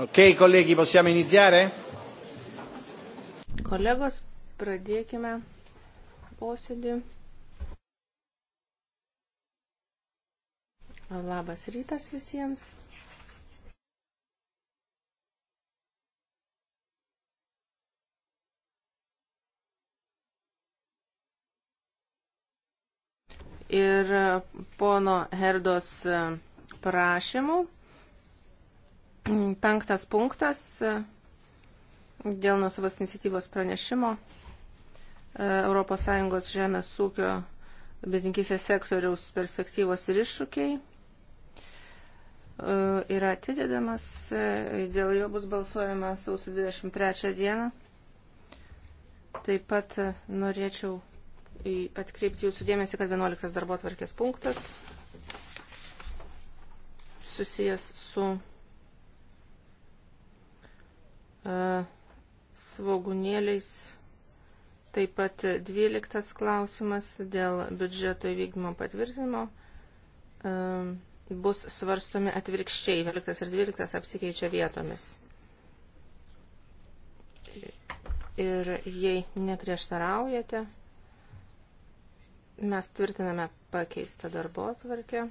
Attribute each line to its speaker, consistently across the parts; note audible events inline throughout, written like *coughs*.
Speaker 1: Ok, colleghi, possiamo iniziare?
Speaker 2: Kolegos, pradėkime posėdį. Labas rytas visiems. Ir pono Herdos prašymų Penktas punktas e, dėl nusavos iniciatyvos pranešimo ES žemės ūkio bedinkysės sektoriaus perspektyvos ir iššūkiai e, yra atidedamas, e, dėl jo bus balsuojama sausio 23 dieną. Taip pat norėčiau atkreipti jūsų dėmesį, kad 11 darbo tvarkės punktas susijęs su svogunėliais. Taip pat 12 klausimas dėl biudžeto įvykdymo patvirtinimo bus svarstomi atvirkščiai. 11 ir 12 apsikeičia vietomis. Ir jei neprieštaraujate, mes tvirtiname pakeistą darbo atvarkę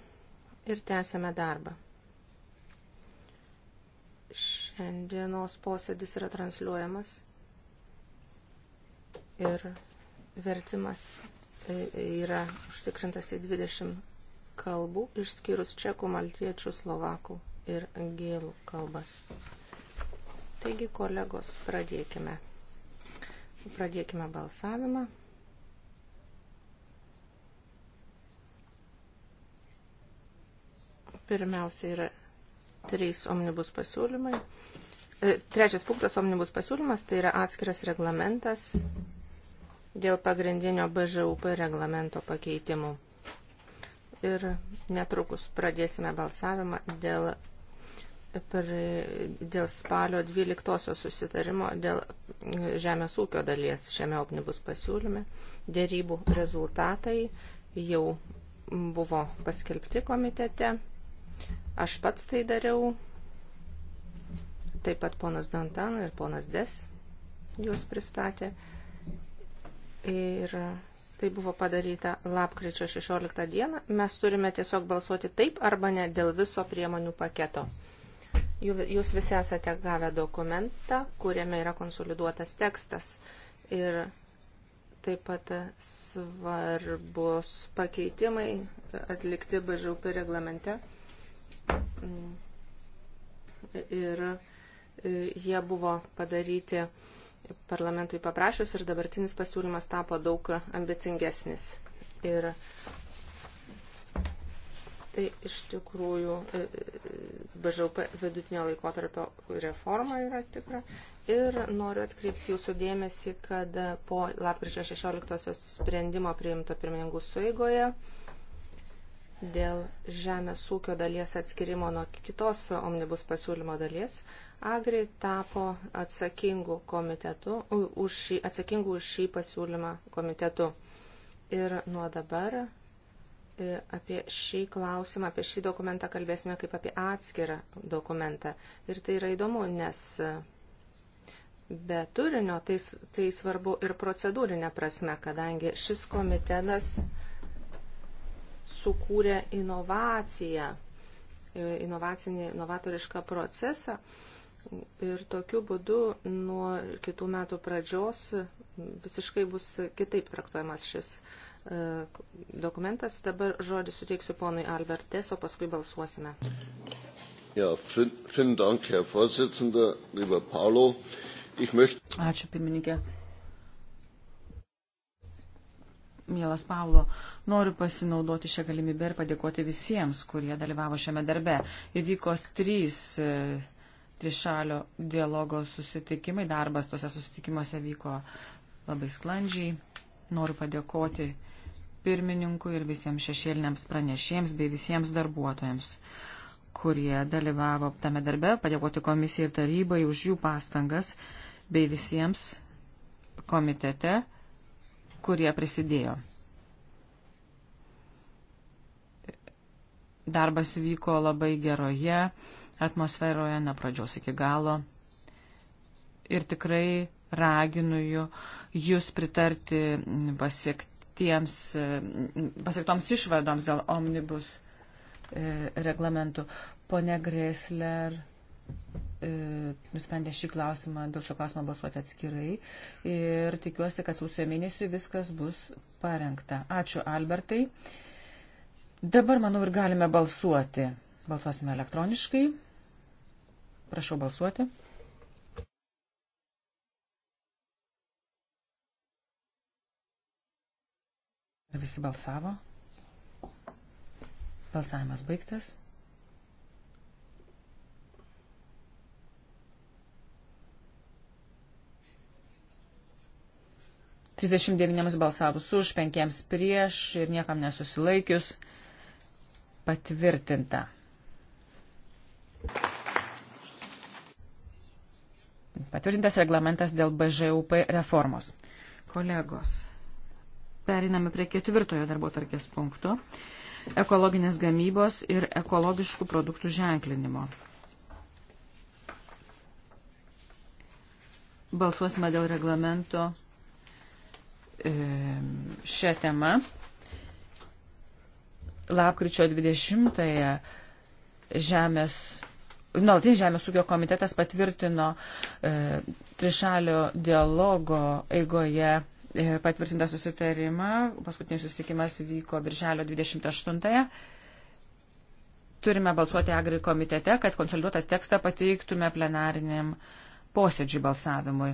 Speaker 2: ir tęsiame darbą. Ši Šiandienos posėdis yra transliuojamas ir vertimas e, e, yra užtikrintas į 20 kalbų, išskyrus čekų, maltiečių, slovakų ir gėlų kalbas. Taigi, kolegos, pradėkime. Pradėkime balsavimą. Pirmiausia yra Trys omnibus pasiūlymai. E, trečias punktas omnibus pasiūlymas tai yra atskiras reglamentas dėl pagrindinio BŽUP reglamento pakeitimų. Ir netrukus pradėsime balsavimą dėl, dėl spalio 12 susitarimo dėl žemės ūkio dalies šiame omnibus pasiūlyme. Dėrybų rezultatai jau buvo paskelbti komitete. Aš pats tai dariau. Taip pat ponas Dantan ir ponas Des juos pristatė. Ir tai buvo padaryta lapkričio 16 dieną. Mes turime tiesiog balsuoti taip arba ne dėl viso priemonių paketo. Jūs visi esate gavę dokumentą, kuriame yra konsoliduotas tekstas. Ir taip pat svarbus pakeitimai atlikti BŽUP reglamente Ir e, jie buvo padaryti parlamentui paprašus ir dabartinis pasiūlymas tapo daug ambicingesnis. Ir tai iš tikrųjų e, e, BŽP vidutinio laikotarpio reforma yra tikra. Ir noriu atkreipti jūsų dėmesį, kad po lapkričio 16 sprendimo priimto pirmininkų sueigoje dėl žemės ūkio dalies atskirimo nuo kitos omnibus pasiūlymo dalies, Agri tapo atsakingu komitetu, už šį, atsakingu už šį pasiūlymą komitetu. Ir nuo dabar e, apie šį klausimą, apie šį dokumentą kalbėsime kaip apie atskirą dokumentą. Ir tai yra įdomu, nes e, be turinio tai, tai svarbu ir procedūrinė prasme, kadangi šis komitetas sukūrė inovaciją, e, inovacinį, inovatorišką procesą. Ir tokiu būdu nuo kitų metų pradžios visiškai bus kitaip traktuojamas šis e, dokumentas. Dabar žodį suteiksiu ponui Albertes, o paskui balsuosime.
Speaker 1: Ja, fin, fin dank, Herr Vorsitzender, lieber Paulo. Ich möchte...
Speaker 3: Ačiū, pirmininkė. mielas Paulo, noriu pasinaudoti šią galimybę ir padėkoti visiems, kurie dalyvavo šiame darbe. Įvyko trys e, trišalio dialogo susitikimai, darbas tose susitikimuose vyko labai sklandžiai. Noriu padėkoti pirmininkui ir visiems šešėliniams pranešėjams bei visiems darbuotojams kurie dalyvavo tame darbe, padėkoti komisijai ir tarybai už jų pastangas, bei visiems komitete kurie prisidėjo. Darbas vyko labai geroje atmosferoje, nuo pradžios iki galo. Ir tikrai raginu jūs pritarti pasiektoms išvadoms dėl omnibus e, reglamentų. Pone Grėsler E, nusprendė šį klausimą, dėl šio klausimo balsuoti atskirai ir tikiuosi, kad sausio mėnesiui viskas bus parengta. Ačiū, Albertai. Dabar, manau, ir galime balsuoti. Balsuosime elektroniškai. Prašau balsuoti. Ar visi balsavo? Balsavimas baigtas. 39 balsavus už, 5 prieš ir niekam nesusilaikius patvirtinta. Patvirtintas reglamentas dėl BŽUP reformos. Kolegos, periname prie ketvirtojo darbo tarkės punkto - ekologinės gamybos ir ekologiškų produktų ženklinimo. Balsuosime dėl reglamento E, šią temą. Lapkričio 20-ąją Žemės, nuolatinis Žemės ūkio komitetas patvirtino e, trišalio dialogo eigoje e, patvirtintą susitarimą. Paskutinis susitikimas vyko birželio 28-ąją turime balsuoti agri komitete, kad konsoliduotą tekstą pateiktume plenariniam posėdžiui balsavimui.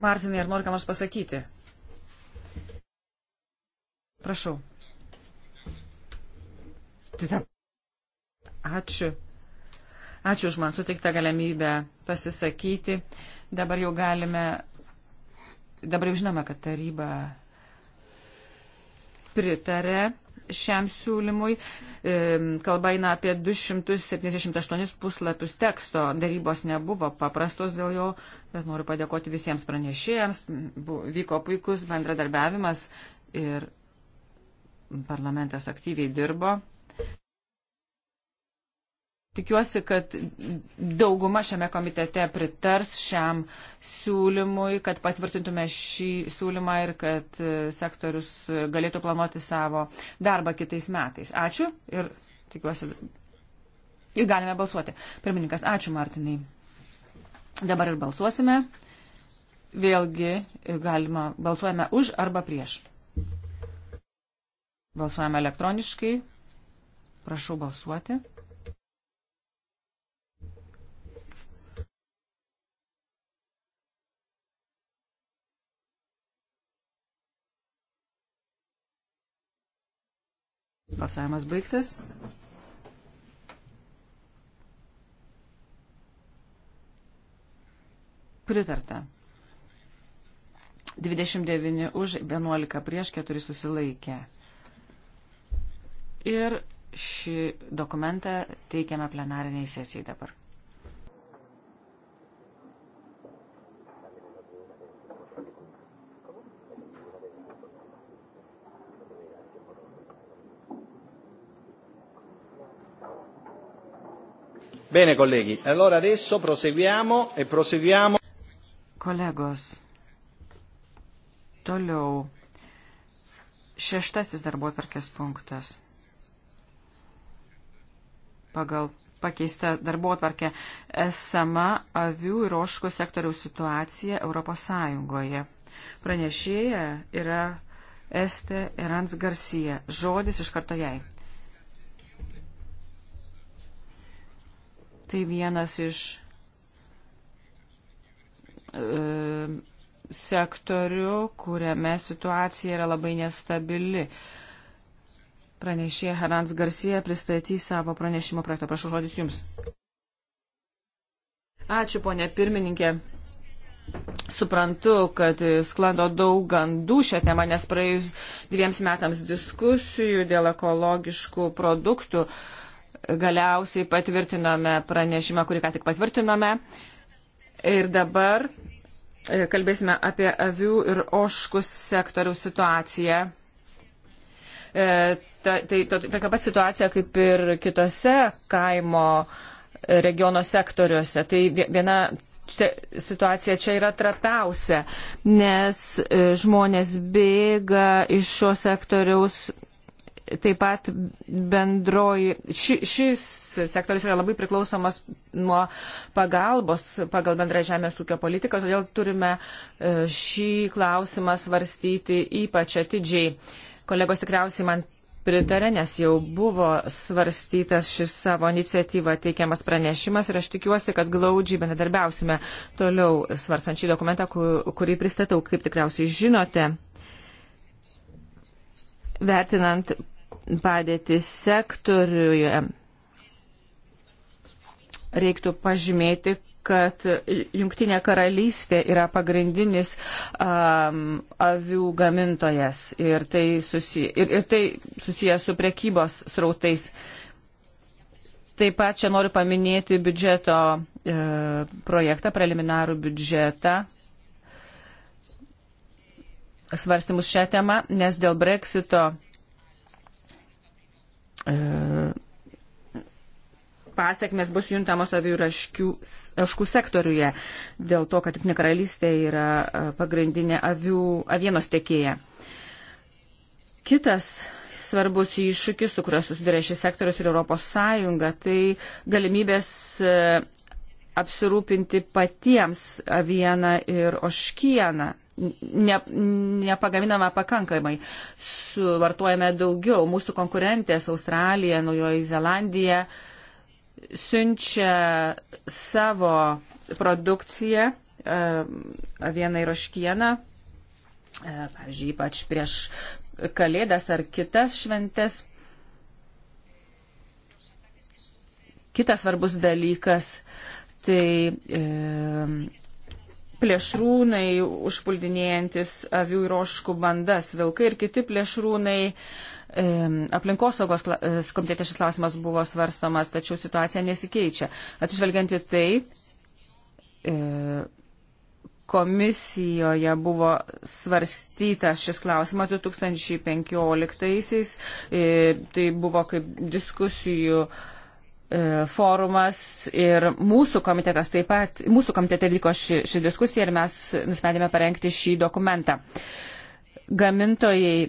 Speaker 3: Martinai, ar nori ką nors pasakyti? Prašau. Ačiū. Ačiū už man suteiktą galimybę pasisakyti. Dabar jau galime, dabar jau žinome, kad taryba pritarė šiam siūlymui. Kalba eina apie 278 puslapius teksto. Darybos nebuvo paprastos dėl jo, bet noriu padėkoti visiems pranešėjams. Vyko puikus bendradarbiavimas ir parlamentas aktyviai dirbo. Tikiuosi, kad dauguma šiame komitete pritars šiam siūlymui, kad patvirtintume šį siūlymą ir kad e, sektorius galėtų planuoti savo darbą kitais metais. Ačiū ir tikiuosi. Ir galime balsuoti. Pirmininkas, ačiū Martinai. Dabar ir balsuosime. Vėlgi e, galima balsuojame už arba prieš. Balsuojame elektroniškai. Prašau balsuoti. Balsavimas baigtas. Pritarta. 29 už 11 prieš 4 susilaikė. Ir šį dokumentą teikiame plenariniai sesijai dabar.
Speaker 1: Bene, colleghi, allora adesso proseguiamo e proseguiamo.
Speaker 3: Kolegos, toliau šeštasis darbo atvarkės punktas. Pagal pakeista darbo atvarkė esama avių ir oškų sektoriaus situacija Europos Sąjungoje. Pranešėja yra Este Erans Garcia. Žodis iš karto jai. Tai vienas iš e, sektorių, kuriame situacija yra labai nestabili. Pranešė Herans Garcia pristatys savo pranešimo projektą. Prašau žodis Jums. Ačiū, ponė pirmininkė. Suprantu, kad sklando daug gandų šią temą, nes praėjus dviems metams diskusijų dėl ekologiškų produktų. Uh, galiausiai patvirtinome pranešimą, kurį ką tik patvirtinome. Ir dabar e, kalbėsime apie avių ir oškų sektorių situaciją. E, tai tokia ta, ta pat situacija kaip ir kitose kaimo regiono sektoriuose. Tai viena situacija čia yra trapiausia, nes e, žmonės bėga iš šio sektoriaus Taip pat bendroji, ši, šis sektoris yra labai priklausomas nuo pagalbos pagal bendrą žemės ūkio politiką, todėl turime e, šį klausimą svarstyti ypač atidžiai. Kolegos tikriausiai man pritarė, nes jau buvo svarstytas šis savo iniciatyva teikiamas pranešimas ir aš tikiuosi, kad glaudžiai bendradarbiausime toliau svarstant šį dokumentą, kurį pristatau, kaip tikriausiai žinote. Vertinant padėtį sektoriuje. Reiktų pažymėti, kad Junktinė karalystė yra pagrindinis um, avių gamintojas ir tai, susiję, ir, ir tai susiję su prekybos srautais. Taip pat čia noriu paminėti biudžeto e, projektą, preliminarų biudžetą, svarstymus šią temą, nes dėl breksito E, pasiekmes bus juntamos avių raškų sektoriuje dėl to, kad Junktinė karalystė yra e, pagrindinė avių, avienos tiekėja. Kitas svarbus iššūkis, su kuriuo susiduria šis sektorius ir Europos Sąjunga, tai galimybės e, apsirūpinti patiems avieną ir oškieną ne, nepagaminama pakankamai. Suvartojame daugiau. Mūsų konkurentės Australija, Naujoji Zelandija siunčia savo produkciją e, avieną ir oškieną, e, pavyzdžiui, ypač prieš kalėdas ar kitas šventes. Kitas svarbus dalykas tai e, plėšrūnai užpuldinėjantis avių ir oškų bandas, vilkai ir kiti plėšrūnai. E, aplinkosaugos komitete šis klausimas buvo svarstamas, tačiau situacija nesikeičia. Atsižvelgiant į tai, e, komisijoje buvo svarstytas šis klausimas 2015-aisiais, e, tai buvo kaip diskusijų e, E, forumas ir mūsų komitetas taip pat, mūsų komitete vyko ši, ši diskusija ir mes nusprendėme parengti šį dokumentą. Gamintojai e,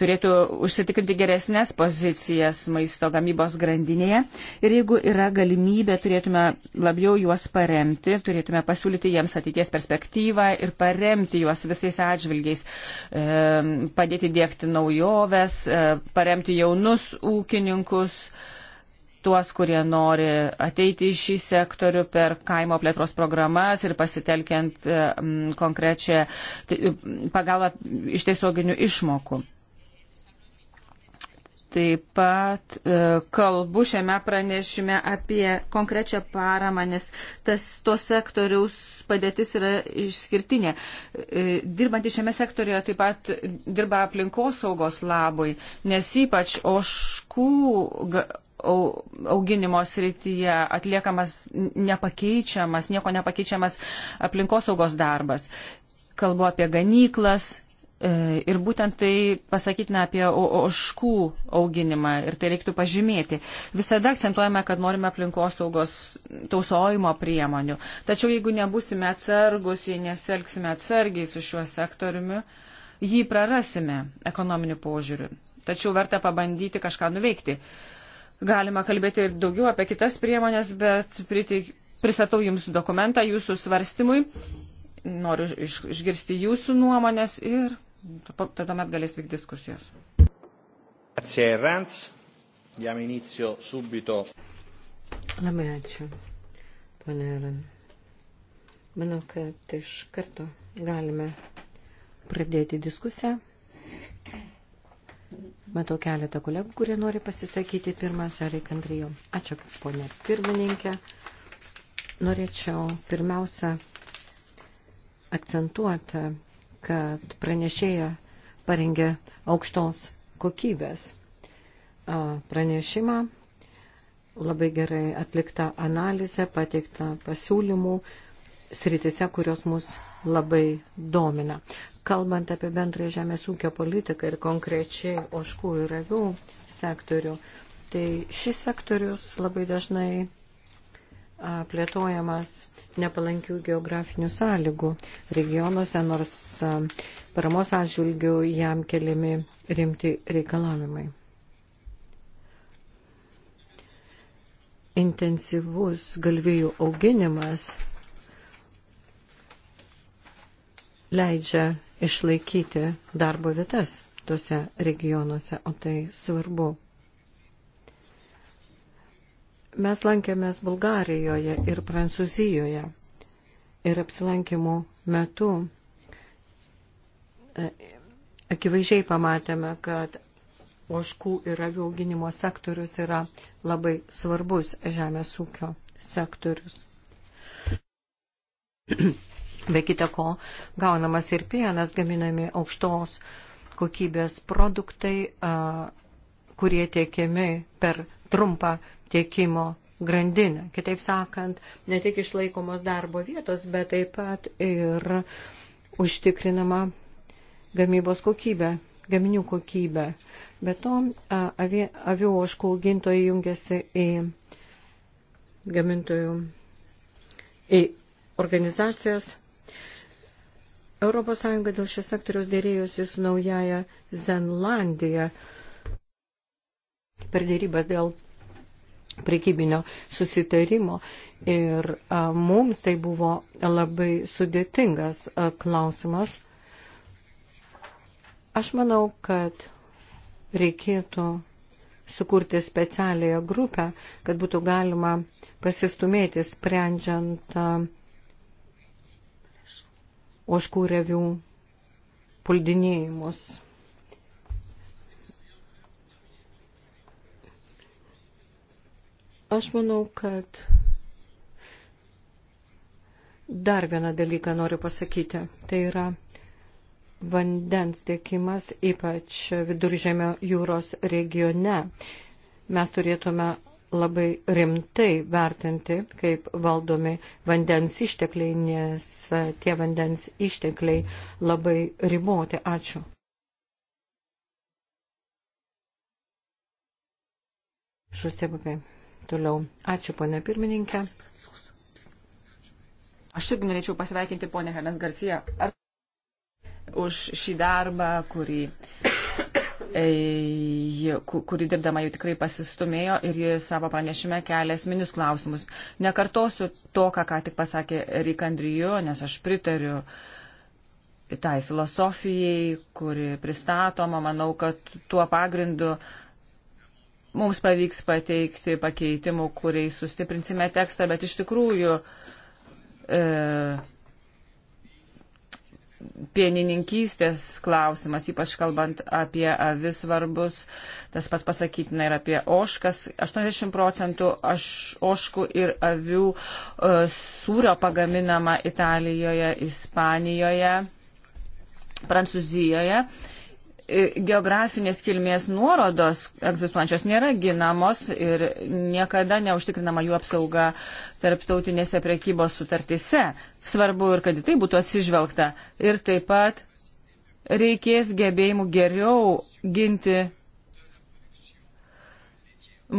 Speaker 3: turėtų užsitikrinti geresnės pozicijas maisto gamybos grandinėje ir jeigu yra galimybė, turėtume labiau juos paremti, turėtume pasiūlyti jiems ateities perspektyvą ir paremti juos visais atžvilgiais, e, padėti dėkti naujoves, e, paremti jaunus ūkininkus, e, tuos, kurie nori ateiti į šį sektorių per kaimo plėtros programas ir pasitelkiant e, konkrečią pagalbą iš tiesioginių išmokų. Taip pat e, kalbu šiame pranešime apie konkrečią paramą, nes tas to sektoriaus padėtis yra išskirtinė. E, dirbantys šiame sektorijoje taip pat dirba aplinkosaugos labui, nes ypač oškų auginimo srityje atliekamas nepakeičiamas, nieko nepakeičiamas aplinkosaugos darbas. Kalbu apie ganyklas e, ir būtent tai pasakytina apie oškų auginimą ir tai reiktų pažymėti. Visada akcentuojame, kad norime aplinkosaugos tausojimo priemonių. Tačiau jeigu nebusime atsargus, jei neselgsime atsargiai su šiuo sektoriumi, jį prarasime ekonominiu požiūriu. Tačiau verta pabandyti kažką nuveikti. Uh, Galima kalbėti ir daugiau apie kitas priemonės, bet priteik, pristatau Jums dokumentą Jūsų svarstymui. Noriu iš, išgirsti Jūsų nuomonės ir tada met galės vykti diskusijos.
Speaker 4: Labai ačiū, ponė Eran. Manau, kad iš karto galime pradėti diskusiją. Matau keletą kolegų, kurie nori pasisakyti. Pirmas, ar įkandrijo. Ačiū, ponė pirmininkė. Norėčiau pirmiausia akcentuoti, kad pranešėja parengė aukštos kokybės pranešimą, labai gerai atlikta analizė, pateikta pasiūlymų sritise, kurios mus labai domina. Kalbant apie bendrąją žemės ūkio politiką ir konkrečiai oškų ir avių sektorių, tai šis sektorius labai dažnai plėtojamas nepalankių geografinių sąlygų regionuose, nors paramos atžvilgių jam keliami rimti reikalavimai. Intensyvus galvėjų auginimas leidžia išlaikyti darbo vietas tuose regionuose, o tai svarbu. Mes lankėmės Bulgarijoje ir Prancūzijoje ir apsilankimų metu e, akivaizdžiai pamatėme, kad oškų ir avių auginimo sektorius yra labai svarbus žemės ūkio sektorius. Be kita ko, gaunamas ir pienas, gaminami aukštos kokybės produktai, kurie tiekiami per trumpą tiekimo grandinę. Kitaip sakant, ne tik išlaikomos darbo vietos, bet taip pat ir užtikrinama gamybos kokybė, gaminių kokybė. Be to, avių oškų augintojai jungiasi į gamintojų, į organizacijas ES dėl šios sektoriaus dėrėjosi su naujaja Zenlandija per dėrybas dėl prekybinio susitarimo. Ir a, mums tai buvo labai sudėtingas a, klausimas. Aš manau, kad reikėtų sukurti specialiąją grupę, kad būtų galima pasistumėti sprendžiant a, oškų revių puldinėjimus. Aš manau, kad dar vieną dalyką noriu pasakyti. Tai yra vandens tiekimas, ypač viduržėmio jūros regione. Mes turėtume labai rimtai vertinti, kaip valdomi vandens ištekliai, nes e, tie vandens ištekliai labai riboti. Ačiū. Šusėbupė. Toliau. Ačiū, ponė pirmininkė.
Speaker 3: Aš irgi norėčiau pasveikinti ponę Henes Garciją. Ar už šį darbą, kurį E, kuri dirbdama jau tikrai pasistumėjo ir ji savo pranešime kelia esminius klausimus. Nekartosiu to, ką ką tik pasakė Rikandrijo, nes aš pritariu tai filosofijai, kuri pristatoma. Manau, kad tuo pagrindu mums pavyks pateikti pakeitimų, kuriais sustiprinsime tekstą, bet iš tikrųjų. E, pienininkystės klausimas, ypač kalbant apie avis svarbus, tas pats pasakytina ir apie oškas. 80 procentų aš, oškų ir avių e, sūrio pagaminama Italijoje, Ispanijoje, Prancūzijoje. E, E, geografinės kilmės nuorodos egzistuojančios nėra ginamos ir niekada neužtikrinama jų apsauga tarptautinėse prekybos sutartyse. Svarbu ir kad į tai būtų atsižvelgta. Ir taip pat reikės gebėjimų geriau ginti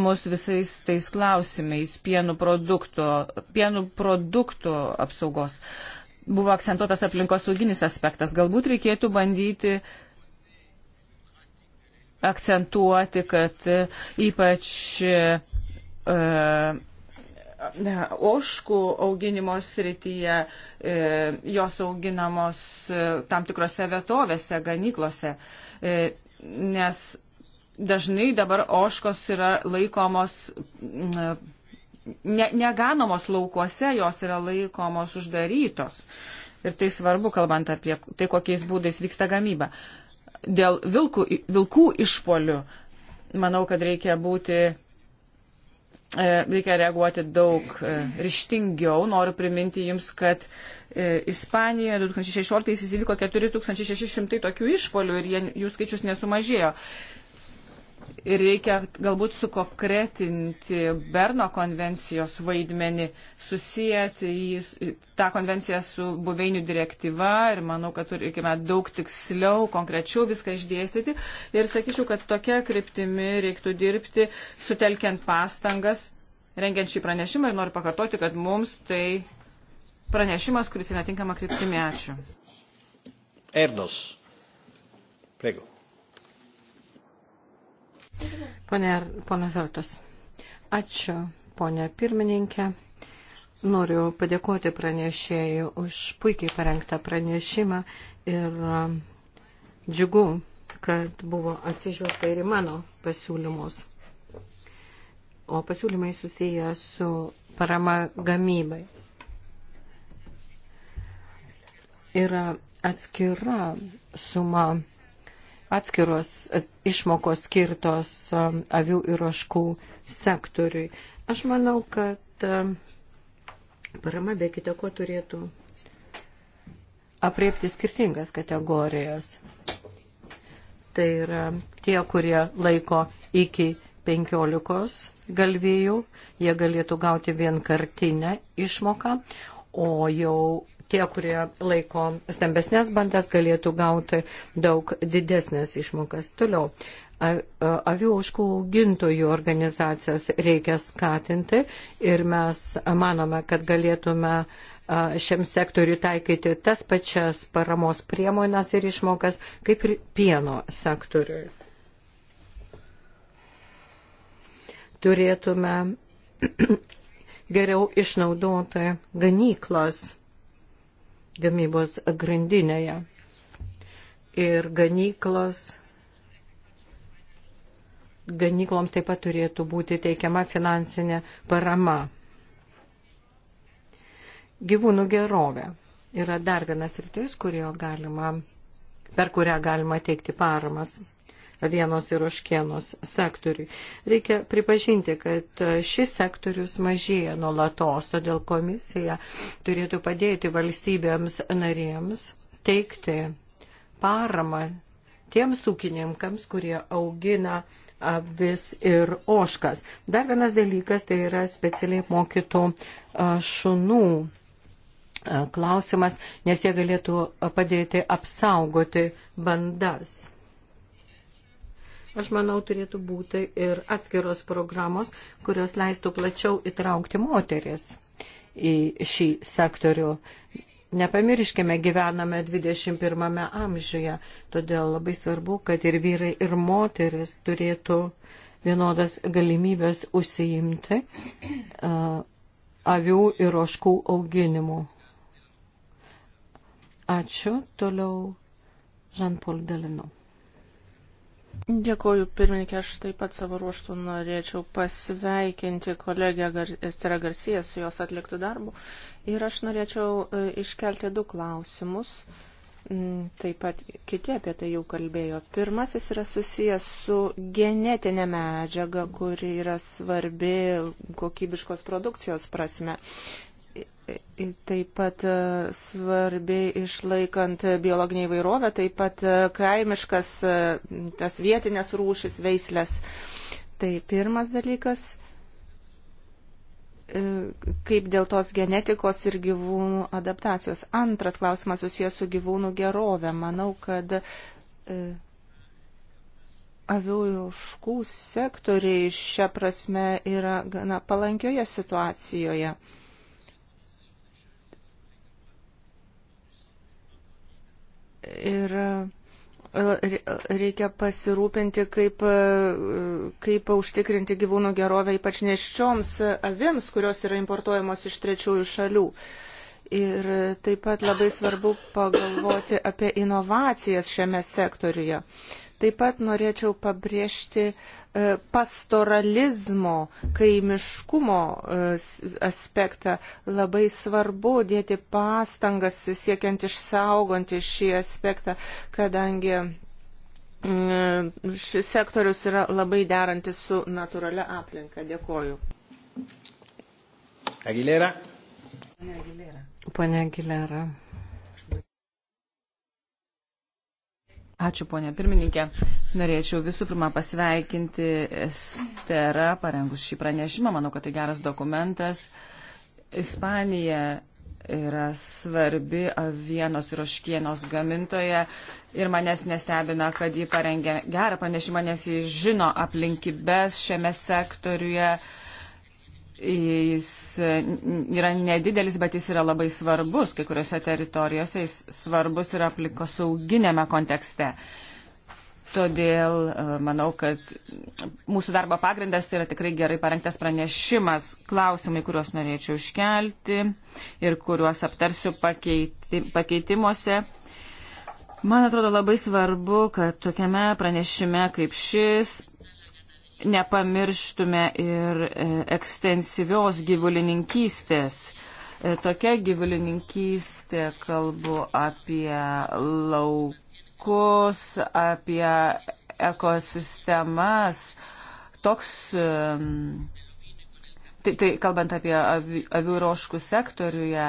Speaker 3: mus visais tais klausimais pienų produktų, pienų produktų apsaugos. Buvo akcentuotas aplinkosauginis aspektas. Galbūt reikėtų bandyti uh, akcentuoti, kad e, ypač e, e, ne, oškų auginimo srityje jos auginamos tam tikrose vietovėse, ganyklose, nes dažnai dabar oškos yra laikomos ne, neganomos laukuose, jos yra laikomos uždarytos. Ir tai svarbu, kalbant apie tai, kokiais būdais vyksta gamyba dėl vilkų, vilkų išpolių. Manau, kad reikia būti. E, reikia reaguoti daug e, ryštingiau. Noriu priminti Jums, kad e, Ispanijoje 2016 įvyko 4600 tokių išpolių ir jie, jų skaičius nesumažėjo ir reikia galbūt sukokretinti Berno konvencijos vaidmenį, susijęti jį, tą konvenciją su buveinių direktyva ir manau, kad turime daug tiksliau, konkrečiau viską išdėstyti ir sakyčiau, kad tokia kryptimi reiktų dirbti, sutelkiant pastangas, rengiant šį pranešimą ir noriu pakartoti, kad mums tai pranešimas, kuris yra tinkama kryptimi. Ačiū.
Speaker 1: Erdos. Prego.
Speaker 3: Pone, pone Zartus.
Speaker 4: Ačiū, ponė pirmininkė. Noriu padėkoti pranešėjai už puikiai parengtą pranešimą ir um, džiugu, kad buvo atsižvelgta ir į mano pasiūlymus. O pasiūlymai susiję su parama gamybai. Yra atskira suma atskiros išmokos skirtos um, avių ir oškų sektoriui. Aš manau, kad um, parama be kita ko turėtų apriepti skirtingas kategorijas. Tai yra tie, kurie laiko iki 15 galvėjų, jie galėtų gauti vienkartinę išmoką, o jau tie, kurie laiko stambesnės bandas, galėtų gauti daug didesnės išmokas. Toliau, avių užkų augintojų organizacijas reikia skatinti ir mes manome, kad galėtume šiam sektoriu taikyti tas pačias paramos priemonės ir išmokas kaip ir pieno sektoriui. Turėtume *clears throat* geriau išnaudoti ganyklas gamybos grandinėje. Ir ganyklos ganykloms taip pat turėtų būti teikiama finansinė parama. Gyvūnų gerovė yra dar vienas rytis, galima, per kurią galima teikti paramas avienos ir oškienos sektoriui. Reikia pripažinti, kad e, šis sektorius mažėja nuolatos, todėl komisija turėtų padėti valstybėms narėms teikti paramą tiems ūkininkams, kurie augina avis ir oškas. Dar vienas dalykas tai yra specialiai mokytų šunų klausimas, nes jie galėtų padėti apsaugoti bandas aš manau, turėtų būti ir atskiros programos, kurios leistų plačiau įtraukti moteris į šį sektorių. Nepamirškime, gyvename 21 amžiuje, todėl labai svarbu, kad ir vyrai, ir moteris turėtų vienodas galimybės užsiimti uh, avių ir oškų auginimu.
Speaker 2: Ačiū. Toliau Jean-Paul Delino. Dėkuoju, pirmininkė, aš taip pat savo ruoštų norėčiau pasveikinti kolegę Gar Esterą Garciją su jos atliktų darbų ir aš norėčiau e, iškelti du klausimus. Mm, taip pat kiti apie tai jau kalbėjo. Pirmasis yra susijęs su genetinė medžiaga, kuri yra svarbi kokybiškos produkcijos prasme taip pat e, svarbi išlaikant biologinį įvairovę, taip pat e, kaimiškas e, tas vietinės rūšis, veislės. Tai pirmas dalykas kaip dėl tos genetikos ir gyvūnų adaptacijos. Antras klausimas susijęs su gyvūnų gerove. Manau, kad avių ir oškų sektoriai šią prasme yra gana palankioje situacijoje. Ir e, reikia pasirūpinti, kaip, e, kaip užtikrinti gyvūnų gerovę, ypač neščioms avims, kurios yra importuojamos iš trečiųjų šalių. Ir taip pat labai svarbu pagalvoti apie inovacijas šiame sektoriuje. Taip pat norėčiau pabrėžti e, pastoralizmo, kaimiškumo e, aspektą. Labai svarbu dėti pastangas siekiant išsaugoti šį aspektą, kadangi mm, šis sektorius yra labai derantis su natūralia aplinka. Dėkoju.
Speaker 1: Aguilera.
Speaker 4: Pane Aguilera. Pane Aguilera.
Speaker 3: Ačiū, ponė pirmininkė. Norėčiau visų pirma pasveikinti Esterą, parengus šį pranešimą. Manau, kad tai geras dokumentas. Ispanija yra svarbi avienos ir oškienos gamintoja ir manęs nestebina, kad ji parengė gerą pranešimą, nes ji žino aplinkybės šiame sektoriuje. Uh, Jis yra nedidelis, bet jis yra labai svarbus. Kai kuriuose teritorijose jis svarbus ir apliko sauginėme kontekste. Todėl e, manau, kad mūsų darbo pagrindas yra tikrai gerai parengtas pranešimas, klausimai, kuriuos norėčiau iškelti ir kuriuos aptarsiu pakeiti, pakeitimuose. Man atrodo labai svarbu, kad tokiame pranešime kaip šis nepamirštume ir e, ekstensyvios gyvulininkystės. E, tokia gyvulininkystė kalbu apie laukus, apie ekosistemas. Toks, tai, tai kalbant apie avių roškų sektoriuje,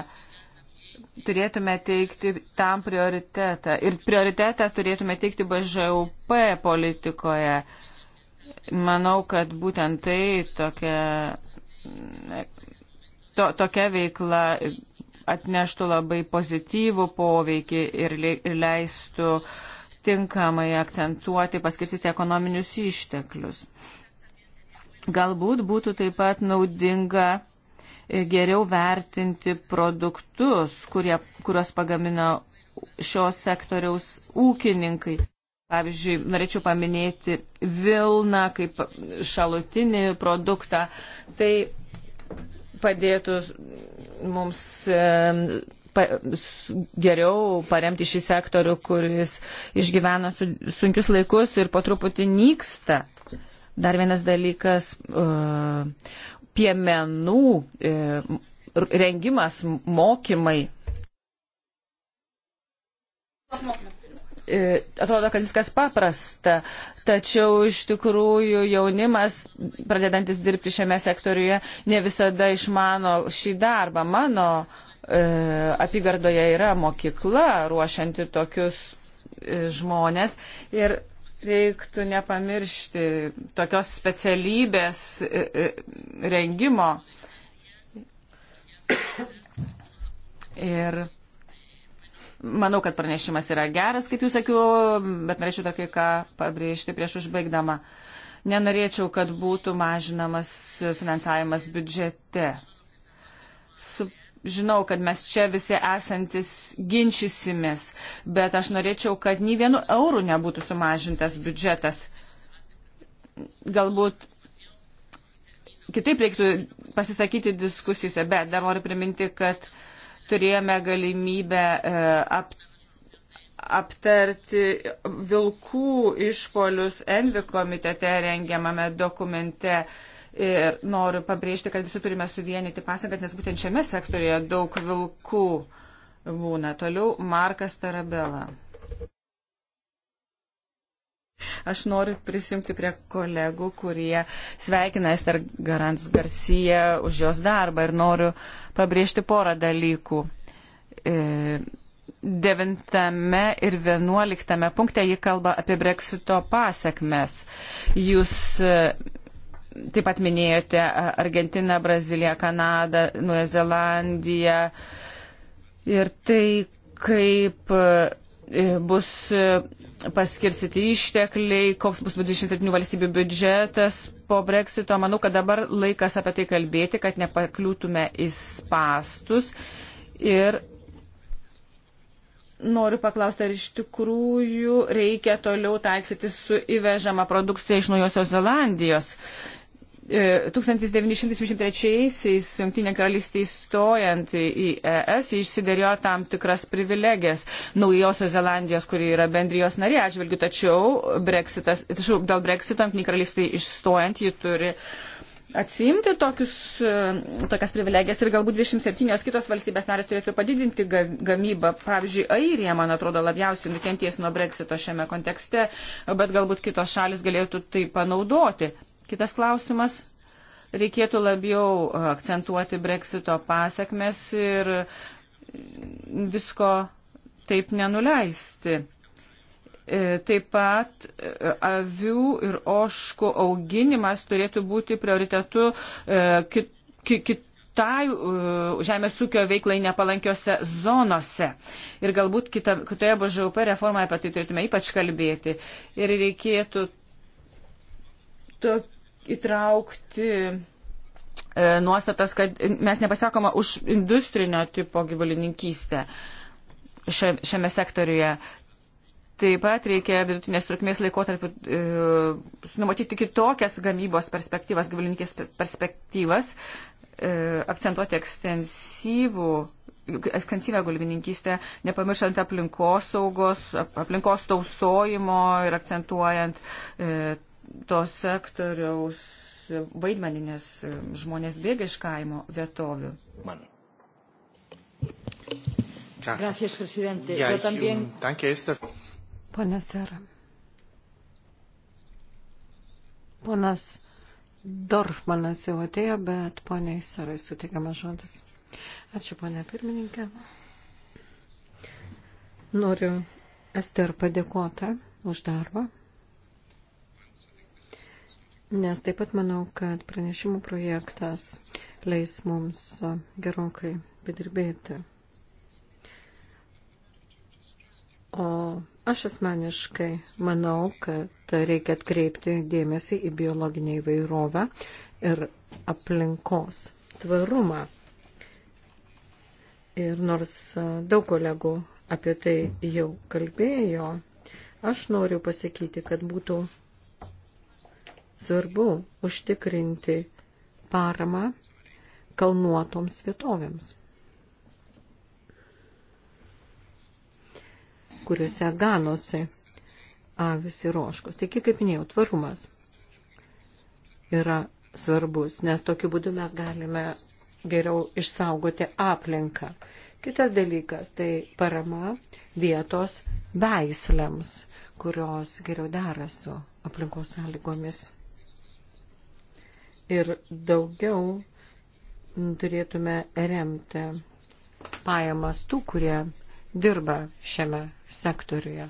Speaker 3: turėtume teikti tam prioritetą. Ir prioritetą turėtume teikti BŽUP politikoje. Manau, kad būtent tai tokia, to, tokia veikla atneštų labai pozityvų poveikį ir leistų tinkamai akcentuoti, paskirstyti ekonominius išteklius. Galbūt būtų taip pat naudinga geriau vertinti produktus, kurie, kuriuos pagamina šios sektoriaus ūkininkai. Pavyzdžiui, norėčiau paminėti Vilną kaip šalutinį produktą. Tai padėtų mums pa, geriau paremti šį sektorių, kuris išgyvena su, sunkius laikus ir po truputį nyksta. Dar vienas dalykas e, - piemenų e, rengimas, mokymai. Apmokymas. E, atrodo, kad viskas paprasta, tačiau iš tikrųjų jaunimas, pradedantis dirbti šiame sektoriuje, ne visada išmano šį darbą. Mano e, apygardoje yra mokykla ruošianti tokius e, žmonės ir reiktų nepamiršti tokios specialybės e, e, rengimo. *coughs* Ir Manau, kad pranešimas yra geras, kaip jūs sakiau, bet norėčiau dar kai ką pabrėžti prieš užbaigdama. Nenorėčiau, kad būtų mažinamas finansavimas biudžete. Su, žinau, kad mes čia visi esantis ginčysimės, bet aš norėčiau, kad nei vienu eurų nebūtų sumažintas biudžetas. Galbūt kitaip reiktų pasisakyti diskusijose, bet dar noriu priminti, kad uh, turėjome galimybę e, ap, aptarti vilkų išpolius Envi komitete rengiamame dokumente. Ir noriu pabrėžti, kad visi turime suvienyti pasangas, nes būtent šiame sektorėje daug vilkų būna. Toliau Markas Tarabela. Aš noriu prisijungti prie kolegų, kurie sveikina Ester Garants Garcia už jos darbą ir noriu pabrėžti porą dalykų. E, devintame ir vienuoliktame punkte ji kalba apie breksito pasiekmes. Jūs e, taip pat minėjote Argentiną, Braziliją, Kanadą, Nuoja Zelandiją ir tai, kaip e, bus paskirstyti ištekliai, koks bus 27 valstybių biudžetas po breksito. Manau, kad dabar laikas apie tai kalbėti, kad nepakliūtume į spastus. Ir noriu paklausti, ar iš tikrųjų reikia toliau taiksyti su įvežama produkcija iš Naujosios Zelandijos. 1973-aisiais e, Junktinė karalystė įstojant į ES išsiderėjo tam tikras privilegijas Naujosios Zelandijos, kuri yra bendrijos narė atžvilgių, tačiau breksitas, tačiau dėl breksito Junktinė karalystė išstojant ji turi atsimti tokius, e, tokias privilegijas ir galbūt 27 kitos valstybės narės turėtų padidinti gamybą. Pavyzdžiui, Airija, man atrodo, labiausiai nukenties nuo breksito šiame kontekste, bet galbūt kitos šalis galėtų tai panaudoti. Kitas klausimas. Reikėtų labiau akcentuoti breksito pasiekmes ir visko taip nenuleisti. E, taip pat e, avių ir oškų auginimas turėtų būti prioritetu e, kit, kit, kitai žemės ūkio veiklai nepalankiose zonose. Ir galbūt kita, kitoje BŽUP reformoje apie tai turėtume ypač kalbėti. Ir reikėtų tokių įtraukti e, nuostatas, kad mes nepasakoma už industrinio tipo gyvulininkystę šiame sektoriuje. Taip pat reikia vidutinės trukmės laikotarpių e, numatyti kitokias gamybos perspektyvas, gyvulininkės perspektyvas, e, akcentuoti ekstensyvų ekstensyvę gulvininkystę, nepamirštant aplinkosaugos, aplinkos tausojimo ir akcentuojant e, to sektoriaus vaidmenį, nes žmonės bėga iš kaimo vietovių. Man.
Speaker 4: Gracias, presidente. Ja, Yo también. Danke, Esther.
Speaker 3: Ponas Sara.
Speaker 4: Ponas Dorfmanas jau atėjo, bet poniai Sarai suteikiamas žodis. Ačiū, ponia pirmininkė. Noriu Ester padėkoti už darbą, nes taip pat manau, kad pranešimų projektas leis mums gerokai padirbėti. O aš asmeniškai manau, kad reikia atkreipti dėmesį į biologinę įvairovę ir aplinkos tvarumą. Ir nors daug kolegų apie tai jau kalbėjo, aš noriu pasakyti, kad būtų Svarbu užtikrinti paramą kalnuotoms vietovėms, kuriuose ganosi avis ir oškos. Taigi, kaip minėjau, tvarumas yra svarbus, nes tokiu būdu mes galime geriau išsaugoti aplinką. Kitas dalykas tai parama vietos veislėms, kurios geriau dera su aplinkos sąlygomis ir daugiau turėtume remti pajamas tų, kurie dirba šiame sektoriuje.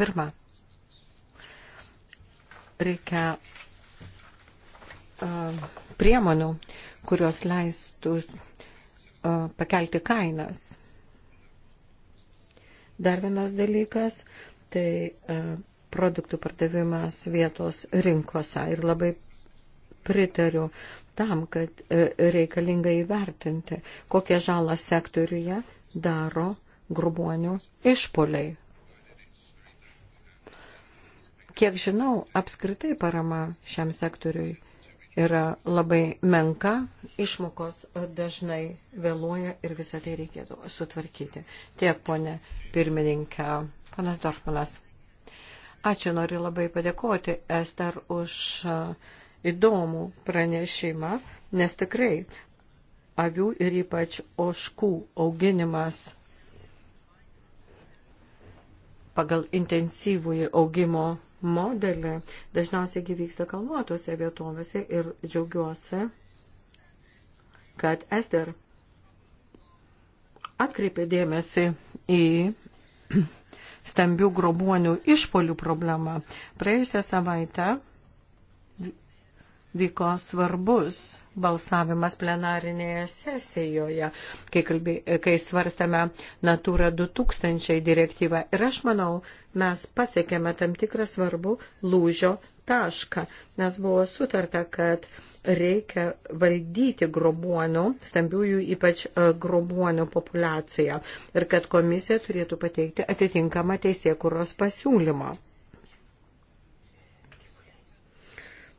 Speaker 4: Pirma, reikia uh, priemonių, kurios leistų uh, pakelti kainas. Dar vienas dalykas, tai uh, produktų pardavimas vietos rinkose ir labai pritariu tam, kad e, reikalinga įvertinti, kokią žalą sektoriuje daro grubuonių išpoliai. Kiek žinau, apskritai parama šiam sektoriui yra labai menka, išmokos dažnai vėluoja ir visą tai reikėtų sutvarkyti. Tiek, ponė pirmininkė, panas Dorfmanas. Ačiū, noriu labai padėkoti Ester už uh, įdomų pranešimą, nes tikrai avių ir ypač oškų auginimas pagal intensyvųjį augimo modelį dažniausiai gyvyksta kalnuotose vietovėse ir džiaugiuosi, kad Ester atkreipė dėmesį į stambių grobuonių išpolių problemą. Praėjusią savaitę vyko svarbus balsavimas plenarinėje sesijoje, kai, kalbė, kai svarstame Natūra 2000 direktyvą. Ir aš manau, mes pasiekėme tam tikrą svarbų lūžio tašką, nes buvo sutarta, kad reikia valdyti grobuonų, stambiųjų ypač e, grobuonų populaciją ir kad komisija turėtų pateikti atitinkamą teisėkuros pasiūlymą.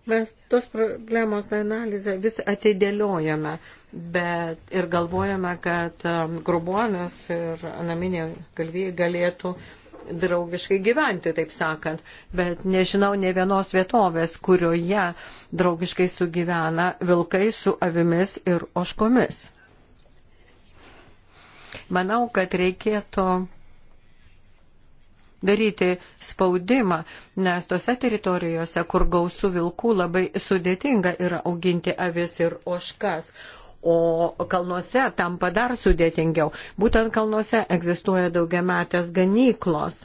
Speaker 4: Mes tos problemos analizę vis atidėliojame bet ir galvojame, kad um, grubuonas ir naminė galvijai galėtų draugiškai gyventi, taip sakant, bet nežinau ne vienos vietovės, kurioje draugiškai sugyvena vilkai su avimis ir oškomis. Manau, kad reikėtų daryti spaudimą, nes tose teritorijose, kur gausų vilkų, labai sudėtinga yra auginti avis ir oškas. O kalnuose tampa dar sudėtingiau. Būtent kalnuose egzistuoja daugiametės ganyklos,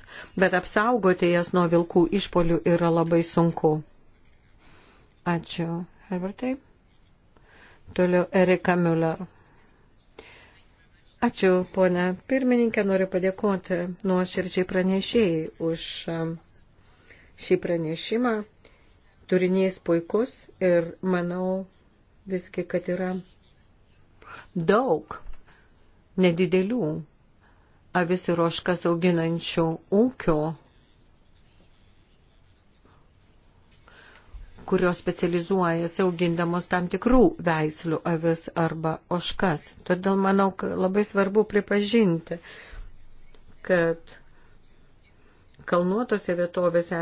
Speaker 4: bet apsaugoti jas nuo vilkų išpolių yra labai sunku. Ačiū. Herbertai. Toliau Erika Müller. Ačiū, ponė pirmininkė, noriu padėkoti nuoširdžiai pranešėjai už um, šį pranešimą. Turinys puikus ir manau visgi, kad yra daug nedidelių avis ir oškas auginančių ūkio kurios specializuojasi augindamos tam tikrų veislių avis arba oškas. Todėl manau labai svarbu pripažinti, kad kalnuotose vietovėse,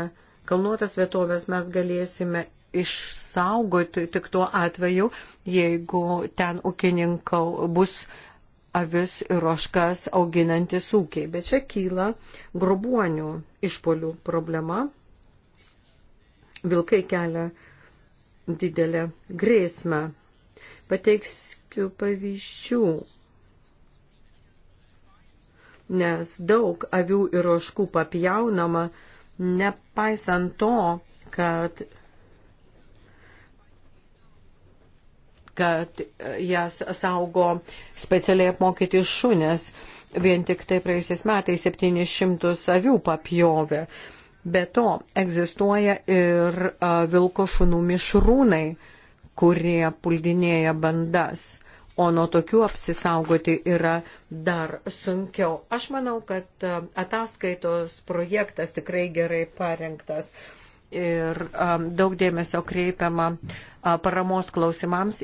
Speaker 4: kalnuotas vietovės mes galėsime išsaugoti tik tuo atveju, jeigu ten ūkininkau bus avis ir oškas auginantis ūkiai. Bet čia kyla grubuonių išpolių problema vilkai kelia didelę grėsmę. Pateiksiu pavyzdžių, nes daug avių ir oškų papjaunama, nepaisant to, kad, kad jas saugo specialiai apmokyti šunės. Vien tik tai praėjusiais metais 700 avių papjovė. Be to, egzistuoja ir vilko šunų mišrūnai, kurie puldinėja bandas o nuo tokių apsisaugoti yra dar sunkiau. Aš manau, kad ataskaitos projektas tikrai gerai parengtas ir um, daug dėmesio kreipiama uh, paramos klausimams,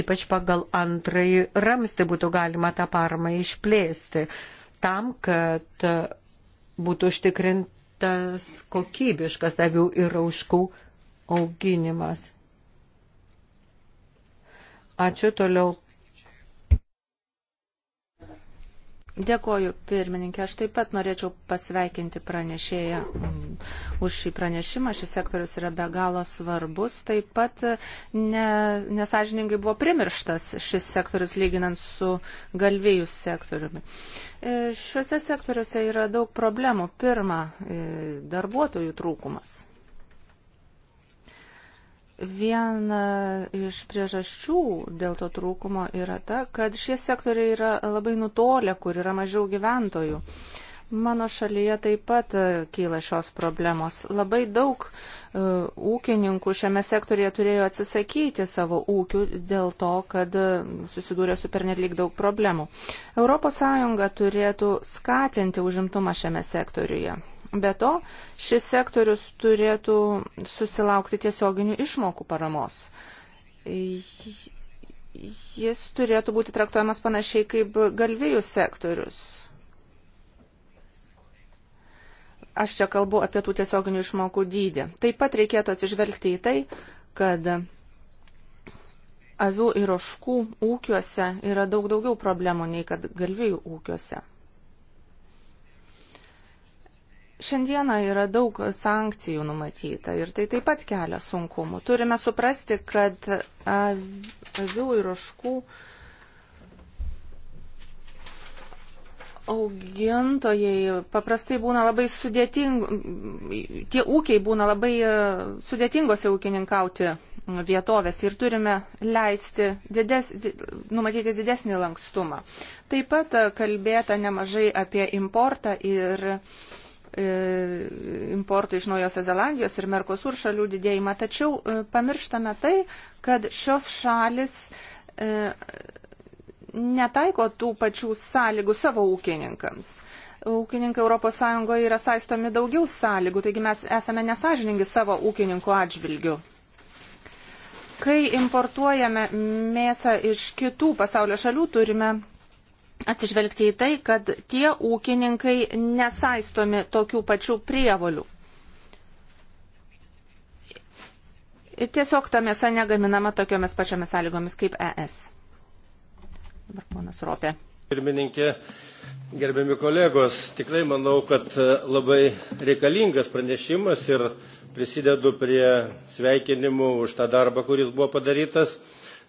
Speaker 4: ypač pagal antrąjį ramstį būtų galima tą paramą išplėsti tam, kad uh, būtų užtikrint tas kokybiškas avių ir auškų auginimas.
Speaker 2: Ačiū toliau Dėkoju, pirmininkė. Aš taip pat norėčiau pasveikinti pranešėją mm, už šį pranešimą. Šis sektorius yra be galo svarbus. Taip pat ne, nesažiningai buvo primirštas šis sektorius lyginant su galvėjų sektoriumi. E, šiuose sektoriuose yra daug problemų. Pirma, e, darbuotojų trūkumas. Viena iš priežasčių dėl to trūkumo yra ta, kad šie sektoriai yra labai nutolę, kur yra mažiau gyventojų. Mano šalyje taip pat e, kyla šios problemos. Labai daug uh, ūkininkų šiame sektorėje turėjo atsisakyti savo ūkių dėl to, kad e, susidūrė su pernelyg daug problemų. ES turėtų skatinti užimtumą šiame sektoriuje. Be to, šis sektorius turėtų susilaukti tiesioginių išmokų paramos. Jis turėtų būti traktuojamas panašiai kaip galvijų sektorius. Aš čia kalbu apie tų tiesioginių išmokų dydį. Taip pat reikėtų atsižvelgti į tai, kad avių ir oškų ūkiuose yra daug daugiau problemų nei kad galvijų ūkiuose. Šiandieną yra daug sankcijų numatyta ir tai taip pat kelia sunkumų. Turime suprasti, kad avių ir oškų augintojai paprastai būna labai sudėtingi, tie ūkiai būna labai sudėtingose ūkininkauti vietovės ir turime leisti dides, numatyti didesnį lankstumą. Taip pat kalbėta nemažai apie importą ir uh, E, importų iš Naujosios Zelandijos ir Merkosur šalių didėjimą, tačiau e, pamirštame tai, kad šios šalis e, netaiko tų pačių sąlygų savo ūkininkams. Ūkininkai ES yra saistomi daugiau sąlygų, taigi mes esame nesažiningi savo ūkininkų atžvilgių. Kai importuojame mėsą iš kitų pasaulio šalių, turime atsižvelgti į tai, kad tie ūkininkai nesaistomi tokių pačių prievolių. Ir tiesiog ta mėsa negaminama tokiomis pačiamis sąlygomis kaip ES. Dabar ponas Ropė.
Speaker 1: Pirmininkė, gerbiami kolegos, tikrai manau, kad e, labai reikalingas pranešimas ir prisidedu prie sveikinimų už tą darbą, kuris buvo padarytas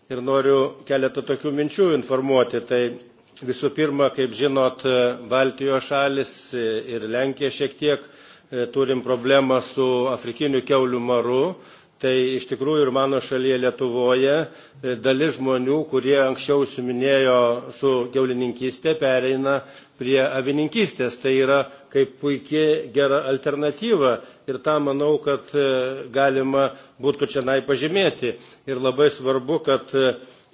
Speaker 1: ir noriu keletą tokių minčių informuoti. Tai Visų pirma, kaip žinot, e, Baltijos šalis e, ir Lenkija šiek tiek e, turim problemą su afrikiniu keulių maru. Tai iš tikrųjų ir mano šalyje Lietuvoje dalis žmonių, kurie anksčiau suminėjo su keulininkystė, pereina prie avininkystės. Tai yra kaip puikiai gera alternatyva ir tą manau, kad galima būtų čia nai pažymėti. Ir labai svarbu, kad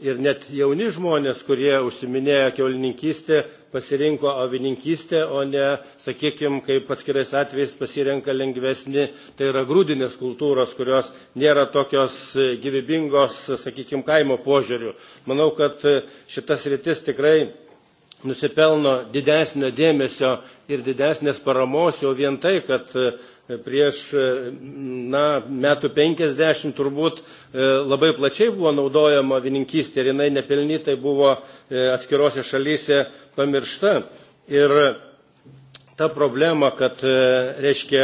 Speaker 1: ir net jauni žmonės, kurie užsiminėjo keulininkystę, pasirinko avininkystę, o ne, sakykime, kaip atskirais atvejais pasirenka lengvesni, tai yra grūdinės kultūros, kurios nėra tokios gyvybingos, sakykime, kaimo požiūrių. Manau, kad šitas rytis tikrai nusipelno didesnio dėmesio ir didesnės paramos jau vien tai, kad prieš e, na, metų 50 turbūt e, labai plačiai buvo naudojama vininkystė ir jinai nepelnytai buvo e, atskirose šalyse pamiršta. Ir ta problema, kad reiškia,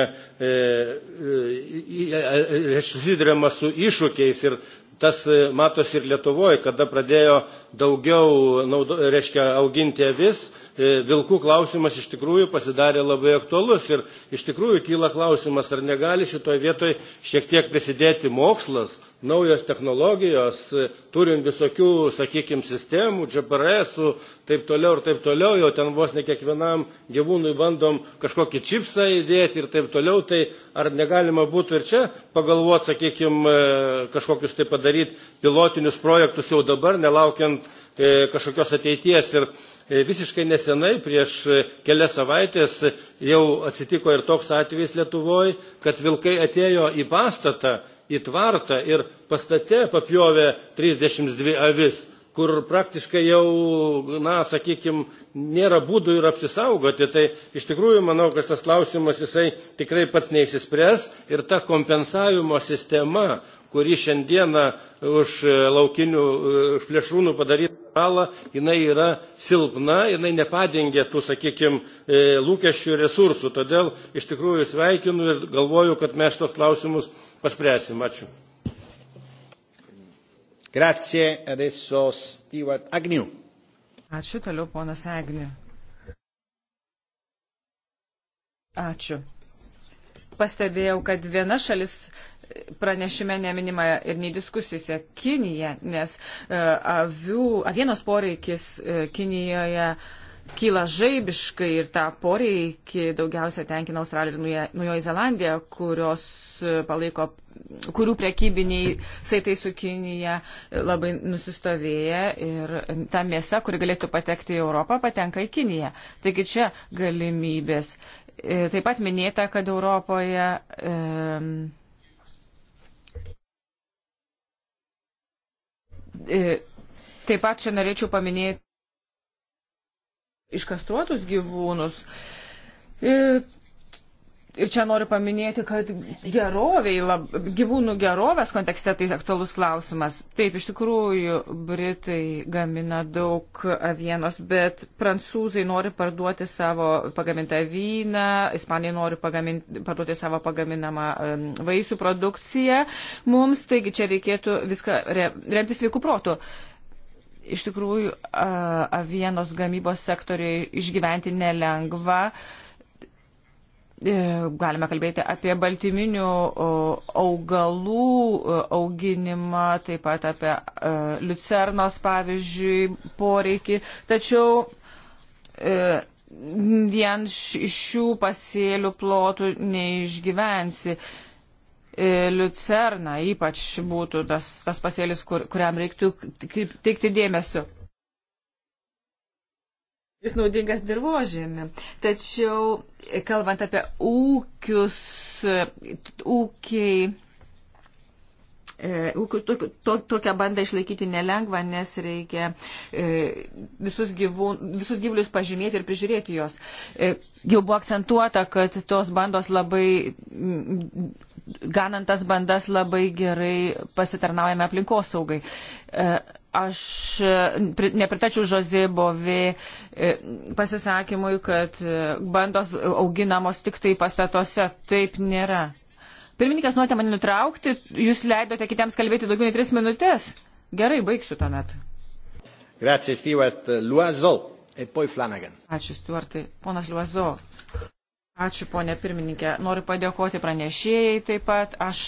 Speaker 1: susidurėma su iššūkiais ir Tas e, matosi ir Lietuvoje, kada pradėjo daugiau, naudo, reiškia, auginti avis, e, vilkų klausimas iš tikrųjų pasidarė labai aktualus ir iš tikrųjų kyla klausimas, ar negali šitoje vietoje šiek tiek prisidėti mokslas, naujos technologijos, turim visokių, sakykime, sistemų, GPS, taip toliau ir taip toliau, jau ten vos ne kiekvienam gyvūnui bandom kažkokį čipsą įdėti ir taip toliau, tai ar negalima būtų ir čia pagalvoti, sakykime, kažkokius tai padaryti pilotinius projektus jau dabar, nelaukiant e, kažkokios ateities. Ir e, visiškai nesenai, prieš e, kelias savaitės, jau atsitiko ir toks atvejis Lietuvoje, kad vilkai atėjo į pastatą į tvartą ir pastate papjovė 32 avis, kur praktiškai jau, na, sakykime, nėra būdų ir apsisaugoti. Tai iš tikrųjų manau, kad tas klausimas jisai tikrai pats neįsispręs ir ta kompensavimo sistema, kuri šiandieną už e, laukinių, e, už plėšrūnų padaryta žalą, jinai yra silpna, jinai nepadengia tų, sakykime, lūkesčių resursų. Todėl iš tikrųjų sveikinu ir galvoju, kad mes šitos klausimus paspręsim. Ačiū. Grazie, adesso Stewart Agnew.
Speaker 3: Ačiū toliau, ponas Agnew. Ačiū. Pastebėjau, kad viena šalis pranešime neminima ir nei diskusijose Kinija, nes uh, avių, avienos poreikis uh, Kinijoje uh, kyla žaibiškai ir tą poreikį daugiausia tenkina Australija ir Naujoji Zelandija, kurios e, palaiko, kurių prekybiniai saitai su Kinija e, labai nusistovėję ir e, ta mėsa, kuri galėtų patekti į Europą, patenka į Kiniją. Taigi čia galimybės. Taip pat minėta, kad Europoje. E, Taip pat čia norėčiau paminėti iškastruotus gyvūnus. Ir, e, ir čia noriu paminėti, kad geroviai, lab, gyvūnų gerovės kontekste tai aktualus klausimas. Taip, iš tikrųjų, Britai gamina daug avienos, bet prancūzai nori parduoti savo pagamintą vyną, ispanai nori pagaminti, parduoti savo pagaminamą vaisių produkciją. Mums, taigi, čia reikėtų viską re, remti sveikų protų iš tikrųjų avienos gamybos sektoriai išgyventi nelengva. E, galime kalbėti apie baltyminių augalų e, auginimą, taip pat apie e, lucernos, pavyzdžiui, poreikį. Tačiau vien šių pasėlių plotų neišgyvensi. E, Liucerna ypač būtų tas, tas pasėlis, kur, kuriam reiktų teikti dėmesio. Jis naudingas dirbožėmi. Tačiau, e, kalbant apie ūkius, e, ūkiai. Tokią bandą išlaikyti nelengva, nes reikia visus, gyvūn, visus gyvulius pažymėti ir prižiūrėti juos. Jau buvo akcentuota, kad tos bandos labai ganantas bandas labai gerai pasitarnaujame aplinkosaugai. E, aš e, nepritačiau Žozė Bovė e, pasisakymui, kad bandos auginamos tik tai pastatuose. Taip nėra. Pirmininkas nuotė mane nutraukti, jūs leidote kitiems kalbėti daugiau nei tris minutės. Gerai, baigsiu tuomet.
Speaker 1: Grazie, Stuart. Luazo e poi Flanagan. Ačiū, Stuartai.
Speaker 3: Ponas Luazo. Ačiū, ponė pirmininkė. Noriu padėkoti pranešėjai taip pat. Aš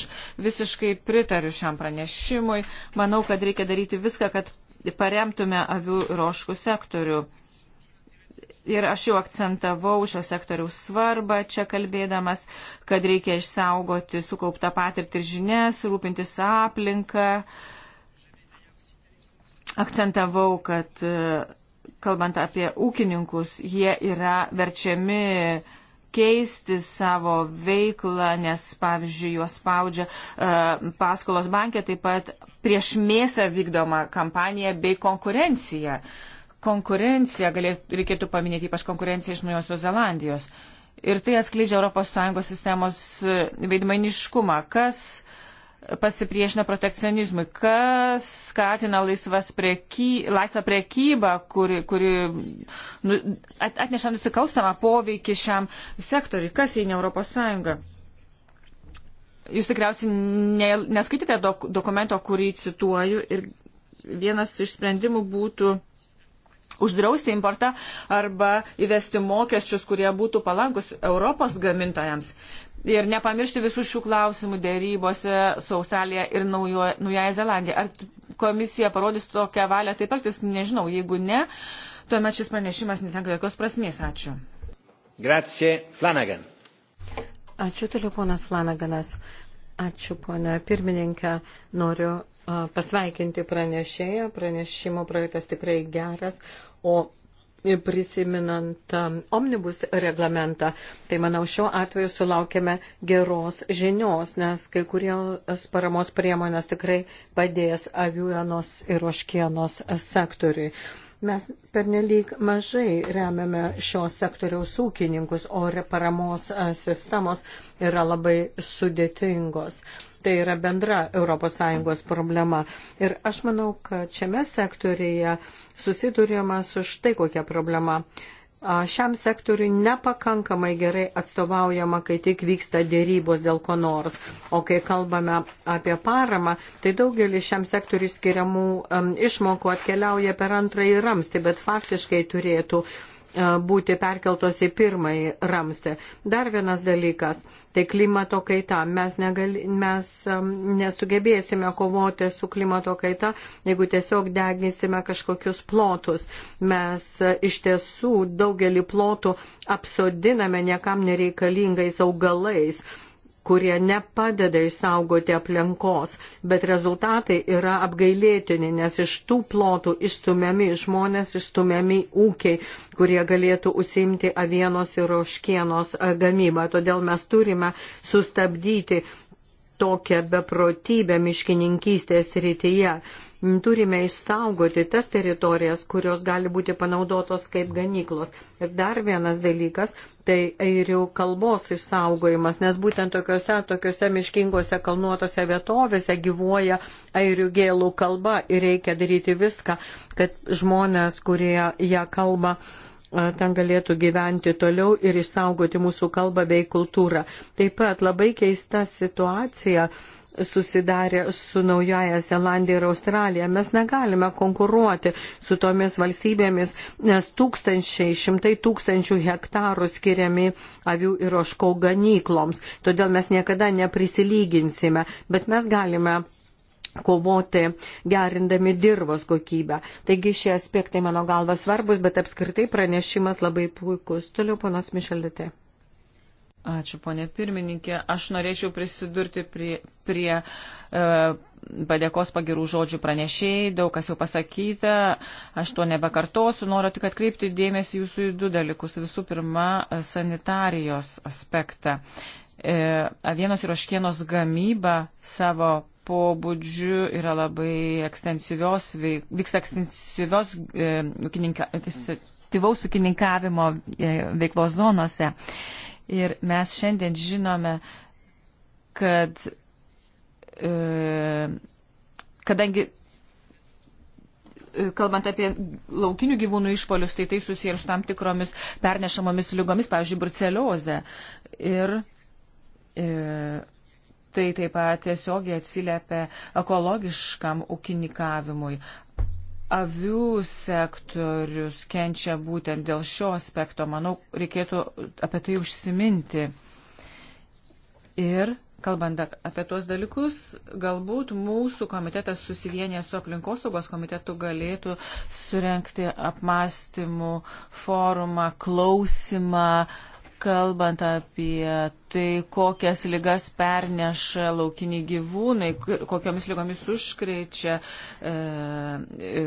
Speaker 3: visiškai pritariu šiam pranešimui. Manau, kad reikia daryti viską, kad paremtume avių ir oškų sektorių. Ir aš jau akcentavau šio sektoriaus svarbą čia kalbėdamas, kad reikia išsaugoti sukauptą patirtį ir žinias, rūpintis aplinką. Akcentavau, kad e, kalbant apie ūkininkus, jie yra verčiami keisti savo veiklą, nes, pavyzdžiui, juos spaudžia e, paskolos bankė, taip pat prieš mėsą vykdoma kampanija bei konkurencija. Konkurencija, galėt, reikėtų paminėti ypač konkurenciją iš Naujosios Zelandijos. Ir tai atskleidžia ES sistemos e, veidmainiškumą. Kas pasipriešina protekcionizmui, kas skatina preky, laisvą priekybą, kuri, kuri nu, at, atneša nusikalstamą poveikį šiam sektoriui, kas jei ne Europos Sąjunga. Jūs tikriausiai ne, neskaitėte dok, dokumento, kurį cituoju ir vienas iš sprendimų būtų uždrausti importą arba įvesti mokesčius, kurie būtų palankus Europos gamintojams. Ir nepamiršti visų šių klausimų dėrybose su Australija ir Naujo, Naujaja Zelandija. Ar komisija parodys tokią valią taip elgtis, nežinau. Jeigu ne, tuomet šis pranešimas netenka jokios prasmės. Ačiū.
Speaker 1: Grazie, Flanagan.
Speaker 3: Ačiū toliau, ponas Flanaganas.
Speaker 4: Ačiū, ponė pirmininkė. Noriu uh, pasveikinti pranešėją. Pranešimo projektas tikrai geras. O prisiminant um, omnibus reglamentą, tai manau šiuo atveju sulaukėme geros žinios, nes kai kurios paramos priemonės tikrai padės avienos ir oškienos sektoriui. Mes pernelyg mažai remiame šios sektoriaus ūkininkus, o paramos uh, sistemos yra labai sudėtingos. Tai yra bendra ES problema. Ir aš manau, kad šiame sektorėje susidurėma su štai kokia problema šiam sektoriui nepakankamai gerai atstovaujama, kai tik vyksta dėrybos dėl ko nors. O kai kalbame apie paramą, tai daugelis šiam sektoriui skiriamų um, išmokų atkeliauja per antrąjį ramstį, bet faktiškai turėtų uh, būti perkeltos į pirmąjį ramstį. Dar vienas dalykas - tai klimato kaita. Mes, negali, mes nesugebėsime kovoti su klimato kaita, jeigu tiesiog deginsime kažkokius plotus. Mes iš tiesų daugelį plotų apsodiname niekam nereikalingais augalais kurie nepadeda išsaugoti aplinkos, bet rezultatai yra apgailėtini, nes iš tų plotų išstumiami žmonės, išstumiami ūkiai, kurie galėtų užsimti avienos ir oškienos gamybą. Todėl mes turime sustabdyti tokią beprotybę miškininkystės rytyje turime išsaugoti tas teritorijas, kurios gali būti panaudotos kaip ganyklos. Ir dar vienas dalykas - tai airių kalbos išsaugojimas, nes būtent tokiuose, tokiuose miškingose kalnuotose vietovėse gyvuoja airių gėlų kalba ir reikia daryti viską, kad žmonės, kurie ją kalba, ten galėtų gyventi toliau ir išsaugoti mūsų kalbą bei kultūrą. Taip pat labai keista situacija susidarė su Naujoje Zelandija ir Australija. Mes negalime konkuruoti su tomis valstybėmis, nes tūkstančiai, šimtai tūkstančių hektarų skiriami avių ir oškau ganykloms. Todėl mes niekada neprisilyginsime, bet mes galime kovoti gerindami dirbos kokybę. Taigi šie aspektai mano galva svarbus, bet apskritai pranešimas labai puikus. Toliau ponas Mišelitė.
Speaker 3: Ačiū, ponė pirmininkė. Aš norėčiau prisidurti prie, prie e, padėkos pagirų žodžių pranešėjai, daug kas jau pasakyta, aš to nebekartosiu, noriu tik atkreipti dėmesį jūsų į du dalykus. Visų pirma, sanitarijos aspektą. E, avienos ir oškienos gamyba savo pobūdžiu yra labai ekstensyvios, vyksta ekstensyvios e, ūkininka, aktyvaus ūkininkavimo e, veiklos zonose. Ir mes šiandien žinome, kad e, kadangi e, kalbant apie laukinių gyvūnų išpolius, tai tai susijęs su tam tikromis pernešamomis lygomis, pavyzdžiui, bruceliozė. Ir e, tai taip pat tiesiogiai atsiliepia ekologiškam ūkininkavimui avių sektorius kenčia būtent dėl šio aspekto. Manau, reikėtų apie tai užsiminti. Ir, kalbant apie tuos dalykus, galbūt mūsų komitetas susivienė su aplinkosaugos komitetu galėtų surenkti apmąstymų forumą, klausimą, uh, kalbant apie tai, kokias lygas perneša laukiniai gyvūnai, kokiamis lygomis užkrečia e, e,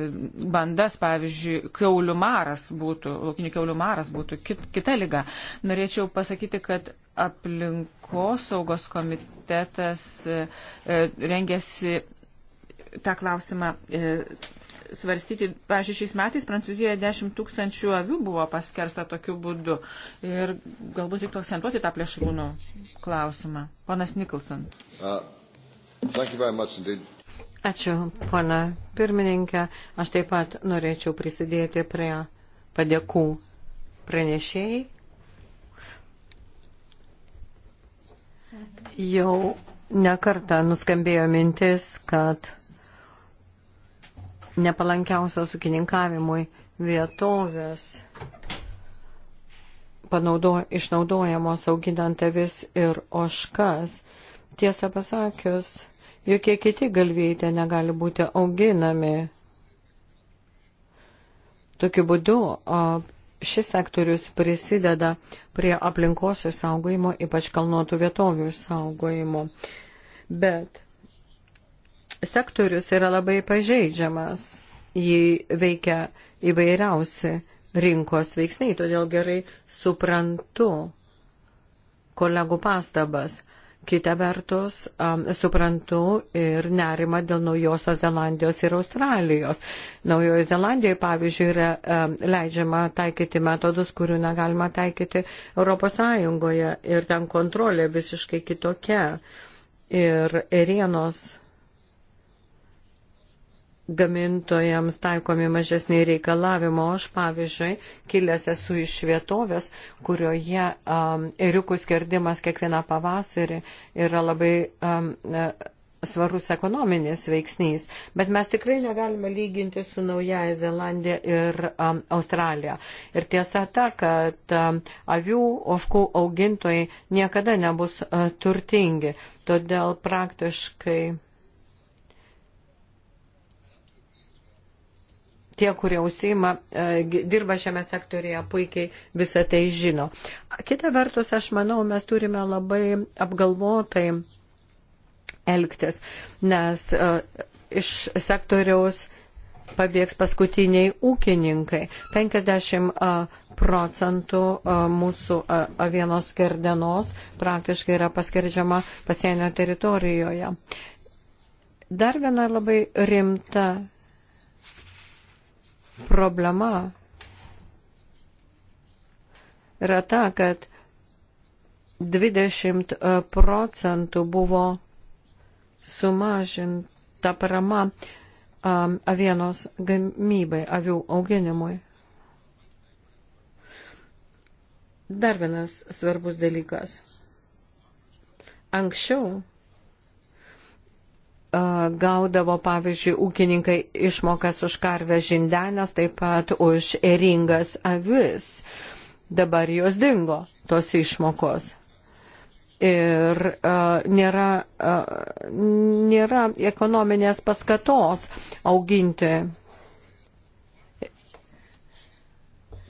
Speaker 3: bandas, pavyzdžiui, keulių maras būtų, laukinių keulių maras būtų kit, kita lyga. Norėčiau pasakyti, kad aplinkosaugos komitetas e, e rengėsi tą klausimą. E, svarstyti, pažiūrėjau, šiais metais Prancūzijoje 10 tūkstančių avių buvo paskersta tokiu būdu. Ir galbūt reiktų akcentuoti tą plėšrūnų klausimą. Ponas Nikolson.
Speaker 2: Uh,
Speaker 4: Ačiū, pana pirmininkė. Aš taip pat norėčiau prisidėti prie padėkų pranešėjai. Jau nekartą nuskambėjo mintis, kad nepalankiausios ūkininkavimui vietovės panaudo, išnaudojamos auginant avis ir oškas. Tiesą pasakius, jokie kiti galvijai negali būti auginami. Tokiu būdu šis sektorius prisideda prie aplinkos išsaugojimo, ypač kalnuotų vietovių išsaugojimo. Bet sektorius yra labai pažeidžiamas, jį veikia įvairiausi rinkos veiksniai, todėl gerai suprantu kolegų pastabas. Kita vertus, um, suprantu ir nerima dėl Naujosios Zelandijos ir Australijos. Naujojo Zelandijoje, pavyzdžiui, yra um, leidžiama taikyti metodus, kurių negalima taikyti ES ir ten kontrolė visiškai kitokia. Ir erienos gamintojams taikomi mažesniai reikalavimo. Aš, pavyzdžiui, kilęs esu iš vietovės, kurioje um, eriukų skerdimas kiekvieną pavasarį yra labai. Um, e, svarus ekonominis veiksnys, bet mes tikrai negalime lyginti su Naujaja Zelandija ir um, Australija. Ir tiesa ta, kad um, avių oškų augintojai niekada nebus uh, turtingi, todėl praktiškai tie, kurie užsima, e, dirba šiame sektorėje, puikiai visą tai žino. Kita vertus, aš manau, mes turime labai apgalvotai elgtis, nes e, iš sektoriaus pabėgs paskutiniai ūkininkai. 50 e, procentų mūsų avienos skerdenos praktiškai yra paskerdžiama pasienio teritorijoje. Dar viena labai rimta problema yra ta, kad 20 procentų buvo sumažinta parama avienos gamybai, avių auginimui. Dar vienas svarbus dalykas. Anksčiau gaudavo, pavyzdžiui, ūkininkai išmokas už karvės žindenės, taip pat už eringas avis. Dabar jos dingo, tos išmokos. Ir uh, nėra, uh, nėra ekonominės paskatos auginti,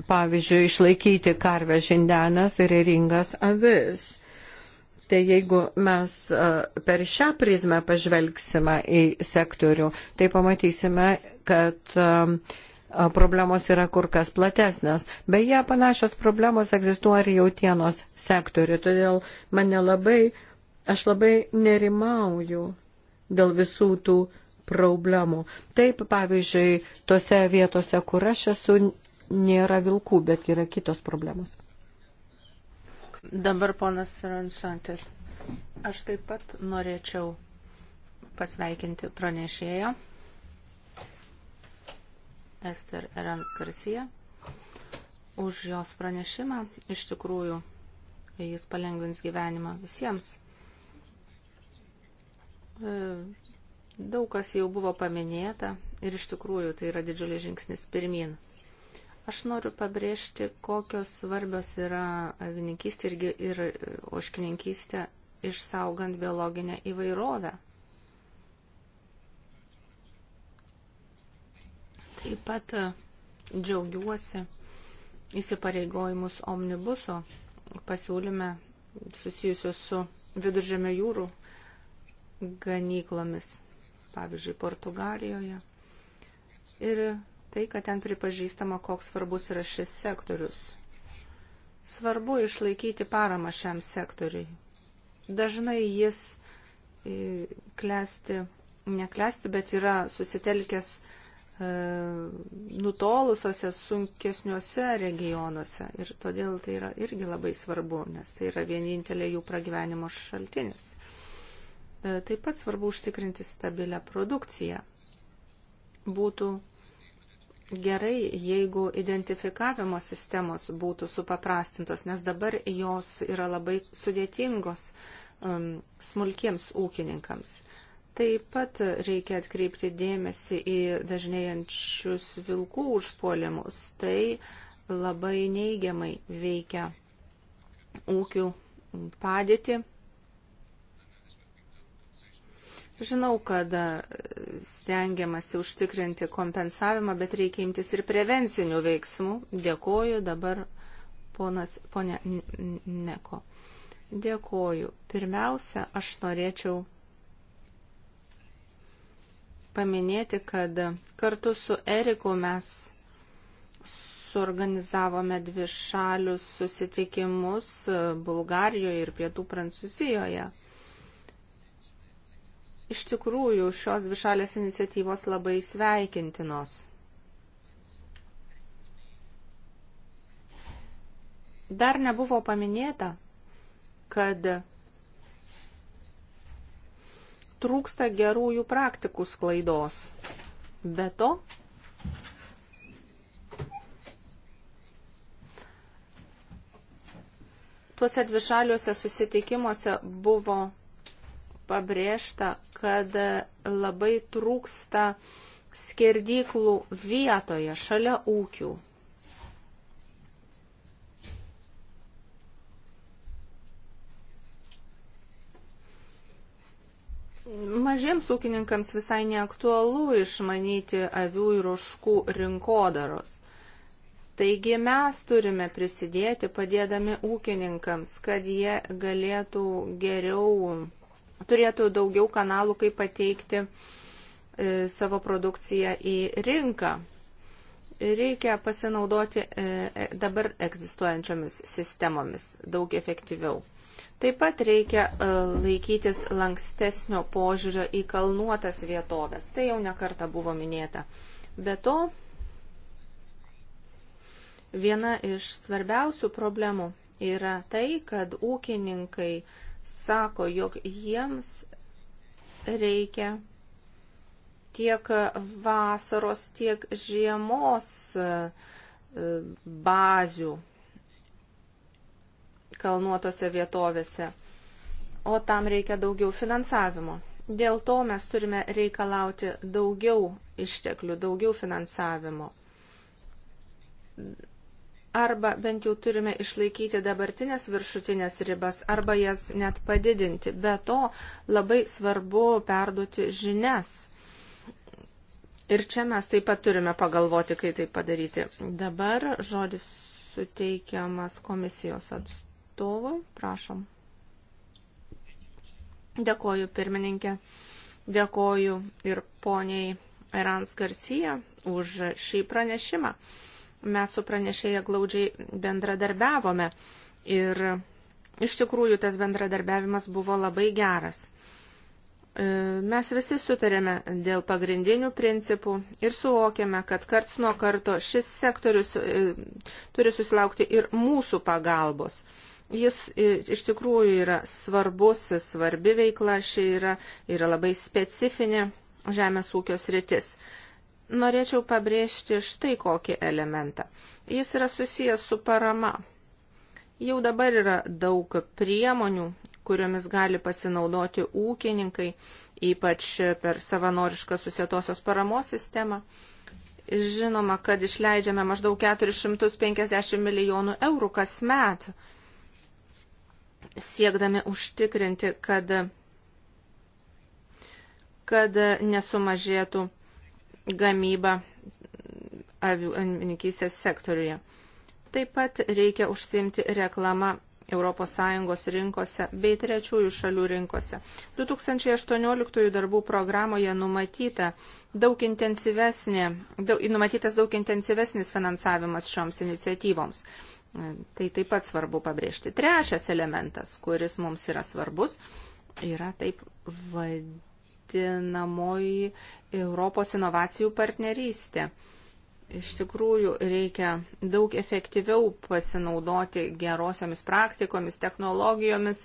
Speaker 4: pavyzdžiui, išlaikyti karvės žindenas ir eringas avis Tai jeigu mes e, per šią prizmę pažvelgsime į sektorių, tai pamatysime, kad e, e, problemos yra kur kas platesnės. Beje, panašios problemos egzistuoja ir jautienos sektoriu, todėl mane labai, aš labai nerimauju dėl visų tų problemų. Taip, pavyzdžiui, tose vietose, kur aš esu, nėra vilkų, bet yra kitos problemos.
Speaker 2: Dabar ponas Ranšantis. Aš taip pat norėčiau pasveikinti pranešėją Ester Erans Garcia už jos pranešimą. Iš tikrųjų, jis palengvins gyvenimą visiems. E, daug kas jau buvo paminėta ir iš tikrųjų tai yra didžiulis žingsnis pirmin. Aš noriu pabrėžti, kokios svarbios yra avininkystė ir, ir e, oškininkystė išsaugant biologinę įvairovę. Taip pat e, džiaugiuosi įsipareigojimus omnibuso pasiūlyme susijusios su viduržėmio jūrų ganyklomis, pavyzdžiui, Portugalijoje. Ir tai, kad ten pripažįstama, koks svarbus yra šis sektorius. Svarbu išlaikyti paramą šiam sektoriui. Dažnai jis e, klesti, neklesti, bet yra susitelkęs e, nutolusiuose, sunkesniuose regionuose. Ir todėl tai yra irgi labai svarbu, nes tai yra vienintelė jų pragyvenimo šaltinis. E, taip pat svarbu užtikrinti stabilę produkciją. Būtų gerai, jeigu identifikavimo sistemos būtų supaprastintos, nes dabar jos yra labai sudėtingos um, smulkiems ūkininkams. Taip pat reikia atkreipti dėmesį į dažnėjančius vilkų užpuolimus. Tai labai neigiamai veikia ūkių padėti Žinau, kad e, stengiamasi užtikrinti kompensavimą, bet reikia imtis ir prevencinių veiksmų. Dėkoju dabar ponas, ponė Neko. Dėkoju. Pirmiausia, aš norėčiau paminėti, kad kartu su Eriku mes suorganizavome dvi šalius susitikimus e, Bulgarijoje ir Pietų Prancūzijoje. Iš tikrųjų, šios dvišalės iniciatyvos labai sveikintinos. Dar nebuvo paminėta, kad trūksta gerųjų praktikų sklaidos. Be to, tuose dvišaliuose susitikimuose buvo pabrėžta, kad labai trūksta skerdyklų vietoje, šalia ūkių. Mažiems ūkininkams visai neaktualu išmanyti avių ir oškų rinkodaros. Taigi mes turime prisidėti padėdami ūkininkams, kad jie galėtų geriau turėtų daugiau kanalų, kaip pateikti e, savo produkciją į rinką. Reikia pasinaudoti e, e, dabar egzistuojančiomis sistemomis daug efektyviau. Taip pat reikia laikytis lankstesnio požiūrio į kalnuotas vietovės. Tai jau nekarta buvo minėta. Be to, viena iš svarbiausių problemų yra tai, kad ūkininkai sako, jog jiems reikia tiek vasaros, tiek žiemos e, bazių kalnuotose vietovėse, o tam reikia daugiau finansavimo. Dėl to mes turime reikalauti daugiau išteklių, daugiau finansavimo arba bent jau turime išlaikyti dabartinės viršutinės ribas, arba jas net padidinti. Be to labai svarbu perduoti žinias. Ir čia mes taip pat turime pagalvoti, kai tai padaryti. Dabar žodis suteikiamas komisijos atstovui. Prašom. Dėkoju pirmininkė. Dėkoju ir poniai Erans Garcia už šį pranešimą mes su pranešėja glaudžiai bendradarbiavome ir iš tikrųjų tas bendradarbiavimas buvo labai geras. E, mes visi sutarėme dėl pagrindinių principų ir suvokėme, kad karts nuo karto šis sektorius e, turi susilaukti ir mūsų pagalbos. Jis e, iš tikrųjų yra svarbus, svarbi veikla, ši yra, yra labai specifinė žemės ūkio sritis norėčiau pabrėžti štai kokį elementą. Jis yra susijęs su parama. Jau dabar yra daug priemonių, kuriomis gali pasinaudoti ūkininkai, ypač per savanorišką susietosios paramos sistemą. Žinoma, kad išleidžiame maždaug 450 milijonų eurų kasmet, siekdami užtikrinti, kad, kad nesumažėtų gamybą avininkystės sektoriuje. Taip pat reikia užsimti reklamą ES rinkose bei trečiųjų šalių rinkose. 2018 darbų programoje numatyta daug intensyvesnė, daug, numatytas daug intensyvesnis finansavimas šioms iniciatyvoms. Tai taip pat svarbu pabrėžti. Trečias elementas, kuris mums yra svarbus, yra taip vadinamas vadinamoji Europos inovacijų partnerystė. Iš tikrųjų, reikia daug efektyviau pasinaudoti gerosiomis praktikomis, technologijomis,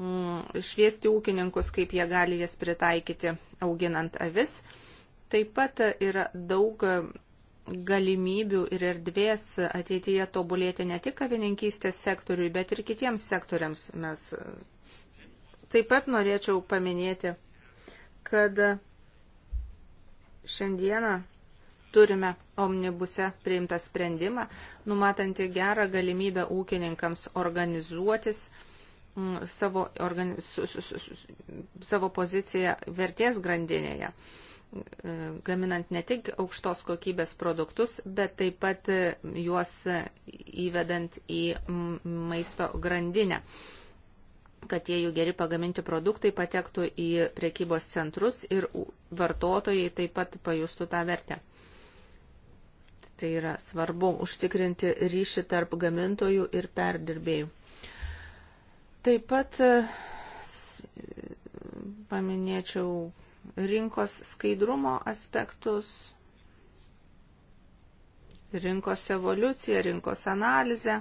Speaker 2: mm, šviesti ūkininkus, kaip jie gali jas pritaikyti auginant avis. Taip pat yra daug galimybių ir erdvės ateityje tobulėti ne tik avininkystės sektoriui, bet ir kitiems sektoriams. Mes taip pat norėčiau paminėti kad šiandieną turime omnibuse priimtą sprendimą, numatantį gerą galimybę ūkininkams organizuotis mm, savo, organi su, su, su, su, savo poziciją vertės grandinėje, mm, gaminant ne tik aukštos kokybės produktus, bet taip pat juos įvedant į maisto grandinę kad tie jų geri pagaminti produktai patektų į prekybos centrus ir vartotojai taip pat pajustų tą vertę. Tai yra svarbu užtikrinti ryšį tarp gamintojų ir perdirbėjų. Taip pat e, paminėčiau rinkos skaidrumo aspektus, rinkos evoliuciją, rinkos analizę.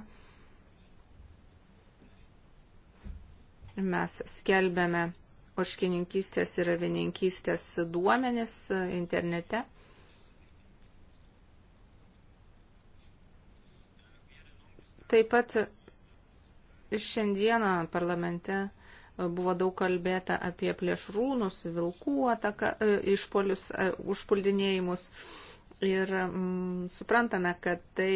Speaker 2: Mes skelbėme oškininkystės ir avininkystės duomenis internete. Taip pat šiandieną parlamente buvo daug kalbėta apie plėšrūnus, vilkų ataka, e, išpolius, e, užpuldinėjimus. Ir mm, suprantame, kad tai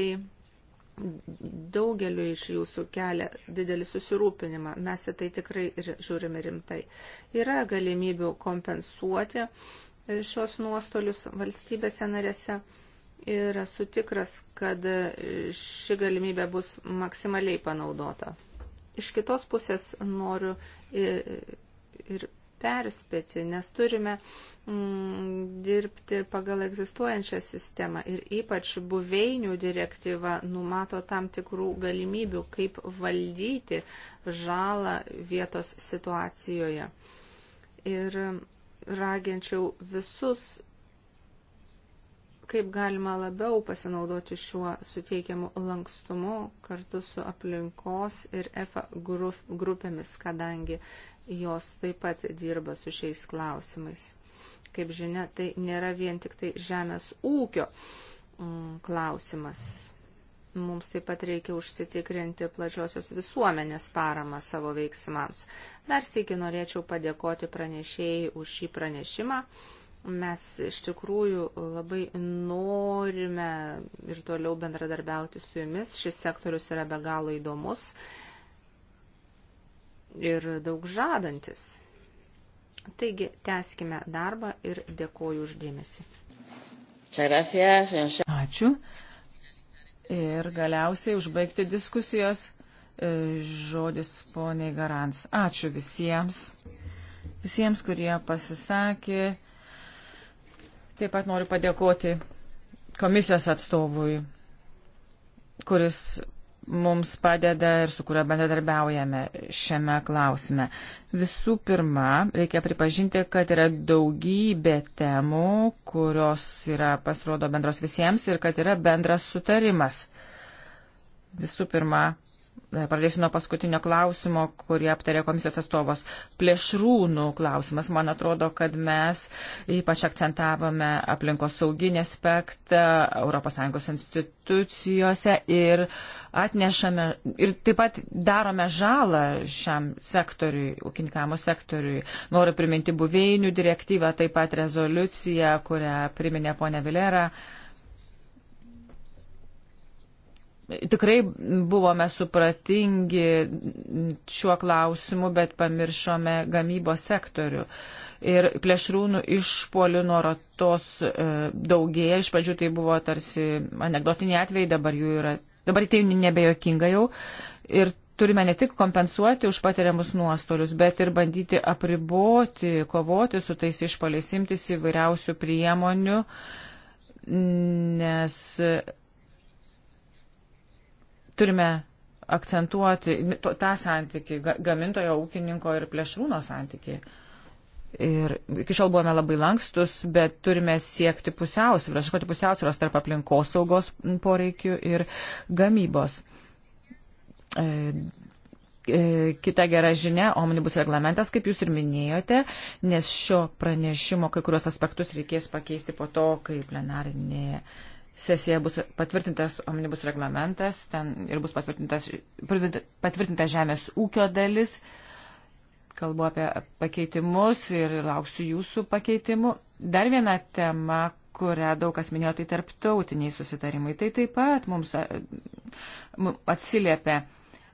Speaker 2: daugeliu iš jūsų kelia didelį susirūpinimą. Mes į tai tikrai žiūrime rimtai. Yra galimybių kompensuoti e, šios nuostolius valstybėse narėse ir esu tikras, kad e, ši galimybė bus maksimaliai panaudota. Iš kitos pusės noriu e, ir perspėti, nes turime mm, dirbti pagal egzistuojančią sistemą ir ypač buveinių direktyva numato tam tikrų galimybių, kaip valdyti žalą vietos situacijoje. Ir raginčiau visus kaip galima labiau pasinaudoti šiuo suteikiamu lankstumu kartu su aplinkos ir EFA grupėmis, kadangi jos taip pat dirba su šiais klausimais. Kaip žinia, tai nėra vien tik tai žemės ūkio mm, klausimas. Mums taip pat reikia užsitikrinti plačiosios visuomenės paramą savo veiksmams. Dar sėki norėčiau padėkoti pranešėjai už šį pranešimą. Mes iš tikrųjų labai norime ir toliau bendradarbiauti su jumis. Šis sektorius yra be galo įdomus ir daug žadantis. Taigi, tęskime darbą ir dėkoju uždėmesi. Ačiū.
Speaker 3: Ir galiausiai užbaigti diskusijos e, žodis poniai Garans. Ačiū visiems, visiems, kurie pasisakė. Taip pat noriu padėkoti komisijos atstovui, kuris mums padeda ir su kuria bendradarbiaujame šiame klausime. Visų pirma, reikia pripažinti, kad yra daugybė temų, kurios yra pasirodo bendros visiems ir kad yra bendras sutarimas. Visų pirma, Pradėsiu nuo paskutinio klausimo, kurį aptarė komisijos atstovas. Plėšrūnų klausimas. Man atrodo, kad mes ypač akcentavome aplinkos sauginį aspektą ES institucijose ir atnešame ir taip pat darome žalą šiam sektoriui, ūkininkamo sektoriui. Noriu priminti buveinių direktyvą, taip pat rezoliuciją, kurią priminė ponia Vilera. Uh, Tikrai buvome supratingi šiuo klausimu, bet pamiršome gamybos sektorių. Ir plėšrūnų išpolių nuoratos e, daugėja. Iš pradžių tai buvo tarsi anegdotiniai atvejai, dabar jų yra. Dabar tai nebejokinga jau. Ir turime ne tik kompensuoti už patiriamus nuostolius, bet ir bandyti apriboti, kovoti su tais išpoliais, imtis įvairiausių priemonių, nes Turime akcentuoti tą santykį, gamintojo, ūkininko ir plėšrūno santykį. Ir iki šiol buvome labai lankstus, bet turime siekti pusiausvėros, ieškoti pusiausvėros tarp aplinkos saugos poreikių ir gamybos. E, e, kita gera žinia, omnibus reglamentas, kaip jūs ir minėjote, nes šio pranešimo kai kurios aspektus reikės pakeisti po to, kai plenarinėje sesijoje bus patvirtintas omnibus reglamentas ten ir bus patvirtintas, patvirtinta žemės ūkio dalis. Kalbu apie pakeitimus ir lauksiu jūsų pakeitimų. Dar viena tema, kurią daug kas minėjo, tai tarptautiniai susitarimai. Tai taip pat mums atsiliepia.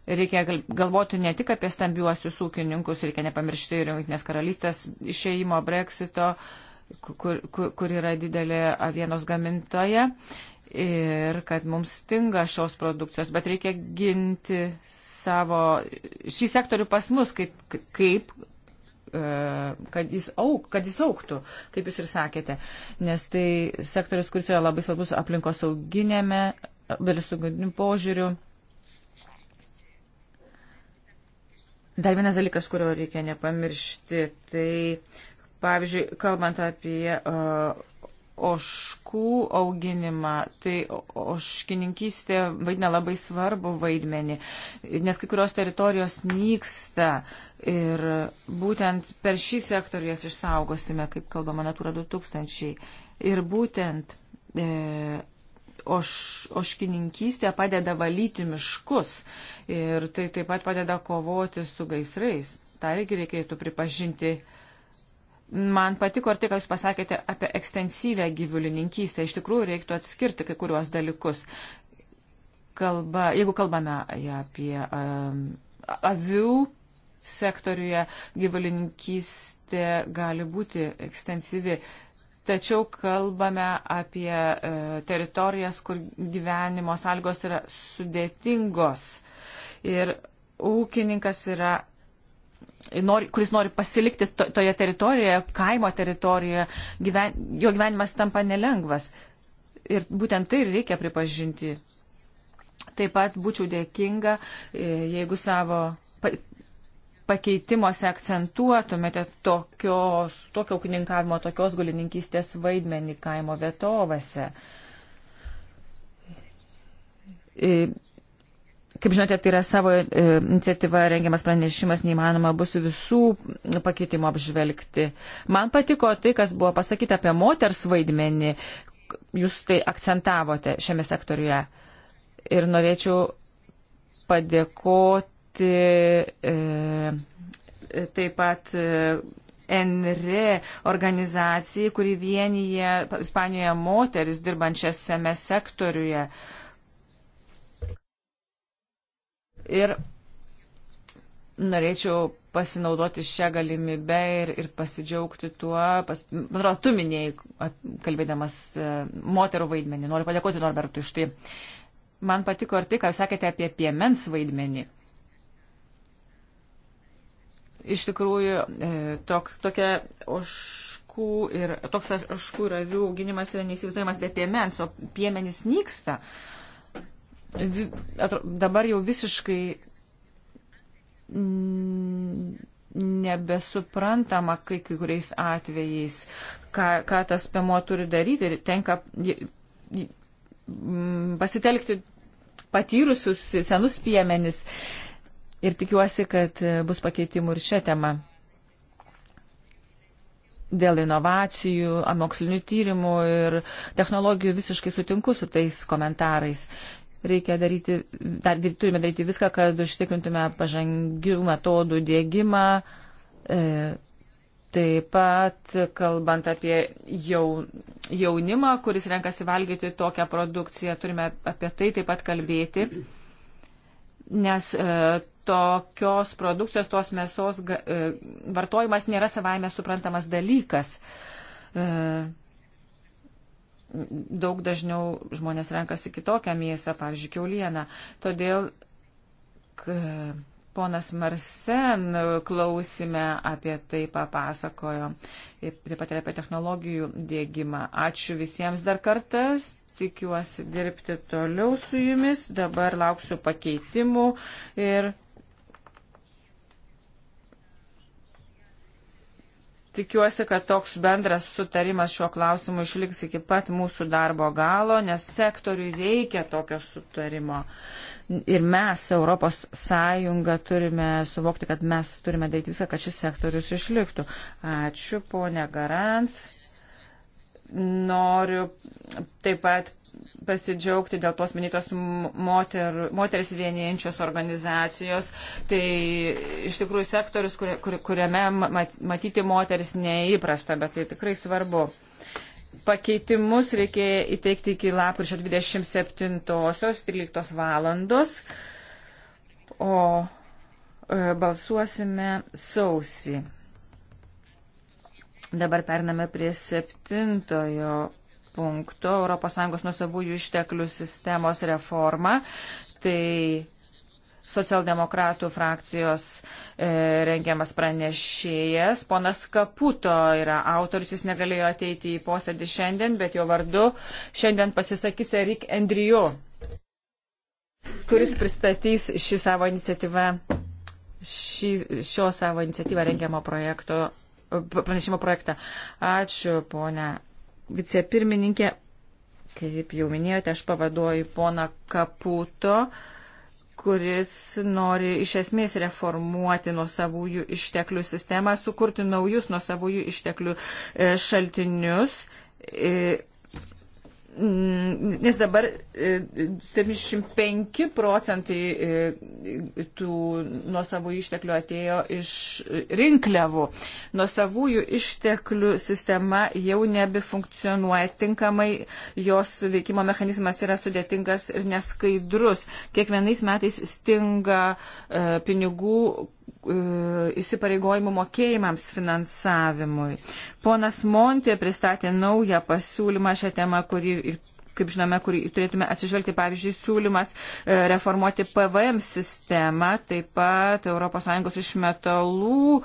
Speaker 3: Reikia galvoti ne tik apie stambiuosius ūkininkus, reikia nepamiršti ir Junktinės karalystės išeimo, breksito, uh, kur, kur, kur yra didelė avienos gamintoja ir kad mums stinga šios produkcijos, bet reikia ginti savo šį sektorių pas mus, kaip, kaip e, kad jis, auk, kad jis auktų, kaip jūs ir sakėte, nes tai sektorius, kuris yra labai svarbus aplinkos sauginėme, belisuganim požiūriu. Dar vienas dalykas, kurio reikia nepamiršti, tai Pavyzdžiui, kalbant apie uh, e, oškų auginimą, tai oškininkystė vaidina labai svarbu vaidmenį, nes kai kurios teritorijos nyksta ir būtent per šį sektorių jas išsaugosime, kaip kalbama Natura 2000. Ir būtent e, oš, oškininkystė padeda valyti miškus ir tai taip pat padeda kovoti su gaisrais. Ta irgi reikėtų pripažinti Man patiko ir tai, ką Jūs pasakėte apie ekstensyvę gyvulininkystę. Iš tikrųjų, reiktų atskirti kai kuriuos dalykus. Kalba, jeigu kalbame apie um, avių sektoriuje, gyvulininkystė gali būti ekstensyvi. Tačiau kalbame apie uh, teritorijas, kur gyvenimo sąlygos yra sudėtingos. Ir ūkininkas yra nori, kuris nori pasilikti to, toje teritorijoje, kaimo teritorijoje, gyven, jo gyvenimas tampa nelengvas. Ir būtent tai ir reikia pripažinti. Taip pat būčiau dėkinga, e, jeigu savo pakeitimuose akcentuotumėte tokios, tokio ūkininkavimo, tokios gulininkystės vaidmenį kaimo vietovėse. E, Kaip žinote, tai yra savo e, iniciatyva rengiamas pranešimas, neįmanoma bus visų pakeitimų apžvelgti. Man patiko tai, kas buvo pasakyta apie moters vaidmenį. Jūs tai akcentavote šiame sektoriuje. Ir norėčiau padėkoti e, e taip pat. E, ENRE organizacijai, kuri vienyje Ispanijoje moteris dirbančias šiame sektoriuje. E, Ir norėčiau pasinaudoti šią galimybę ir, ir pasidžiaugti tuo. Pas, man atrodo, tu minėjai, kalbėdamas e, moterų vaidmenį. Noriu padėkoti Norbertui iš tai. Man patiko ir tai, ką jūs sakėte apie piemens vaidmenį. Iš tikrųjų, e, tok, tokia oškų ir toks oškų ir avių auginimas yra neįsivaizduojamas be piemens, o piemenys nyksta. Uh, dabar jau visiškai nebesuprantama kai kuriais atvejais, ką, ką tas pėmo turi daryti ir tenka pasitelkti patyrusius senus piemenis ir tikiuosi, kad bus pakeitimų ir šią temą. Dėl inovacijų, mokslinių tyrimų ir technologijų visiškai sutinku su tais komentarais. Reikia daryti, dar, turime daryti viską, kad užtikrintume pažangių metodų dėgymą. E, Taip pat, kalbant apie jau, jaunimą, kuris renkasi valgyti tokią produkciją, turime apie tai taip pat kalbėti, nes e, tokios produkcijos, tos mėsos e, vartojimas nėra savaime suprantamas dalykas. E, daug dažniau žmonės renkasi kitokią mėsą, pavyzdžiui, keulieną. Todėl ponas Marsen klausime apie tai papasakojo, taip pat ir apie technologijų dėgymą. Ačiū visiems dar kartas. Tikiuosi dirbti toliau su jumis, dabar lauksiu pakeitimų ir Tikiuosi, kad toks bendras sutarimas šiuo klausimu išliks iki pat mūsų darbo galo, nes sektoriui reikia tokio sutarimo. Ir mes, Europos Sąjunga, turime suvokti, kad mes turime daryti viską, kad šis sektorius išliktų. Ačiū, ponė Garans. Noriu taip pat pasidžiaugti dėl tos minėtos moter, moteris vienijančios organizacijos. Tai iš tikrųjų sektorius, kur, kur, kuriame matyti moteris neįprasta, bet tai tikrai svarbu. Pakeitimus reikėjo įteikti iki lapkričio 27.13 valandos, o e, balsuosime sausį. Dabar pername prie septintojo punktu ES nusavųjų išteklių sistemos reforma. Tai socialdemokratų frakcijos e, rengiamas pranešėjas. Ponas Kaputo yra autorius, jis negalėjo ateiti į posėdį šiandien, bet jo vardu šiandien pasisakys Erik Endriu, kuris pristatys šį savo iniciatyvą, šį, šio savo iniciatyvą rengiamo projekto, pranešimo projektą. Ačiū, ponia vicepirmininkė, kaip jau minėjote, aš pavaduoju poną Kaputo, kuris nori iš esmės reformuoti nuo savųjų išteklių sistemą, sukurti naujus nuo savųjų išteklių e, šaltinius e, Mm, nes dabar 75 e, procentai e, tų nuosavų išteklių atėjo iš e, rinkliavų. Nuosavųjų išteklių sistema jau nebefunkcionuoja tinkamai, jos veikimo mechanizmas yra sudėtingas ir neskaidrus. Kiekvienais metais stinga pinigų, E, įsipareigojimų mokėjimams finansavimui. Ponas Montė pristatė naują pasiūlymą šią temą, kurį ir kaip žinome, kurį turėtume atsižvelgti, pavyzdžiui, siūlymas e, reformuoti PVM sistemą, taip pat ES iš metalų e,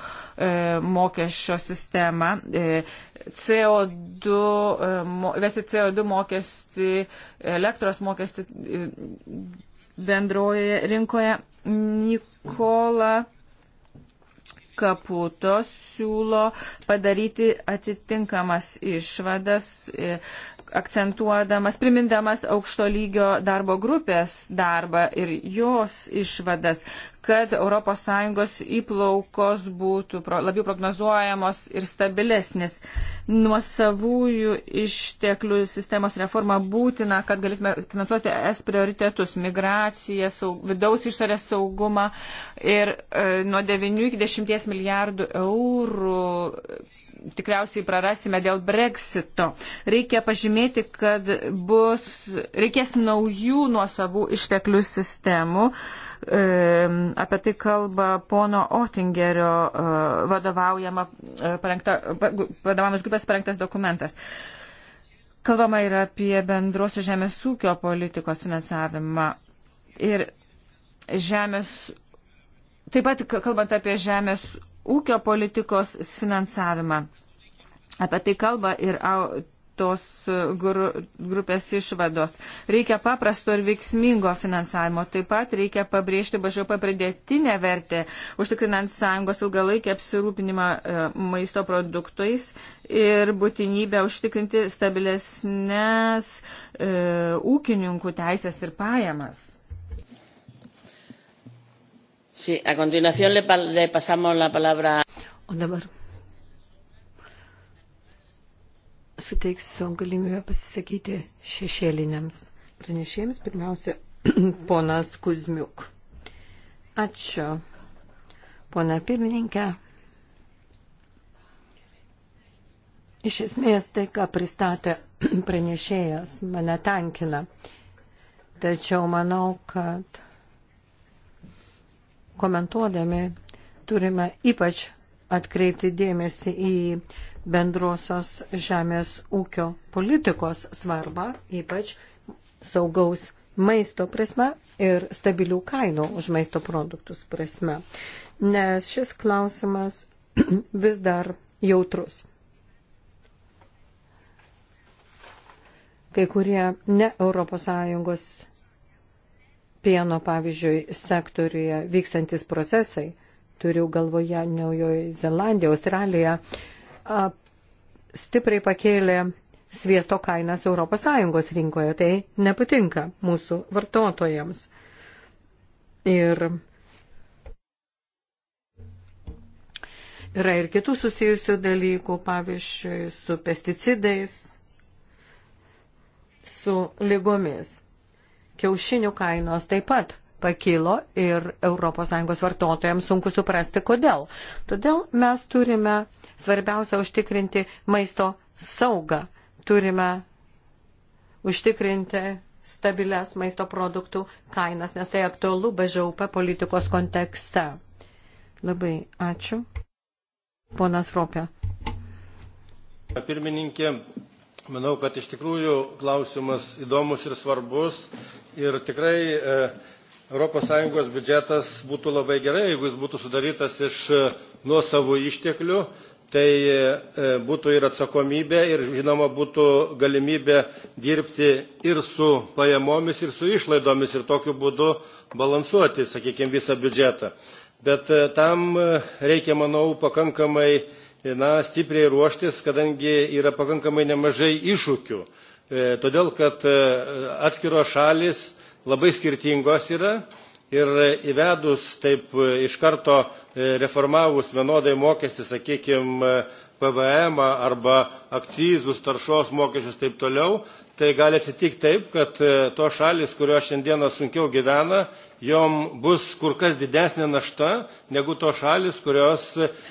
Speaker 3: mokesčio sistemą, CO2, vesti CO2 mokestį, elektros mokestį bendroje rinkoje. Nikola Kaputo siūlo padaryti atitinkamas išvadas e, akcentuodamas, primindamas aukšto lygio darbo grupės darbą ir jos išvadas, kad ES įplaukos būtų labiau prognozuojamos ir stabilesnės. Nuo savųjų išteklių sistemos reforma būtina, kad galėtume finansuoti es prioritetus - migraciją, saug, vidaus išorės saugumą ir e, nuo 9 iki 10 milijardų eurų tikriausiai prarasime dėl breksito. Reikia pažymėti, kad bus, reikės naujų nuosavų išteklių sistemų. E, apie tai kalba pono Otingerio e, vadovaujama, e, parengta, vadovaujamas grupės parengtas dokumentas. Kalbama ir apie bendrosios žemės ūkio politikos finansavimą. Ir žemės Taip pat, kalbant apie žemės ūkio politikos finansavimą. Apie tai kalba ir tos e, grupės išvados. Reikia paprasto ir veiksmingo finansavimo. Taip pat reikia pabrėžti BŽP pridėtinę vertę, užtikrinant sąjungos ilgalaikį apsirūpinimą e, maisto produktais ir būtinybę užtikrinti stabilesnės e, ūkininkų teisės ir pajamas. Sí, a continuación le, le pasamos la palabra. O dabar
Speaker 4: suteiksiu galimybę pasisakyti šešėliniams pranešėjams. Pirmiausia, *clears throat* ponas Kuzmiuk. Ačiū, pona pirmininkė. Iš esmės tai, ką pristatė *clears throat* pranešėjas, mane tenkina. Tačiau manau, kad komentuodami turime ypač atkreipti dėmesį į bendrosios žemės ūkio politikos svarbą, ypač saugaus maisto prasme ir stabilių kainų už maisto produktus prasme. Nes šis klausimas *clears throat* vis dar jautrus. Kai kurie ne ES pieno, pavyzdžiui, sektoriuje vykstantis procesai, turiu galvoje Naujoji Zelandija, Australija, stipriai pakėlė sviesto kainas ES rinkoje. Tai nepatinka mūsų vartotojams. Ir yra ir kitų susijusių dalykų, pavyzdžiui, su pesticidais, su lygomis. Kiaušinių kainos taip pat pakilo ir ES vartotojams sunku suprasti, kodėl. Todėl mes turime svarbiausia užtikrinti maisto saugą. Turime užtikrinti stabilias maisto produktų kainas, nes tai aktualu BŽUP politikos kontekste. Labai ačiū. Ponas Ropė.
Speaker 1: Pirmininkė, Manau, kad iš tikrųjų klausimas įdomus ir svarbus ir tikrai ES biudžetas būtų labai gerai, jeigu jis būtų sudarytas iš e, nuosavų išteklių, tai e, būtų ir atsakomybė ir žinoma būtų galimybė dirbti ir su pajamomis, ir su išlaidomis ir tokiu būdu balansuoti, sakykime, visą biudžetą. Bet e, tam reikia, manau, pakankamai E, na, stipriai ruoštis, kadangi yra pakankamai nemažai iššūkių. E, todėl, kad e, atskiros šalis labai skirtingos yra ir įvedus taip iš karto reformavus vienodai mokestį, sakykime, PVM arba akcizus, taršos mokesčius taip toliau, tai gali atsitikti taip, kad tos šalis, kurios šiandieną sunkiau gyvena, jom bus kur kas didesnė našta negu tos šalis, kurios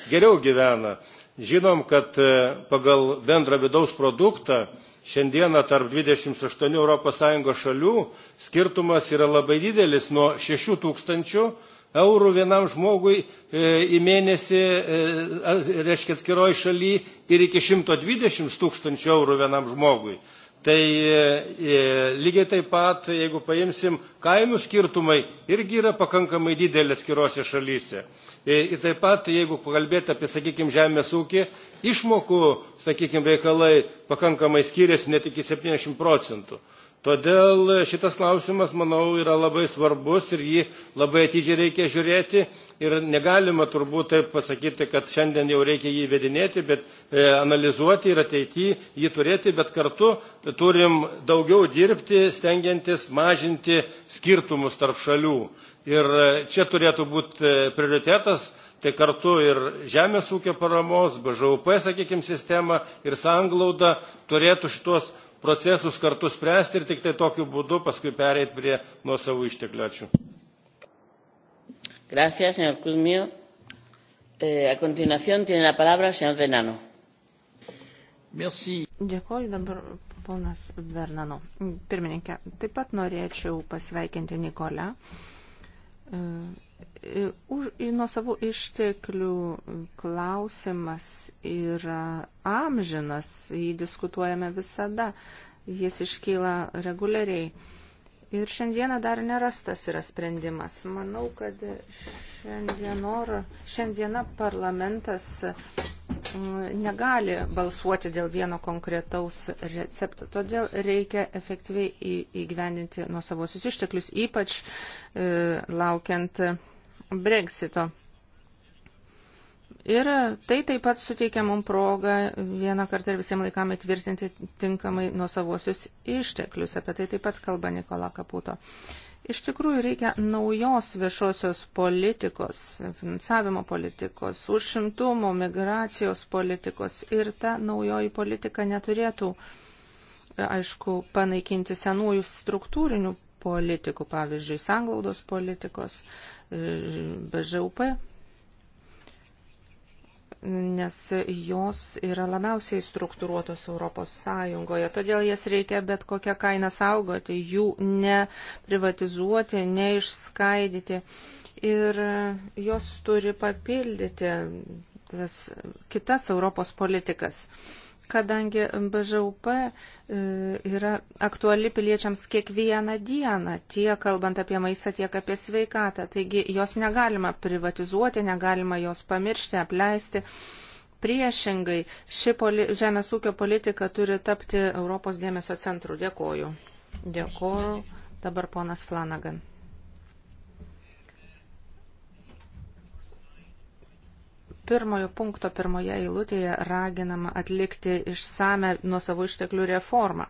Speaker 1: geriau gyvena. Žinom, kad e, pagal bendrą vidaus produktą šiandieną tarp 28 ES šalių skirtumas yra labai didelis nuo 6 tūkstančių eurų vienam žmogui e, į mėnesį, e, reiškia atskiroj šaly, ir iki 120 tūkstančių eurų vienam žmogui. Tai e, e, lygiai taip pat, jeigu paimsim, kainų skirtumai irgi yra pakankamai didelė atskirose šalyse. E, ir taip pat, jeigu kalbėti apie, sakykime, žemės ūkį, išmokų, sakykime, reikalai pakankamai skiriasi net iki 70 procentų. Todėl šitas klausimas, manau, yra labai svarbus ir jį labai atidžiai reikia žiūrėti ir negalima turbūt taip pasakyti, kad šiandien jau reikia jį vedinėti, bet e, analizuoti ir ateityje jį turėti, bet kartu turim daugiau dirbti, stengiantis mažinti skirtumus tarp šalių. Ir e, čia turėtų būti e, prioritetas tai kartu ir žemės ūkio paramos, BŽUP, sakykime, sistema ir sanglauda turėtų šitos procesus kartu spręsti ir tik tai tokiu būdu paskui pereiti prie nuosavų išteklių. Ačiū.
Speaker 2: Gracias,
Speaker 4: señor Kuzmio. Eh, a continuación tiene la palabra el señor Denano.
Speaker 2: Merci. Dėkoju dabar ponas Bernano. Pirmininkė, taip pat norėčiau pasveikinti Nikolę. Eh, Už, nuo savų išteklių klausimas yra amžinas, jį diskutuojame visada, jis iškyla reguliariai. Ir šiandieną dar nerastas yra sprendimas. Manau, kad šiandienor, šiandiena parlamentas Mm, negali balsuoti dėl vieno konkretaus recepto. Todėl reikia efektyviai įgyvendinti nuo savosius išteklius, ypač e, laukiant Brexito. Ir tai taip pat suteikia mums progą vieną kartą ir visiems laikam įtvirtinti tinkamai nuo savosius išteklius. Apie tai taip pat kalba Nikola Kaputo. Uh, Iš tikrųjų reikia naujos viešosios politikos, finansavimo politikos, užimtumo, migracijos politikos ir ta naujoji politika neturėtų, aišku, panaikinti senųjų struktūrinių politikų, pavyzdžiui, sanglaudos politikos, e, BŽUP nes jos yra labiausiai struktūruotos Europos Sąjungoje. Todėl jas reikia bet kokią kainą saugoti, jų neprivatizuoti, neišskaidyti. Ir jos turi papildyti tas kitas Europos politikas kadangi BŽUP e, yra aktuali piliečiams kiekvieną dieną, tiek kalbant apie maistą, tiek apie sveikatą. Taigi jos negalima privatizuoti, negalima jos pamiršti, apleisti. Priešingai, ši poli, žemės ūkio politika turi tapti Europos dėmesio centru. Dėkoju. Dėkoju. Dabar ponas Flanagan. pirmojo punkto pirmoje eilutėje raginama atlikti išsame nuo savo išteklių reformą.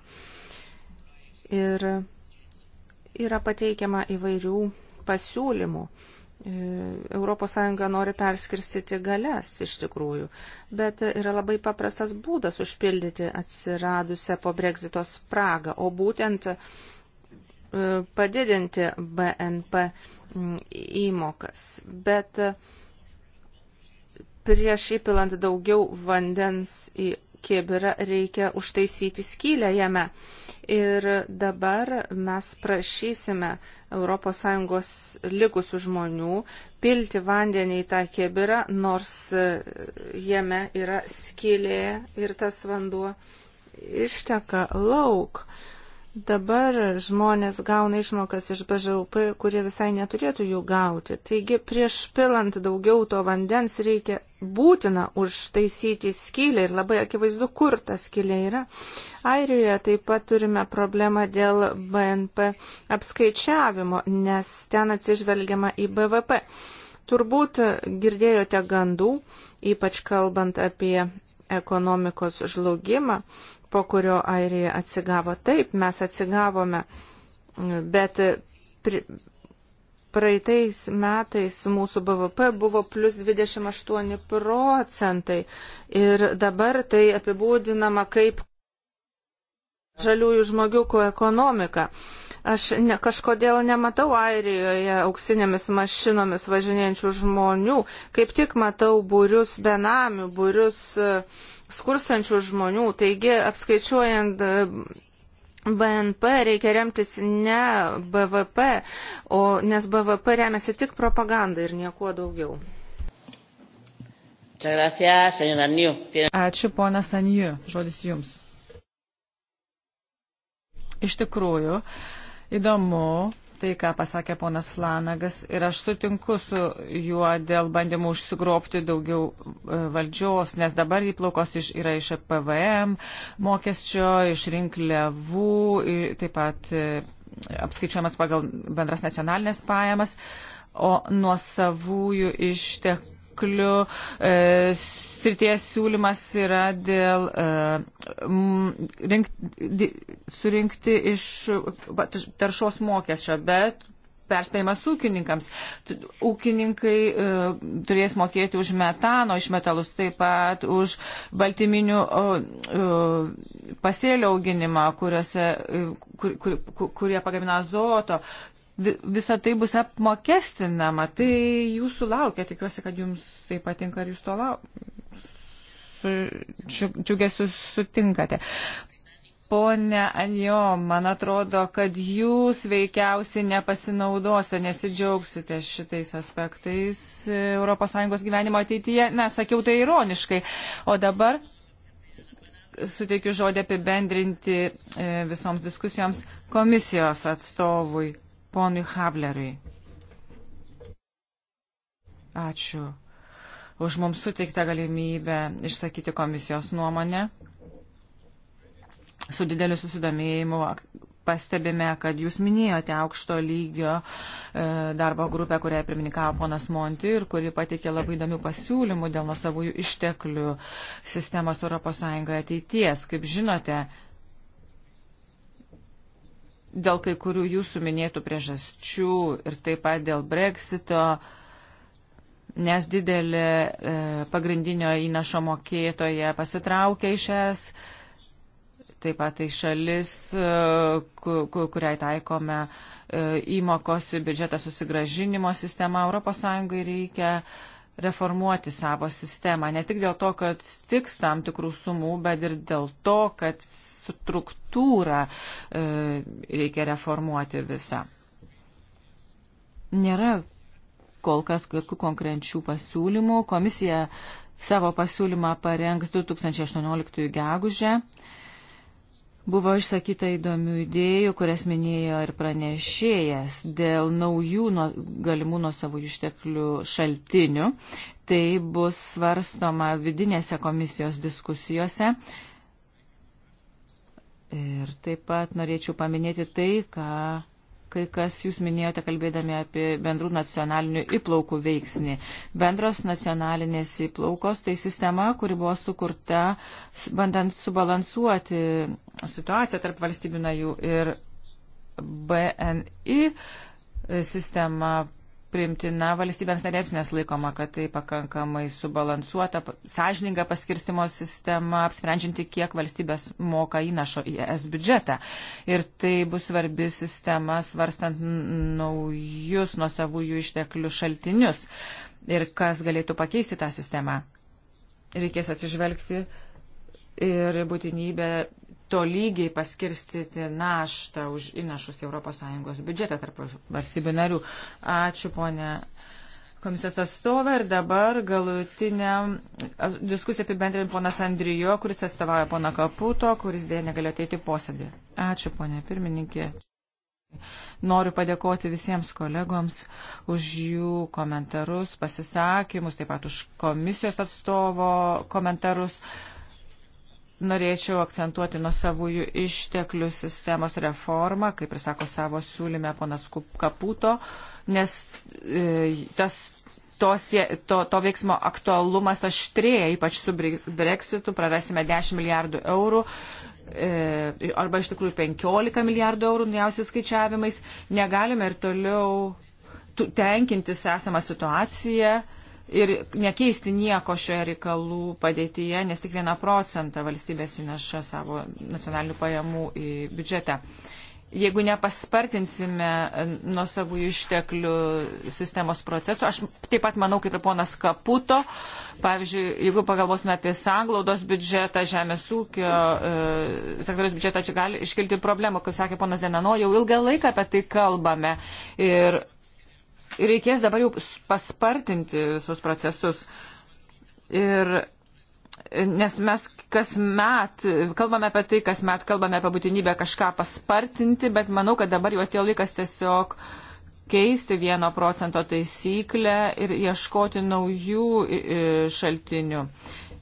Speaker 2: Ir yra pateikiama įvairių pasiūlymų. ES nori perskirstyti galias iš tikrųjų, bet yra labai paprastas būdas užpildyti atsiradusią po Brexito spragą, o būtent e, padidinti BNP įmokas. Bet uh, prieš įpilant daugiau vandens į kibirą reikia užtaisyti skylę jame. Ir dabar mes prašysime ES likusių žmonių pilti vandenį į tą kibirą, nors e, jame yra skylė ir tas vanduo išteka lauk. Dabar žmonės gauna išmokas iš BŽUP, kurie visai neturėtų jų gauti. Taigi prieš pilant daugiau to vandens reikia būtina užtaisyti skylę ir labai akivaizdu, kur ta skylė yra. Airijoje taip pat turime problemą dėl BNP apskaičiavimo, nes ten atsižvelgiama į BVP. Turbūt girdėjote gandų, ypač kalbant apie ekonomikos žlugimą, po kurio Airija atsigavo. Taip, mes atsigavome, bet pri, praeitais metais mūsų BVP buvo plus 28 procentai ir dabar tai apibūdinama kaip žaliųjų žmogiukų ekonomika. Aš ne, kažkodėl nematau Airijoje auksinėmis mašinomis važinėjančių žmonių, kaip tik matau būrius benamių, būrius uh, skurstančių žmonių. Taigi, apskaičiuojant e, BNP reikia remtis ne BVP, o, nes BVP remiasi tik propaganda ir niekuo daugiau. Ačiū,
Speaker 3: ponas Anju. Žodis jums. Iš tikrųjų, įdomu, tai, ką pasakė ponas Flanagas, ir aš sutinku su juo dėl bandymų užsigropti daugiau e, valdžios, nes dabar įplaukos iš, yra iš PVM mokesčio, iš rinkliavų, taip pat e, apskaičiuojamas pagal bendras nacionalinės pajamas, o nuo savųjų išteklių išteklių e, srities siūlymas yra dėl e, rink, di, surinkti iš taršos mokesčio, bet perspėjimas ūkininkams. Ūkininkai e, turės mokėti už metano išmetalus, taip pat už baltyminių e, pasėlio auginimą, kuriuose, e, kur, kur, kur, kurie pagamina azoto visa tai bus apmokestinama. Tai jūsų laukia, tikiuosi, kad jums tai patinka ir jūs to džiugesiu sutinkate. Pone Anjo, man atrodo, kad jūs veikiausiai nepasinaudosite, nesidžiaugsite šitais aspektais ES gyvenimo ateityje. Na, sakiau tai ironiškai. O dabar suteikiu žodį apibendrinti e, visoms diskusijoms komisijos atstovui ponui Havleriui. Ačiū už mums suteiktą galimybę išsakyti komisijos nuomonę. Su dideliu susidomėjimu pastebime, kad jūs minėjote aukšto lygio e, darbo grupę, kurią pirmininkavo ponas Monti ir kuri pateikė labai įdomių pasiūlymų dėl nusavųjų išteklių sistemos ES ateities. Kaip žinote, dėl kai kurių jūsų minėtų priežasčių ir taip pat dėl breksito, nes didelė e, pagrindinio įnašo mokėtoje pasitraukia iš es, taip pat tai šalis, e, kuriai taikome e, įmokos į biudžetą susigražinimo sistemą, ES reikia reformuoti savo sistemą. Ne tik dėl to, kad tiks tam tikrų sumų, bet ir dėl to, kad struktūrą e, reikia reformuoti visą. Nėra kol kas kokių konkrečių pasiūlymų. Komisija savo pasiūlymą parengs 2018 gegužę. Buvo išsakyta įdomių idėjų, kurias minėjo ir pranešėjas dėl naujų nuo, galimų nuo savų išteklių šaltinių. Tai bus svarstoma vidinėse komisijos diskusijose. Uh, Ir taip pat norėčiau paminėti tai, ką kai kas jūs minėjote kalbėdami apie bendrų nacionalinių įplaukų veiksnį. Bendros nacionalinės įplaukos tai sistema, kuri buvo sukurta, bandant subalansuoti situaciją tarp valstybių narių ir BNI sistema primtina valstybėms narėms, nes laikoma, kad tai pakankamai subalansuota, sąžininga paskirstimo sistema, apsprendžianti, kiek valstybės moka įnašo į ES biudžetą. Ir tai bus svarbi sistema, svarstant naujus nuo savųjų išteklių šaltinius ir kas galėtų pakeisti tą sistemą. Reikės atsižvelgti ir būtinybę tolygiai paskirstyti naštą už įnašus į ES biudžetą tarp valstybių narių. Ačiū, ponė komisijos atstovą ir dabar galutinę diskusiją apibendrin ponas Andrijo, kuris atstovauja poną Kaputo, kuris dėja negalėjo ateiti posėdį. Ačiū, ponė pirmininkė. Noriu padėkoti visiems kolegoms už jų komentarus, pasisakymus, taip pat už komisijos atstovo komentarus. Uh, norėčiau akcentuoti nuo savųjų išteklių sistemos reformą, kaip ir sako savo siūlyme ponas Kaputo, nes e, tas tos, to, to veiksmo aktualumas aštrėja, ypač su breksitu, prarasime 10 milijardų eurų e, arba iš tikrųjų 15 milijardų eurų naujausiais skaičiavimais. Negalime ir toliau tenkintis esamą situaciją. E, ir nekeisti nieko šioje reikalų padėtyje, nes tik vieną procentą valstybės įneša savo nacionalinių pajamų į biudžetą. Jeigu nepaspartinsime nuo savų išteklių sistemos procesų, aš taip pat manau, kaip ir ponas Kaputo, pavyzdžiui, jeigu pagalvosime apie sanglaudos biudžetą, žemės ūkio e, sektoriaus biudžetą, čia gali iškilti problemų, kaip sakė ponas Denano, jau ilgą laiką apie tai kalbame. Ir Ir reikės dabar jau paspartinti visus procesus. Ir Nes mes kasmet kalbame apie tai, kasmet kalbame apie būtinybę kažką paspartinti, bet manau, kad dabar jau atėjo laikas tiesiog keisti vieno procento taisyklę ir ieškoti naujų šaltinių.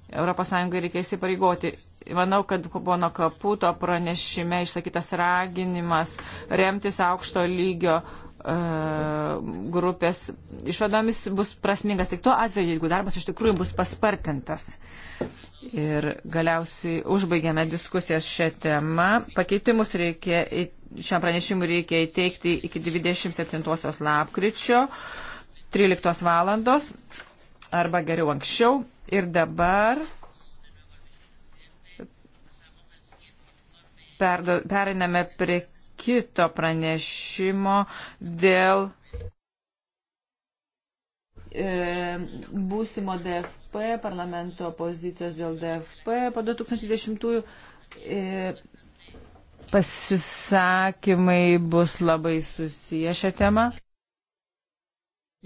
Speaker 3: ES reikia įsipareigoti manau, kad pono Kaputo pranešime išsakytas raginimas remtis aukšto lygio E, grupės išvadomis bus prasmingas tik tuo atveju, jeigu darbas iš tikrųjų bus paspartintas. Ir galiausiai užbaigiame diskusijas šią temą. Pakeitimus reikia, šiam pranešimui reikia įteikti iki 27 lapkričio 13 valandos arba geriau anksčiau. Ir dabar periname prie kito pranešimo dėl e, būsimo DFP, parlamento pozicijos dėl DFP po 2010-ųjų. E, pasisakymai bus labai susiję šią temą.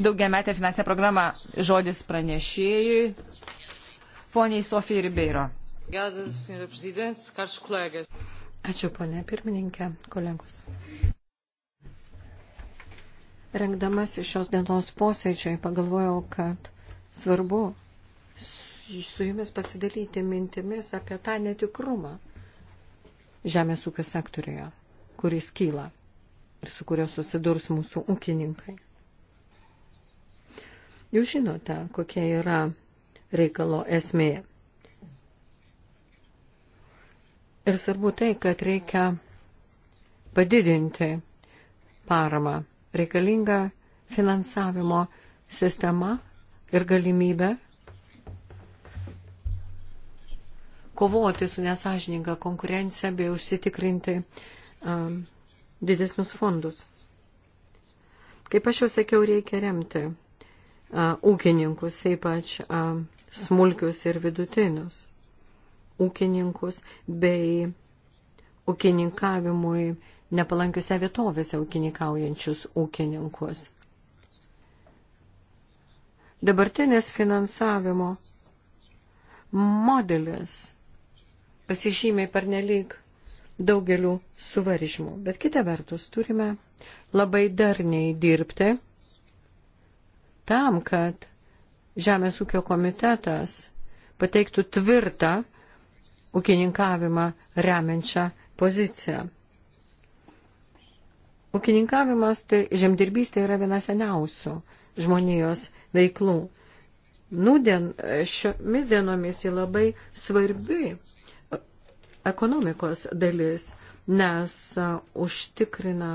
Speaker 3: Daugiametė finansinė programa žodis pranešėjui. Poniai Sofijai Ribeiro. Obrigada, Sra.
Speaker 4: Presidente, caros colegas.
Speaker 3: Ačiū, ponė pirmininkė, kolegos.
Speaker 4: Rengdamas šios dienos posėdžiai pagalvojau, kad svarbu su jumis pasidalyti mintimis apie tą netikrumą žemės ūkio sektorijoje, kuris kyla ir su kurio susidurs mūsų ūkininkai. Jūs žinote, kokia yra reikalo esmė. Ir svarbu tai, kad reikia padidinti paramą. Reikalinga finansavimo sistema ir galimybė kovoti su nesažininga konkurencija bei užsitikrinti um, didesnius fondus. Kaip aš jau sakiau, reikia remti uh, ūkininkus, ypač uh, smulkius ir vidutinius ūkininkus bei ūkininkavimui nepalankiuose vietovėse ūkininkaujančius ūkininkus. Dabartinės finansavimo modelis pasižymė pernelyg daugeliu suvaržymų. Bet kita vertus, turime labai darniai dirbti tam, kad Žemės ūkio komitetas pateiktų tvirtą ūkininkavimą remiančią poziciją. Ūkininkavimas, tai žemdirbystė yra viena seniausių žmonijos veiklų. Nudien, šiomis dienomis ji labai svarbi ekonomikos dalis, nes užtikrina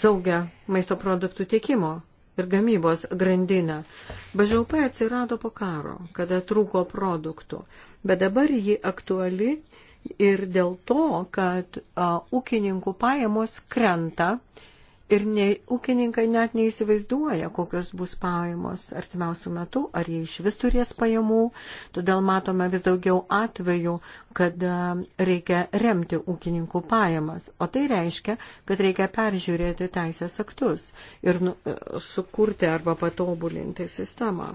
Speaker 4: saugę maisto produktų tiekimo ir gamybos grandinę. BŽP atsirado po karo, kada trūko produktų, bet dabar ji aktuali ir dėl to, kad a, ūkininkų pajamos krenta, a, Ir ne, ūkininkai net neįsivaizduoja, kokios bus pajamos artimiausių metų, ar jie iš vis turės pajamų. Todėl matome vis daugiau atvejų, kad e, reikia remti ūkininkų pajamas. O tai reiškia, kad reikia peržiūrėti teisės aktus ir nu, e, sukurti arba patobulinti sistemą.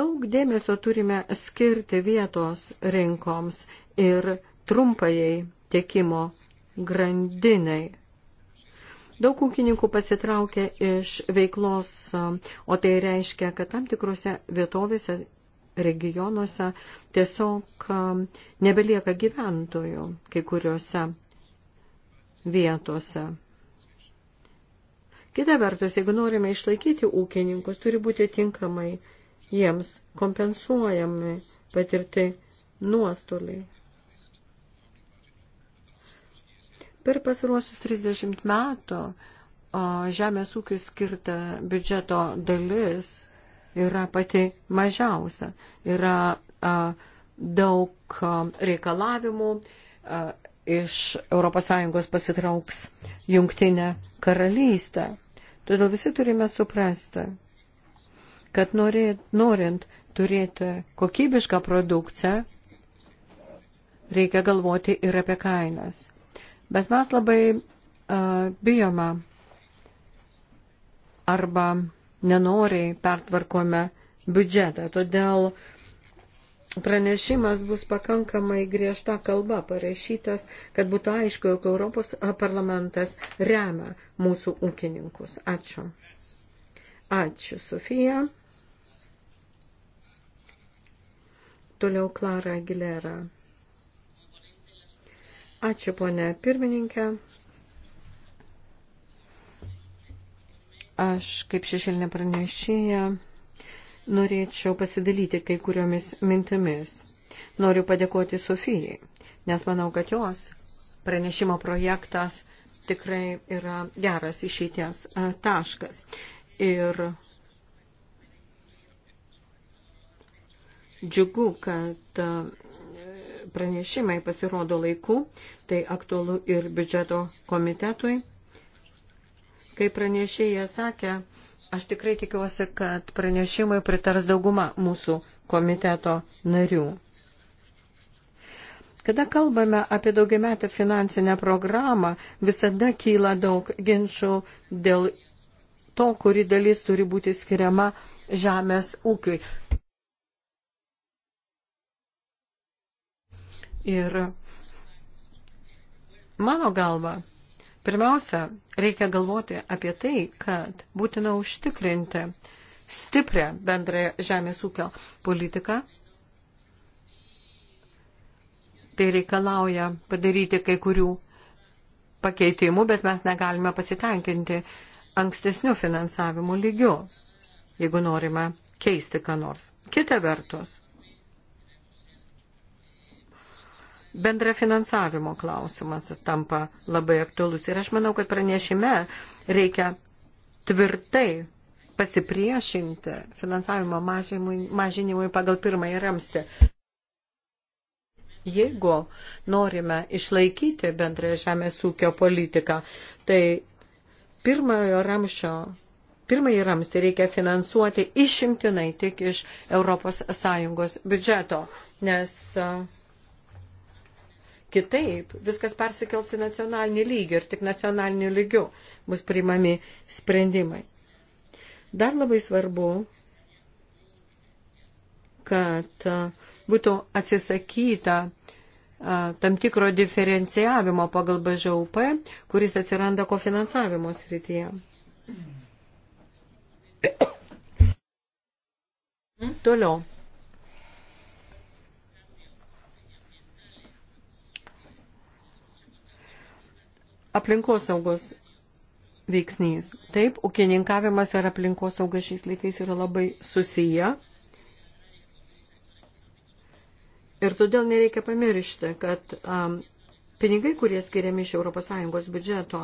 Speaker 4: Daug dėmesio turime skirti vietos rinkoms ir trumpajai tiekimo grandiniai. Daug ūkininkų pasitraukia iš veiklos, o tai reiškia, kad tam tikrose vietovėse, regionuose tiesiog um, nebelieka gyventojų kai kuriuose vietose. Kita vertus, jeigu norime išlaikyti ūkininkus, turi būti tinkamai jiems kompensuojami patirti nuostoliai. Per pasiruosius 30 metų žemės ūkių skirta biudžeto dalis yra pati mažiausia. Yra daug reikalavimų, iš ES pasitrauks jungtinė karalystė. Todėl visi turime suprasti, kad norėt, norint turėti kokybišką produkciją, reikia galvoti ir apie kainas. Bet mes labai uh, bijome arba nenoriai pertvarkome biudžetą. Todėl pranešimas bus pakankamai griežta kalba parašytas, kad būtų aišku, jog Europos parlamentas remia mūsų ūkininkus. Ačiū. Ačiū, Sofija. Toliau Klara Aguilera. Ačiū, ponė pirmininkė. Aš kaip šešėlinė pranešėja norėčiau pasidalyti kai kuriomis mintimis. Noriu padėkoti Sofijai, nes manau, kad jos pranešimo projektas tikrai yra geras išeities e, taškas. Ir džiugu, kad e, pranešimai pasirodo laiku, tai aktualu ir biudžeto komitetui. Kai pranešėja sakė, aš tikrai tikiuosi, kad pranešimai pritars dauguma mūsų komiteto narių. Kada kalbame apie daugiametę finansinę programą, visada kyla daug ginčių dėl to, kuri dalis turi būti skiriama žemės ūkiui. Ir mano galva, pirmiausia, reikia galvoti apie tai, kad būtina užtikrinti stiprią bendrąją žemės ūkio politiką. Tai reikalauja padaryti kai kurių pakeitimų, bet mes negalime pasitenkinti ankstesnių finansavimų lygių, jeigu norime keisti ką nors. Kita vertus, bendra finansavimo klausimas tampa labai aktualus. Ir aš manau, kad pranešime reikia tvirtai pasipriešinti finansavimo mažinimui pagal pirmąjį ramstį. Jeigu norime išlaikyti bendrąją žemės ūkio politiką, tai pirmojo ramščio, pirmąjį ramstį reikia finansuoti išimtinai tik iš ES biudžeto, nes uh, Kitaip viskas persikels į nacionalinį lygį ir tik nacionaliniu lygiu bus priimami sprendimai. Dar labai svarbu, kad būtų atsisakyta tam tikro diferencijavimo pagal BŽUP, kuris atsiranda kofinansavimo srityje. Toliau. aplinkosaugos veiksnys. Taip, ūkininkavimas ir aplinkosauga šiais laikais yra labai susiję. Ir todėl nereikia pamiršti, kad um, pinigai, kurie skiriami iš ES biudžeto,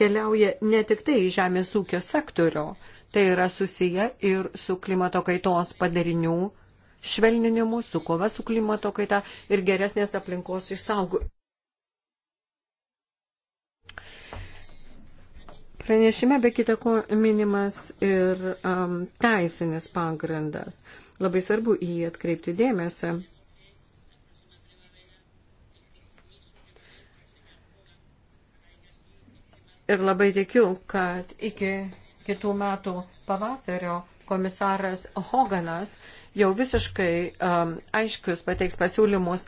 Speaker 4: keliauja ne tik tai į žemės ūkio sektorių, tai yra susiję ir su klimato kaitos padarinių švelninimu, su kova su klimato kaita ir geresnės aplinkos išsaugojimu. Pranešime be kita ko minimas ir um, teisinis pagrindas. Labai svarbu į jį atkreipti dėmesį. Ir labai tikiu, kad iki kitų metų pavasario komisaras Hoganas jau visiškai um, aiškius pateiks pasiūlymus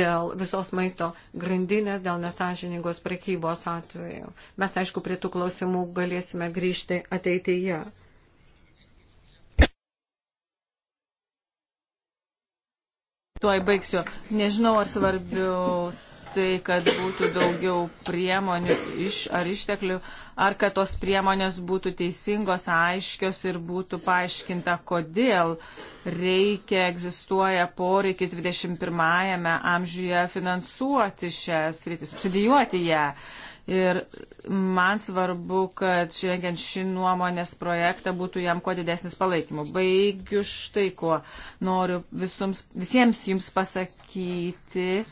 Speaker 4: dėl visos maisto grandinės, dėl nesažiningos prekybos atveju. Mes, aišku, prie tų klausimų galėsime grįžti
Speaker 3: ateityje. Tuoj baigsiu. Nežinau, ar svarbiau tai, kad būtų daugiau priemonių iš, ar išteklių, ar kad tos priemonės būtų teisingos, aiškios ir būtų paaiškinta, kodėl reikia, egzistuoja poreikis 21-ame amžiuje finansuoti šią sritį, subsidijuoti ją. Ir man svarbu, kad šiandien šį nuomonės projektą būtų jam kuo didesnis palaikymų. Baigiu štai kuo. Noriu visums, visiems jums pasakyti,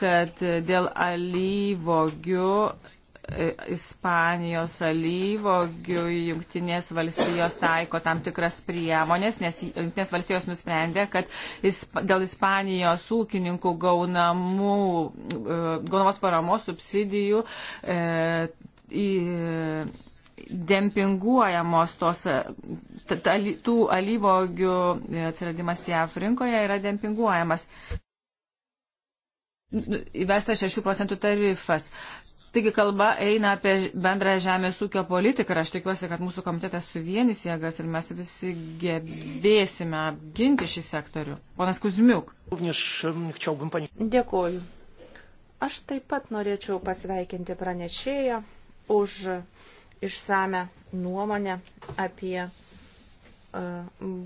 Speaker 3: kad dėl alyvogių, e, Ispanijos alyvogių jungtinės valstijos taiko tam tikras priemonės, nes jungtinės valstijos nusprendė, kad dėl Ispanijos ūkininkų gaunamų, e, gaunamos paramos subsidijų e, į, dempinguojamos tos, e, tų alyvogių atsiradimas JAF rinkoje yra dempinguojamas. Nu, įvestas 6 procentų tarifas. Taigi kalba eina apie bendrą žemės ūkio politiką ir aš tikiuosi, kad mūsų komitetas suvienys jėgas ir mes visi gebėsime apginti šį sektorių. Ponas Kuzmiuk. Um,
Speaker 2: Dėkoju. Aš taip pat norėčiau pasveikinti pranešėją už išsame nuomonę apie E,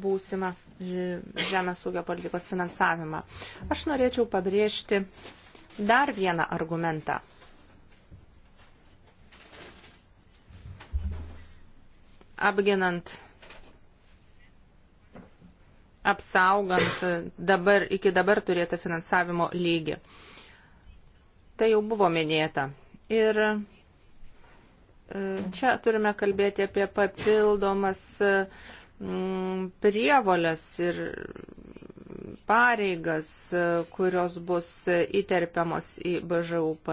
Speaker 2: būsimą žemės ūkio politikos finansavimą. Aš norėčiau pabrėžti dar vieną argumentą. Apginant, apsaugant dabar, iki dabar turėtą finansavimo lygį. Tai jau buvo minėta. Ir e, čia turime kalbėti apie papildomas uh, Mm, prievolės ir pareigas, kurios bus įterpiamos į BŽUP.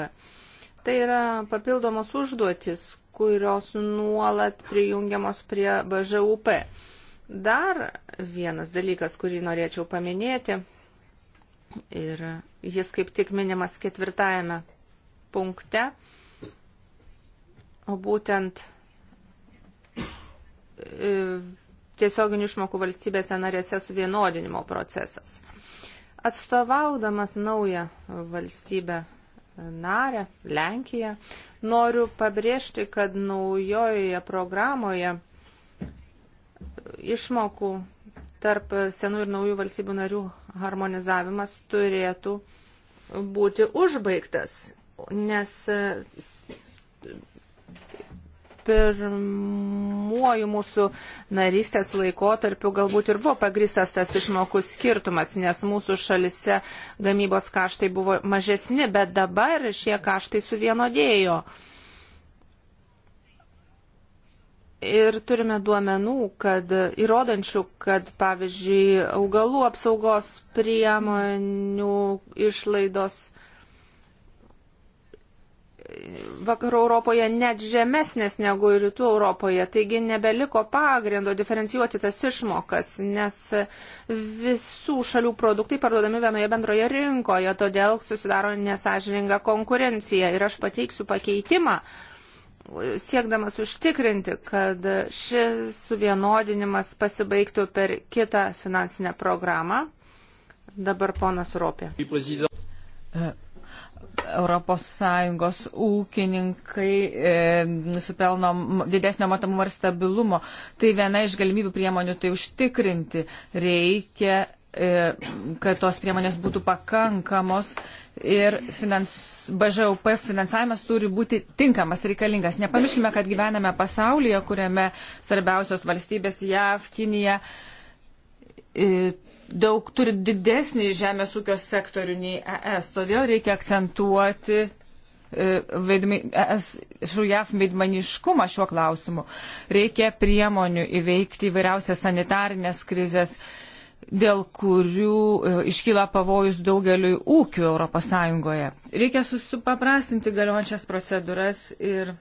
Speaker 2: Tai yra papildomos užduotis, kurios nuolat prijungiamos prie BŽUP. Dar vienas dalykas, kurį norėčiau paminėti, ir jis kaip tik minimas ketvirtajame punkte, o būtent e, tiesioginių išmokų valstybėse narėse suvienodinimo procesas. Atstovaudamas naują valstybę narę, Lenkiją, noriu pabrėžti, kad naujojoje programoje išmokų tarp senų ir naujų valstybių narių harmonizavimas turėtų būti užbaigtas, nes pirmuoju mūsų narystės laikotarpiu galbūt ir buvo pagristas tas išmokų skirtumas, nes mūsų šalise gamybos kaštai buvo mažesni, bet dabar šie kaštai suvienodėjo. Ir turime duomenų, kad įrodančių, kad pavyzdžiui augalų apsaugos priemonių išlaidos vakarų Europoje net žemesnės negu rytų Europoje, taigi nebeliko pagrindo diferencijuoti tas išmokas, nes visų šalių produktai parduodami vienoje bendroje rinkoje, todėl susidaro nesažininga konkurencija ir aš pateiksiu pakeitimą siekdamas užtikrinti, kad šis suvienodinimas pasibaigtų per kitą finansinę programą. Dabar ponas Ropė.
Speaker 3: ES ūkininkai e, nusipelno didesnio matomumo ir stabilumo. Tai viena iš galimybių priemonių tai užtikrinti. Reikia, e, kad tos priemonės būtų pakankamos ir finans, BŽUP finansavimas turi būti tinkamas, reikalingas. Nepamirškime, kad gyvename pasaulyje, kuriame svarbiausios valstybės JAV, Kinija. E, daug turi didesnį žemės ūkio sektorių nei ES, todėl reikia akcentuoti e, vaidmi, ES su JAF veidmaniškumą šiuo klausimu. Reikia priemonių įveikti įvairiausias sanitarinės krizės, dėl kurių e, iškyla pavojus daugeliui ūkių ES. Reikia supaprastinti galiojančias procedūras ir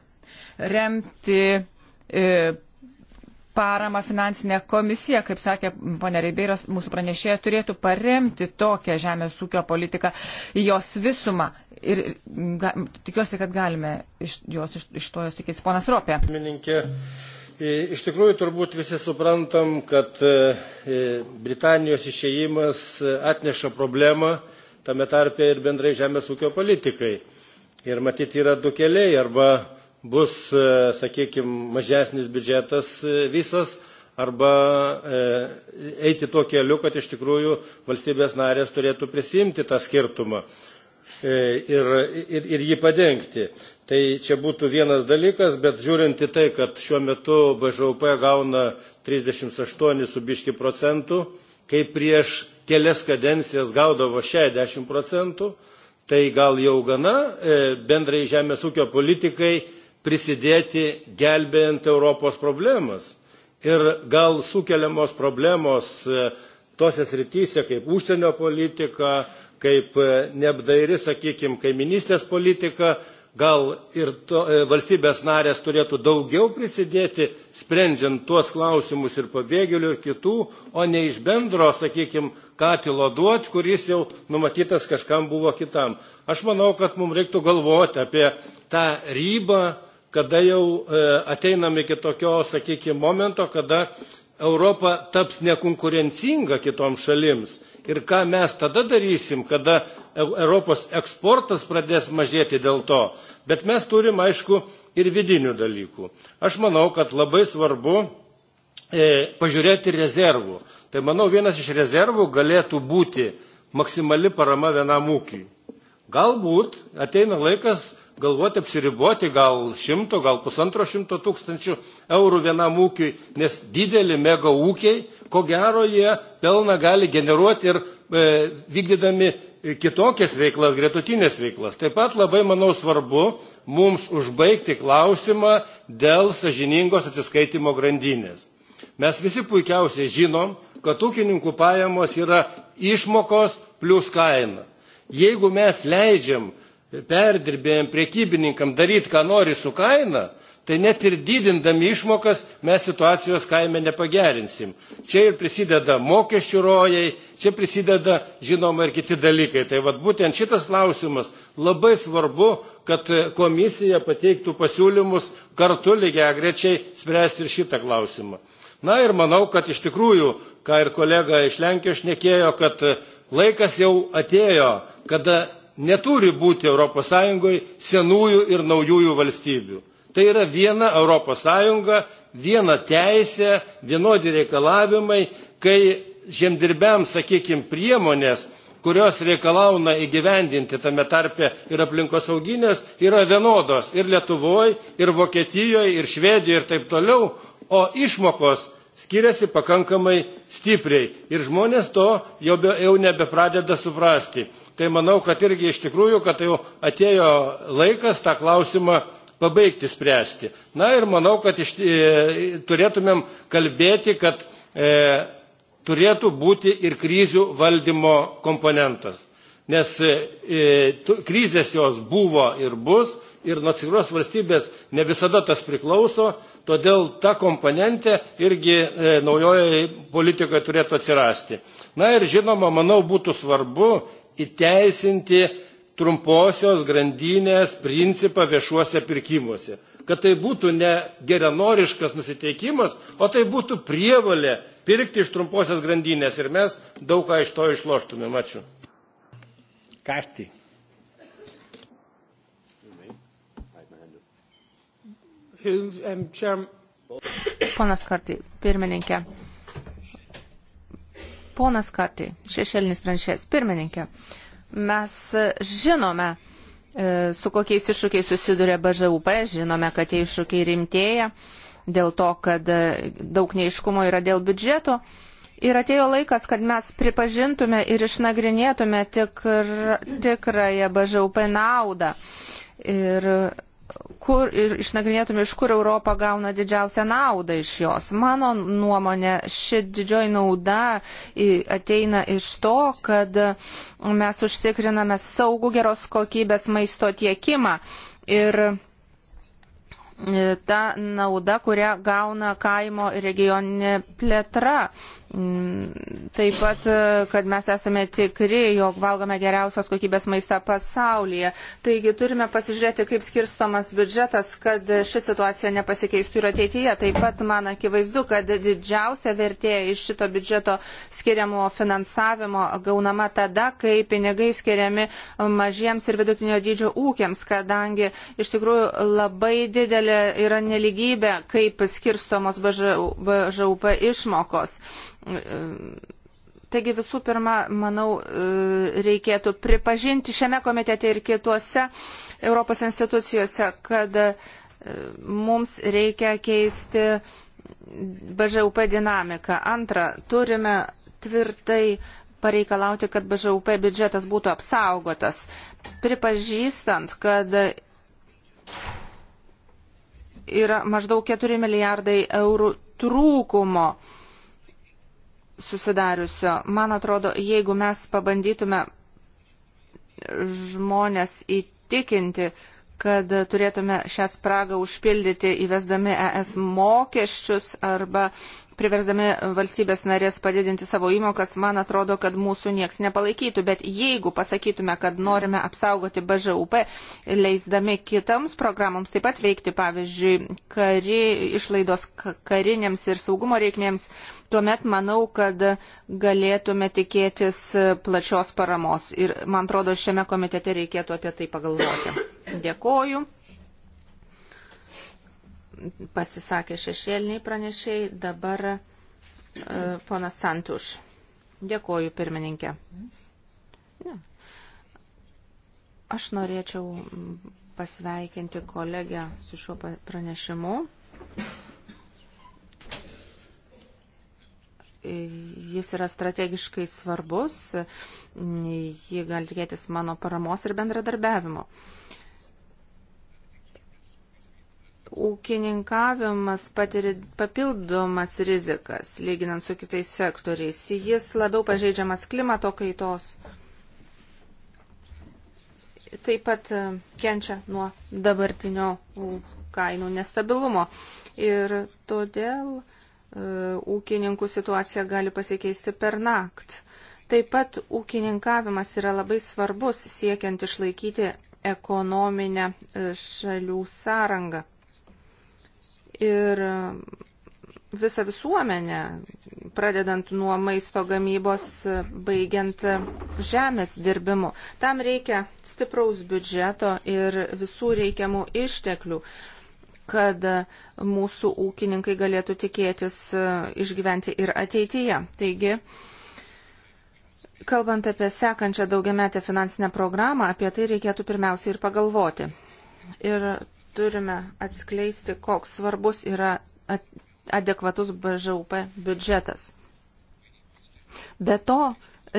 Speaker 3: remti e, paramą finansinę komisiją, kaip sakė ponė Reibeiros, mūsų pranešėja turėtų paremti tokią žemės ūkio politiką, jos visumą. Ir ga, tikiuosi, kad galime iš, jos, iš, iš to jos tikėtis. Ponas Ropė. Mininkė.
Speaker 1: Iš tikrųjų, turbūt visi suprantam, kad e, Britanijos išėjimas atneša problemą, tame tarpe ir bendrai žemės ūkio politikai. Ir matyti yra du keliai, arba bus, e, sakykime, mažesnis biudžetas e, visos arba e, eiti tuo keliu, kad iš tikrųjų valstybės narės turėtų prisimti tą skirtumą ir, ir, ir jį padengti. Tai čia būtų vienas dalykas, bet žiūrint į tai, kad šiuo metu BŽUP gauna 38 su biški procentų, kai prieš kelias kadencijas gaudavo 60 procentų, tai gal jau gana bendrai žemės ūkio politikai prisidėti gelbėjant Europos problemas. Ir gal sukeliamos problemos e, tose srityse kaip užsienio politika, kaip e, neapdairi, sakykime, kaiminystės politika, gal ir to, e, valstybės narės turėtų daugiau prisidėti, sprendžiant tuos klausimus ir pabėgėlių ir kitų, o ne iš bendro, sakykime, katilo duot, kuris jau numatytas kažkam buvo kitam. Aš manau, kad mums reiktų galvoti apie tą rybą kada jau e, ateiname iki tokio, sakykime, momento, kada Europa taps nekonkurencinga kitoms šalims. Ir ką mes tada darysim, kada e, Europos eksportas pradės mažėti dėl to. Bet mes turim, aišku, ir vidinių dalykų. Aš manau, kad labai svarbu e, pažiūrėti rezervų. Tai manau, vienas iš rezervų galėtų būti maksimali parama vienam ūkiui. Galbūt ateina laikas galvoti apsiriboti gal šimto, gal pusantro šimto tūkstančių eurų vienam ūkiui, nes dideli mega ūkiai, ko gero, jie pelną gali generuoti ir e, vykdydami kitokias veiklas, gretutinės veiklas. Taip pat labai, manau, svarbu mums užbaigti klausimą dėl sažiningos atsiskaitimo grandinės. Mes visi puikiausiai žinom, kad ūkininkų pajamos yra išmokos plus kaina. Jeigu mes leidžiam perdirbėjim, priekybininkam daryti, ką nori su kaina, tai net ir didindami išmokas mes situacijos kaime nepagerinsim. Čia ir prisideda mokesčių rojai, čia prisideda žinoma ir kiti dalykai. Tai vat, būtent šitas klausimas labai svarbu, kad komisija pateiktų pasiūlymus kartu lygiai grečiai spręsti ir šitą klausimą. Na ir manau, kad iš tikrųjų, ką ir kolega iš Lenkijos šnekėjo, kad laikas jau atėjo, kada neturi būti ES senųjų ir naujųjų valstybių. Tai yra viena ES, viena teisė, vienodi reikalavimai, kai žemdirbiams, sakykime, priemonės, kurios reikalauna įgyvendinti tame tarpe ir aplinkosauginės, yra vienodos ir Lietuvoje, ir Vokietijoje, ir Švedijoje ir taip toliau, o išmokos skiriasi pakankamai stipriai ir žmonės to jau, be, jau nebepradeda suprasti tai manau, kad irgi iš tikrųjų, kad jau atėjo laikas tą klausimą pabaigti spręsti. Na ir manau, kad iš, e, turėtumėm kalbėti, kad e, turėtų būti ir krizių valdymo komponentas. Nes e, tu, krizės jos buvo ir bus, ir nuo atskiros valstybės ne visada tas priklauso, todėl ta komponentė irgi e, naujoje politikoje turėtų atsirasti. Na ir žinoma, manau, būtų svarbu įteisinti trumposios grandinės principą viešuose pirkimuose. Kad tai būtų ne geranoriškas nusiteikimas, o tai būtų prievalė pirkti iš trumposios grandinės ir mes daug ką iš to išloštumėm. Ačiū. Kasti. Um, Ponas
Speaker 2: Kartai, pirmininkė, Ponas Kartai, šešėlinis pranšės, pirmininkė, mes e, žinome, e, su kokiais iššūkiais susiduria BŽUP, žinome, kad tie iššūkiai rimtėja dėl to, kad e, daug neiškumo yra dėl biudžeto. Ir atėjo laikas, kad mes pripažintume ir išnagrinėtume tikr, tikrąją BŽUP naudą. Ir kur ir išnagrinėtume, iš kur Europa gauna didžiausią naudą iš jos. Mano nuomonė, ši didžioji nauda ateina iš to, kad mes užtikriname saugų geros kokybės maisto tiekimą. Ir e, ta nauda, kurią gauna kaimo regioninė plėtra. Mm, taip pat, e, kad mes esame tikri, jog valgome geriausios kokybės maistą pasaulyje. Taigi turime pasižiūrėti, kaip skirstomas biudžetas, kad ši situacija nepasikeistų ir ateityje. Taip pat man akivaizdu, kad didžiausia vertė iš šito biudžeto skiriamo finansavimo gaunama tada, kai pinigai skiriami mažiems ir vidutinio dydžio ūkiams, kadangi iš tikrųjų labai didelė yra neligybė, kaip skirstomos BŽUP išmokos Taigi visų pirma, manau, e, reikėtų pripažinti šiame komitete ir kituose Europos institucijose, kad e, mums reikia keisti BŽUP dinamiką. Antra, turime tvirtai pareikalauti, kad BŽUP biudžetas būtų apsaugotas, pripažįstant, kad yra maždaug 4 milijardai eurų trūkumo susidariusio. Man atrodo, jeigu mes pabandytume žmonės įtikinti, kad turėtume šią spragą užpildyti įvesdami ES mokesčius arba priversdami valstybės narės padidinti savo įmokas, man atrodo, kad mūsų nieks nepalaikytų. Bet jeigu pasakytume, kad norime apsaugoti BŽUP, leisdami kitams programoms taip pat veikti, pavyzdžiui, kari, išlaidos karinėms ir saugumo reikmėms, uh, tuomet manau, kad galėtume tikėtis plačios paramos. Ir man atrodo, šiame komitete reikėtų apie tai pagalvoti. Dėkoju. Pasisakė šešėliniai pranešiai, dabar e, ponas Santuš. Dėkoju, pirmininkė. Aš norėčiau pasveikinti kolegę su šiuo pranešimu. jis yra strategiškai svarbus, jį gali tikėtis mano paramos ir bendradarbiavimo. Ūkininkavimas patiria papildomas rizikas, lyginant su kitais sektoriais. Jis labiau pažeidžiamas klimato kaitos. Taip pat e, kenčia nuo dabartinio kainų nestabilumo. Ir todėl uh, E, ūkininkų situacija gali pasikeisti per nakt. Taip pat ūkininkavimas yra labai svarbus siekiant išlaikyti ekonominę e, šalių sąrangą. Ir e, visą visuomenę, pradedant nuo maisto gamybos, baigiant žemės dirbimu. Tam reikia stipraus biudžeto ir visų reikiamų išteklių kad mūsų ūkininkai galėtų tikėtis e, išgyventi ir ateityje. Taigi, kalbant apie sekančią daugiametę finansinę programą, apie tai reikėtų pirmiausiai ir pagalvoti. Ir turime atskleisti, koks svarbus yra adekvatus BŽUP biudžetas. Be to,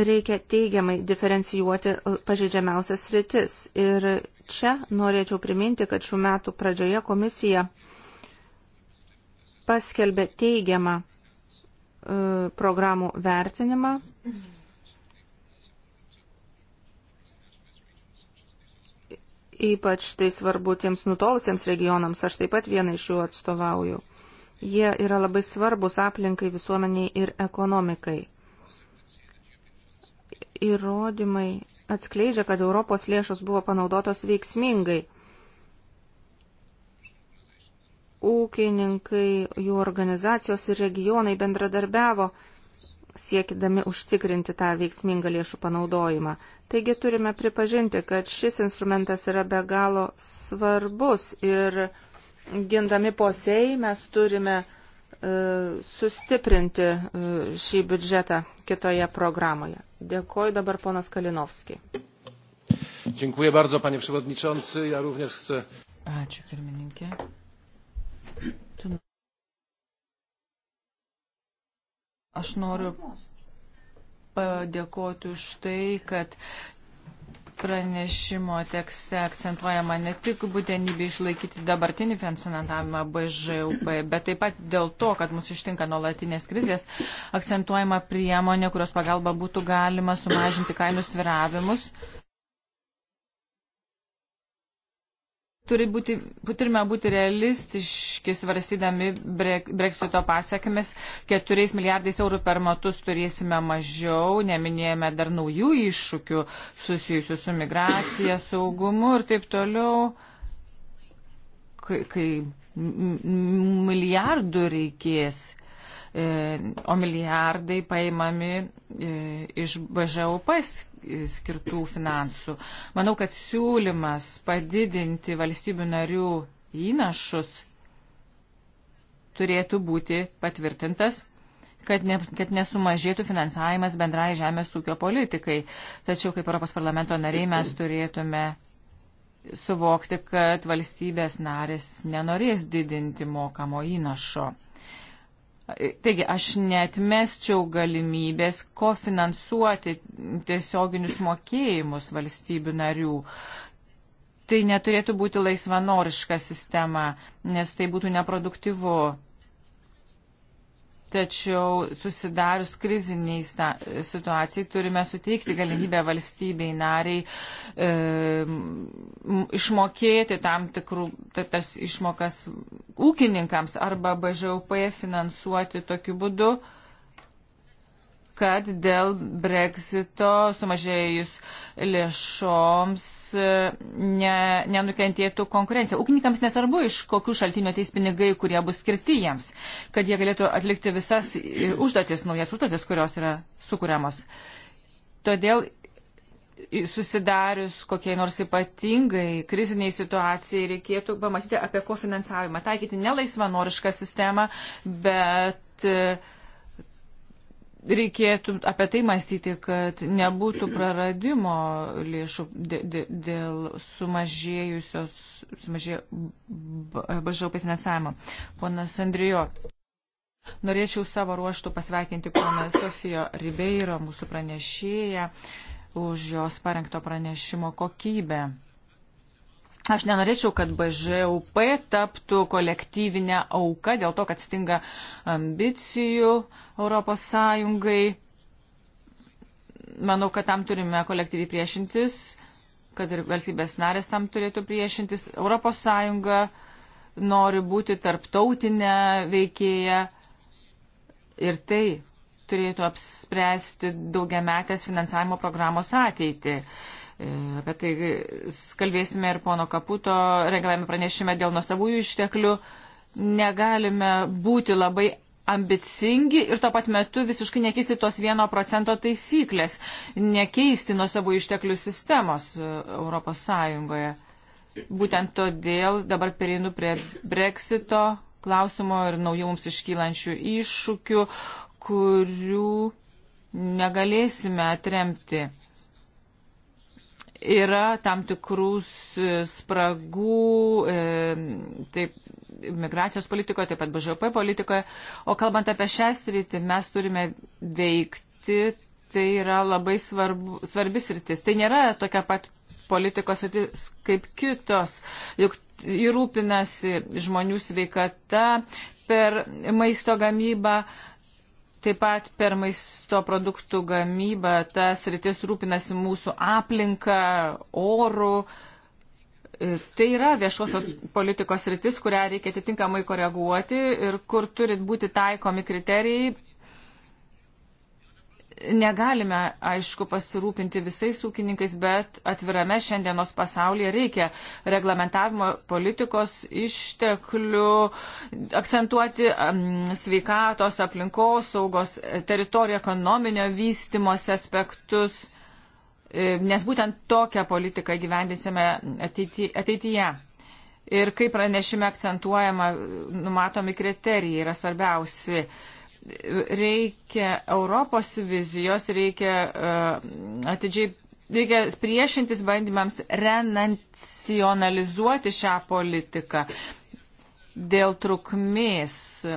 Speaker 2: reikia teigiamai diferencijuoti pažydžiamiausias sritis ir čia norėčiau priminti, kad šių metų pradžioje komisija paskelbė teigiamą e, programų vertinimą. Ypač tai svarbu tiems nutolusiems regionams, aš taip pat vieną iš jų atstovauju. Jie yra labai svarbus aplinkai, visuomeniai ir ekonomikai. Įrodymai atskleidžia, kad Europos lėšos buvo panaudotos veiksmingai. Ūkininkai, jų organizacijos ir regionai bendradarbiavo siekidami užtikrinti tą veiksmingą lėšų panaudojimą. Taigi turime pripažinti, kad šis instrumentas yra be galo svarbus ir gindami posėjai mes turime uh, E, sustiprinti e, šį biudžetą kitoje programoje. Dėkuoju dabar ponas Kalinovskiai.
Speaker 1: Dziękuję bardzo, panie przewodniczący. Ja również chcę.
Speaker 2: Ačiū, pirmininkė.
Speaker 3: Aš noriu padėkoti už tai, kad pranešimo tekste akcentuojama ne tik būtinybė išlaikyti dabartinį finansavimą BŽUP, bet taip pat dėl to, kad mus ištinka nuolatinės krizės, akcentuojama priemonė, kurios pagalba būtų galima sumažinti kainų sviravimus turi būti, turime būti realistiški svarstydami breksito pasiekmes. 4 milijardais eurų per metus turėsime mažiau, neminėjome dar naujų iššūkių susijusių su migracija, saugumu ir taip toliau. Kai, kai milijardų reikės, e, o milijardai paimami e, iš BŽUP skirtų finansų. Manau, kad siūlymas padidinti valstybių narių įnašus turėtų būti patvirtintas, kad, ne, kad nesumažėtų finansavimas bendrai žemės ūkio politikai. Tačiau kaip Europos parlamento nariai mes turėtume suvokti, kad valstybės narės nenorės didinti mokamo įnašo. Taigi aš netmesčiau galimybės kofinansuoti tiesioginius mokėjimus valstybių narių. Tai neturėtų būti laisvanoriška sistema, nes tai būtų neproduktyvu. Tačiau susidarius kriziniai situacijai turime suteikti galimybę valstybei nariai e, išmokėti tam tikrų, tas išmokas ūkininkams arba BŽUP finansuoti tokiu būdu, e, kad dėl breksito sumažėjus lėšoms e, ne, nenukentėtų konkurencija. Ūkininkams nesvarbu, iš kokių šaltinių ateis pinigai, kurie bus skirti jiems, kad jie galėtų atlikti visas e, užduotis, naujas užduotis, kurios yra sukūriamos. Todėl susidarius kokiai nors ypatingai kriziniai situacijai reikėtų pamastyti apie kofinansavimą, taikyti nelaisvanorišką sistemą, bet uh, reikėtų apie tai mąstyti, kad nebūtų praradimo lėšų dėl sumažėjusios sumažė, BŽP finansavimo. Ponas Andrijo. Norėčiau savo ruoštų pasveikinti poną Sofijo Ribeiro, mūsų pranešėją, už jos parengto pranešimo kokybę. Aš nenorėčiau, kad BŽUP taptų kolektyvinę auką dėl to, kad stinga ambicijų Europos Sąjungai. Manau, kad tam turime kolektyviai priešintis, kad ir valstybės narės tam turėtų priešintis. Europos Sąjunga nori būti tarptautinė veikėja ir tai turėtų apspręsti daugiametės finansavimo programos ateitį. Apie tai kalbėsime ir pono Kaputo rengiame pranešime dėl nuosavųjų išteklių. Negalime būti labai ambicingi ir tuo pat metu visiškai nekeisti tos vieno procento taisyklės, nekeisti nuosavų išteklių sistemos e, Europos Sąjungoje. Būtent todėl dabar pereinu prie breksito klausimo ir naujų mums iškylančių iššūkių, kurių negalėsime atremti yra tam tikrus e, spragų, e, taip, migracijos politikoje, taip pat BŽP politikoje. O kalbant apie šią sritį, mes turime veikti, tai yra labai svarbu, svarbi sritis. Tai nėra tokia pat politikos sritis kaip kitos, juk įrūpinasi žmonių sveikata per maisto gamybą, Taip pat per maisto produktų gamybą tas rytis rūpinasi mūsų aplinką, orų. Tai yra viešosios politikos rytis, kurią reikia atitinkamai koreguoti ir kur turi būti taikomi kriterijai Negalime, aišku, pasirūpinti visais ūkininkais, bet atvirame šiandienos pasaulyje reikia reglamentavimo politikos išteklių, akcentuoti um, sveikatos, aplinkos, saugos, teritorijų ekonominio vystimosi aspektus, e, nes būtent tokią politiką gyvendinsime ateity, ateityje. Ir kaip pranešime akcentuojama, numatomi kriterijai yra svarbiausi reikia Europos vizijos, reikia uh, atidžiai, reikia priešintis bandymams renacionalizuoti šią politiką dėl trukmės uh,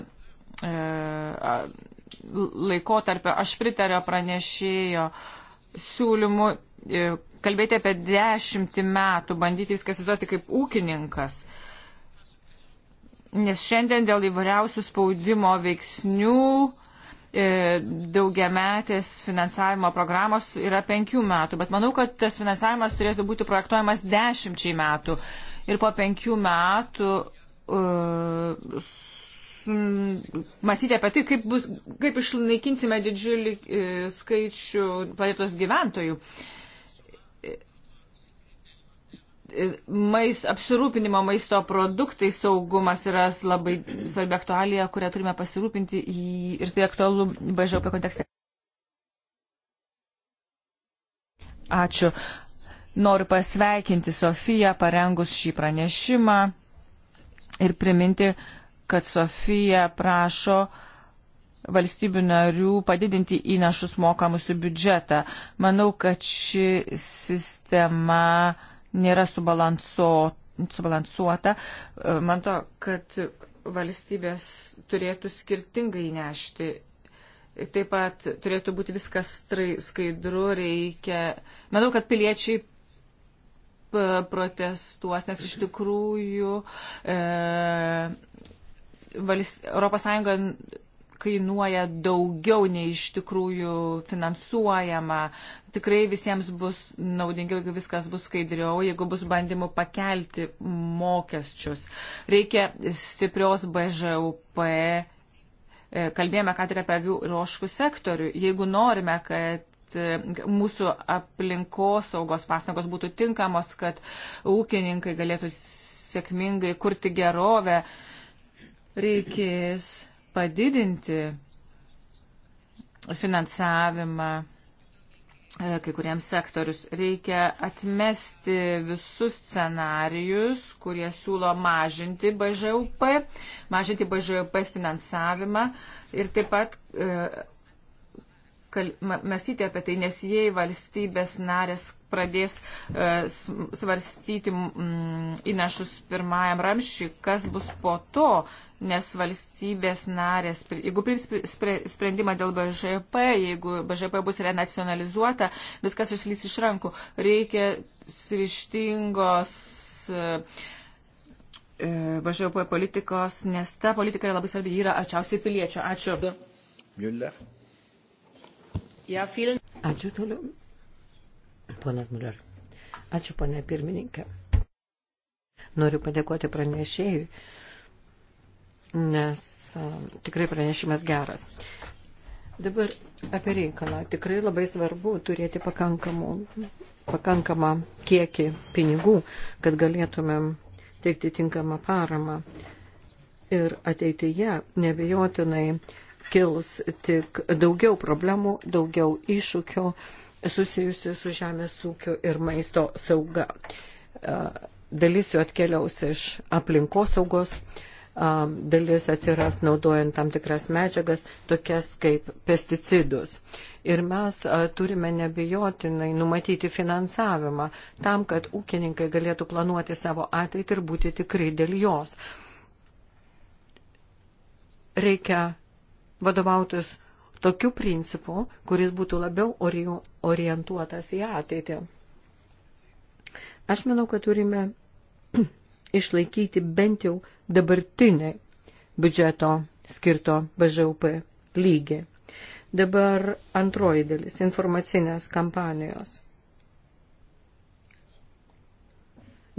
Speaker 3: laikotarpio. Aš pritariu pranešėjo siūlymu uh, kalbėti apie dešimtį metų, bandyti viską įsivaizduoti kaip ūkininkas nes šiandien dėl įvairiausių spaudimo veiksnių e, daugiametės finansavimo programos yra penkių metų, bet manau, kad tas finansavimas turėtų būti projektuojamas dešimčiai metų. Ir po penkių metų uh, mąstyti apie tai, kaip, bus, kaip išnaikinsime didžiulį uh, skaičių planetos gyventojų. Uh, mais, apsirūpinimo maisto produktai saugumas yra labai svarbi aktualija, kurią turime pasirūpinti į, ir tai aktualu BŽP kontekste. Ačiū. Noriu pasveikinti Sofiją parengus šį pranešimą ir priminti, kad Sofija prašo valstybių narių padidinti įnašus mokamus į biudžetą. Manau, kad ši sistema uh, nėra subalansuo, subalansuota. E, man to, kad valstybės turėtų skirtingai nešti. Taip pat turėtų būti viskas skaidru, reikia. Manau, kad piliečiai e, protestuos, nes iš tikrųjų e, valst... ES kainuoja daugiau nei iš tikrųjų finansuojama. Tikrai visiems bus naudingiau, jeigu viskas bus skaidriau, jeigu bus bandymų pakelti mokesčius. Reikia stiprios BŽUP. E, kalbėjome ką tik apie avių roškų sektorių. Jeigu norime, kad e, mūsų aplinkosaugos pastangos būtų tinkamos, kad ūkininkai galėtų sėkmingai kurti gerovę, reikės padidinti finansavimą e, kai kuriems sektorius. Reikia atmesti visus scenarijus, kurie siūlo mažinti BŽUP, mažinti BŽUP finansavimą ir taip pat e, mąstyti apie tai, nes jei valstybės narės pradės e, svarstyti m, mm, įnašus pirmajam ramščiui, kas bus po to, nes valstybės narės, jeigu prims sprendimą dėl BŽP, jeigu BŽP bus renacionalizuota, viskas išlys iš rankų. Reikia srištingos. E, e BŽP politikos, nes ta politika yra labai svarbi, yra arčiausiai piliečio. Ačiū. Müller. Ačiū
Speaker 4: toliau. Ponas Muller. Ačiū, ponė pirmininkė. Noriu padėkoti pranešėjui, nes a, tikrai pranešimas geras. Dabar apie reikalą. Tikrai labai svarbu turėti pakankamų, pakankamą kiekį pinigų, kad galėtumėm teikti tinkamą paramą. Ir ateityje nebejotinai kils tik daugiau problemų, daugiau iššūkių susijusių su žemės ūkio ir maisto sauga. Dalis jų atkeliaus iš aplinkosaugos, dalis atsiras naudojant tam tikras medžiagas, tokias kaip pesticidus. Ir mes turime nebijotinai numatyti finansavimą tam, kad ūkininkai galėtų planuoti savo ateitį ir būti tikrai dėl jos. Reikia vadovautis tokiu principu, kuris būtų labiau orientuotas į ateitį. Aš manau, kad turime *clears throat* išlaikyti bent jau dabartinį biudžeto skirto BŽUP lygį. Dabar antroji dalis - informacinės kampanijos.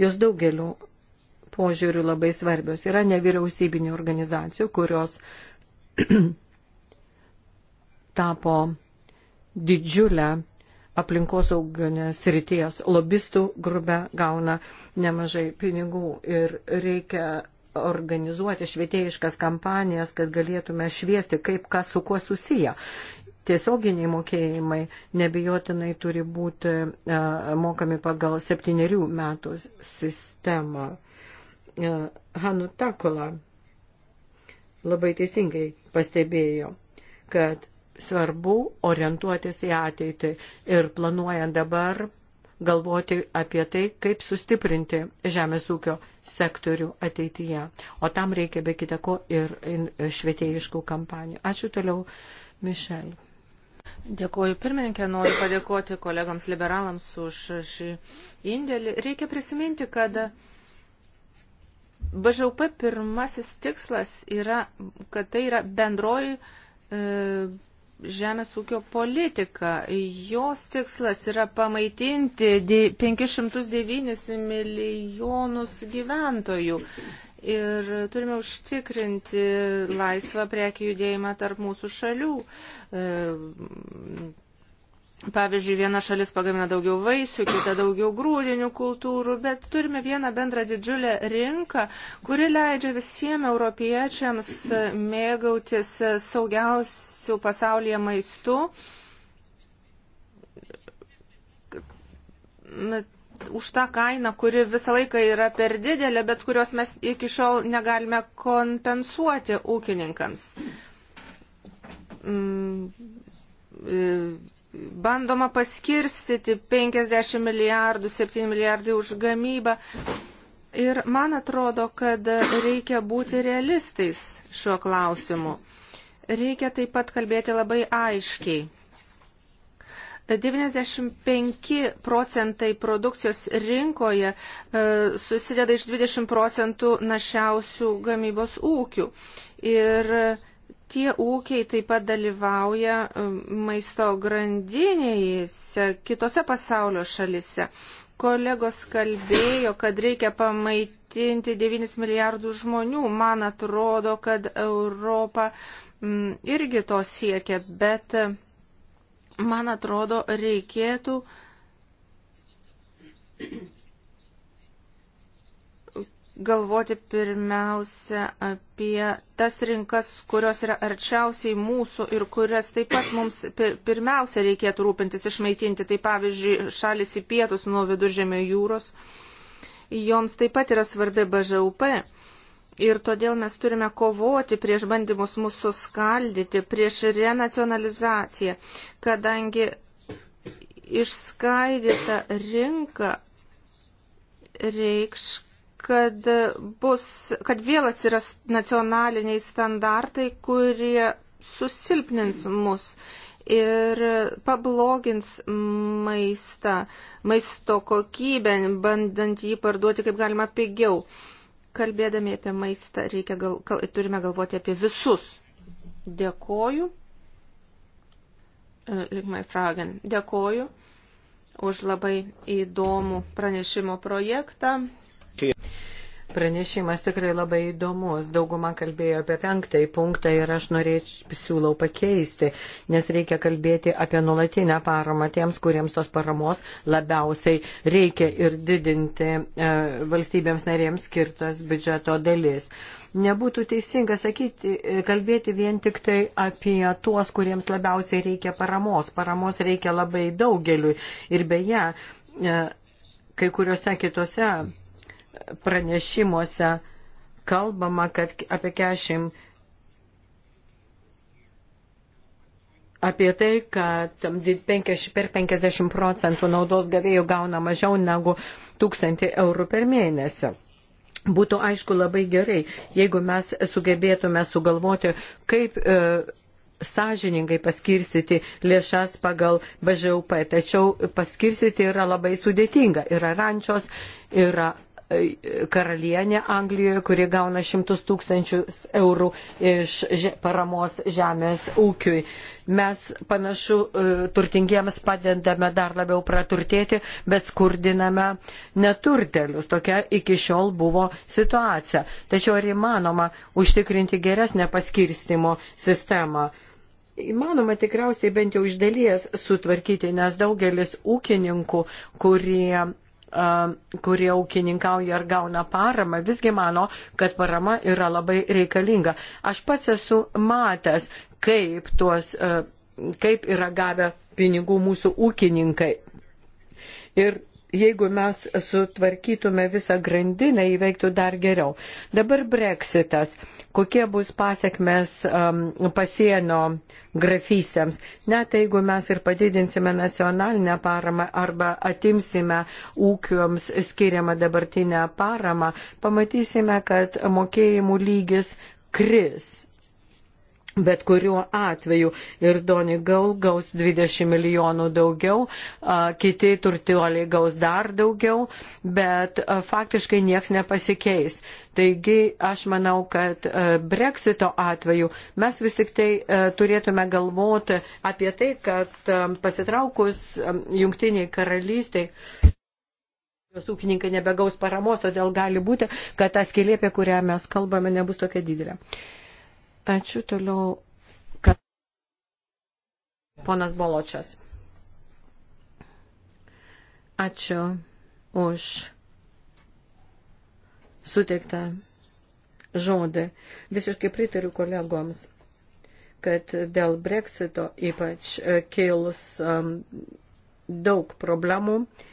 Speaker 4: Jos daugeliu požiūrių labai svarbios. Yra nevyriausybinių organizacijų, kurios *clears throat* tapo didžiulę aplinkosauginės ryties lobistų grupė gauna nemažai pinigų ir reikia organizuoti švietėjiškas kampanijas, kad galėtume šviesti, kaip kas su kuo susiję. Tiesioginiai mokėjimai nebijotinai turi būti e, mokami pagal septyniarių metų sistemą. E, Hanu Takula labai teisingai pastebėjo, kad svarbu orientuotis į ateitį ir planuojant dabar galvoti apie tai, kaip sustiprinti žemės ūkio sektorių ateityje. O tam reikia be kita ko ir švietėjiškų kampanijų. Ačiū
Speaker 2: toliau, Mišel. Dėkuoju pirmininkė, noriu padėkoti kolegams liberalams už šį indėlį. Reikia prisiminti, kad BŽP pirmasis tikslas yra, kad tai yra bendroji e, žemės ūkio politiką. Jos tikslas yra pamaitinti 509 milijonus gyventojų. Ir turime užtikrinti laisvą prekių judėjimą tarp mūsų šalių. E, Pavyzdžiui, viena šalis pagamina daugiau vaisių, kita daugiau grūdinių kultūrų, bet turime vieną bendrą didžiulę rinką, kuri leidžia visiems europiečiams mėgautis saugiausių pasaulyje maistu. Už tą kainą, kuri visą laiką yra per didelė, bet kurios mes iki šiol negalime kompensuoti ūkininkams. Mm bandoma paskirstyti 50 milijardų, 7 milijardai už gamybą. Ir man atrodo, kad reikia būti realistais šiuo klausimu. Reikia taip pat kalbėti labai aiškiai. 95 procentai produkcijos rinkoje e, susideda iš 20 procentų našiausių gamybos ūkių. Ir Tie ūkiai taip pat dalyvauja um, maisto grandinėse kitose pasaulio šalise. Kolegos kalbėjo, kad reikia pamaitinti 9 milijardų žmonių. Man atrodo, kad Europa mm, irgi to siekia, bet man atrodo, reikėtų galvoti pirmiausia apie tas rinkas, kurios yra arčiausiai mūsų ir kurias taip pat mums pirmiausia reikėtų rūpintis išmaitinti. Tai pavyzdžiui, šalis į pietus nuo viduržėmio jūros, joms taip pat yra svarbi BŽUP. Ir todėl mes turime kovoti prieš bandymus mūsų skaldyti, prieš renacionalizaciją, kadangi išskaidyta rinka reikš, kad, bus, kad vėl atsiras nacionaliniai standartai, kurie susilpnins mus ir pablogins maistą, maisto kokybę, bandant jį parduoti kaip galima pigiau. Kalbėdami apie maistą, reikia gal, kal, turime galvoti apie visus. Dėkoju. E, Likmai Fragen, dėkoju už labai įdomų pranešimo projektą. Pranešimas
Speaker 4: tikrai labai įdomus. Dauguma kalbėjo apie penktąjį punktą ir aš norėčiau, siūlau pakeisti, nes reikia kalbėti apie nulatinę paramą tiems, kuriems tos paramos labiausiai reikia ir didinti e, valstybėms narėms skirtas biudžeto dalis. Nebūtų teisinga sakyti, e, kalbėti vien tik tai apie tuos, kuriems labiausiai reikia paramos. Paramos reikia labai daugeliui. Ir beje, e, kai kuriuose kitose pranešimuose kalbama, kad apie 40 apie tai, kad per 50 procentų naudos gavėjų gauna mažiau negu 1000 eurų per mėnesį. Būtų aišku labai gerai, jeigu mes sugebėtume sugalvoti, kaip e, sąžiningai paskirsyti lėšas pagal BŽUP. Tačiau paskirsyti yra labai sudėtinga. Yra rančios, yra karalienė Anglijoje, kuri gauna šimtus tūkstančius eurų iš paramos žemės ūkiui. Mes panašu e, turtingiems padedame dar labiau praturtėti, bet skurdiname neturtelius. Tokia iki šiol buvo situacija. Tačiau ar įmanoma užtikrinti geresnę paskirstimo sistemą? Įmanoma tikriausiai bent jau iš dalies sutvarkyti, nes daugelis ūkininkų, kurie kurie ūkininkauja ar gauna paramą, visgi mano, kad parama yra labai reikalinga. Aš pats esu matęs, kaip, tuos, kaip yra gavę pinigų mūsų ūkininkai. Ir jeigu mes sutvarkytume visą grandinę, įveiktų dar geriau. Dabar breksitas. Kokie bus pasiekmes um, pasienio grafystėms? Net jeigu mes ir padidinsime nacionalinę paramą arba atimsime ūkiams skiriamą dabartinę paramą, pamatysime, kad mokėjimų lygis kris Bet kuriuo atveju ir Doni Gaul gaus 20 milijonų daugiau, a, kiti turtuoliai gaus dar daugiau, bet a, faktiškai nieks nepasikeis. Taigi aš manau, kad a, Brexito atveju mes vis tik tai a, turėtume galvoti apie tai, kad a, pasitraukus a, jungtiniai karalystiai. Jos ūkininkai nebegaus paramos, todėl gali būti, kad ta skėlė, apie kurią mes kalbame, nebus tokia didelė. Uh, Ačiū toliau, kad ponas Boločias. Ačiū už suteiktą žodį. Visiškai pritariu kolegoms, kad dėl breksito ypač e, kils um, daug problemų. Uh,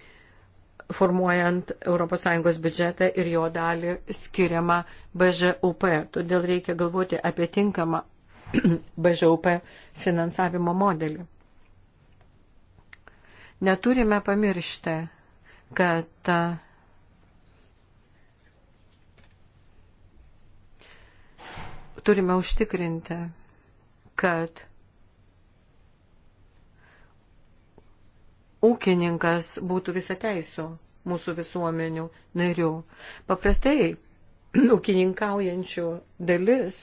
Speaker 4: formuojant ES biudžetą ir jo dalį skiriamą BŽUP. Todėl reikia galvoti apie tinkamą *clears throat* BŽUP finansavimo modelį. Neturime pamiršti, kad turime užtikrinti, kad ūkininkas būtų visateisų mūsų visuomenių narių. Paprastai *clears throat* ūkininkaujančių dalis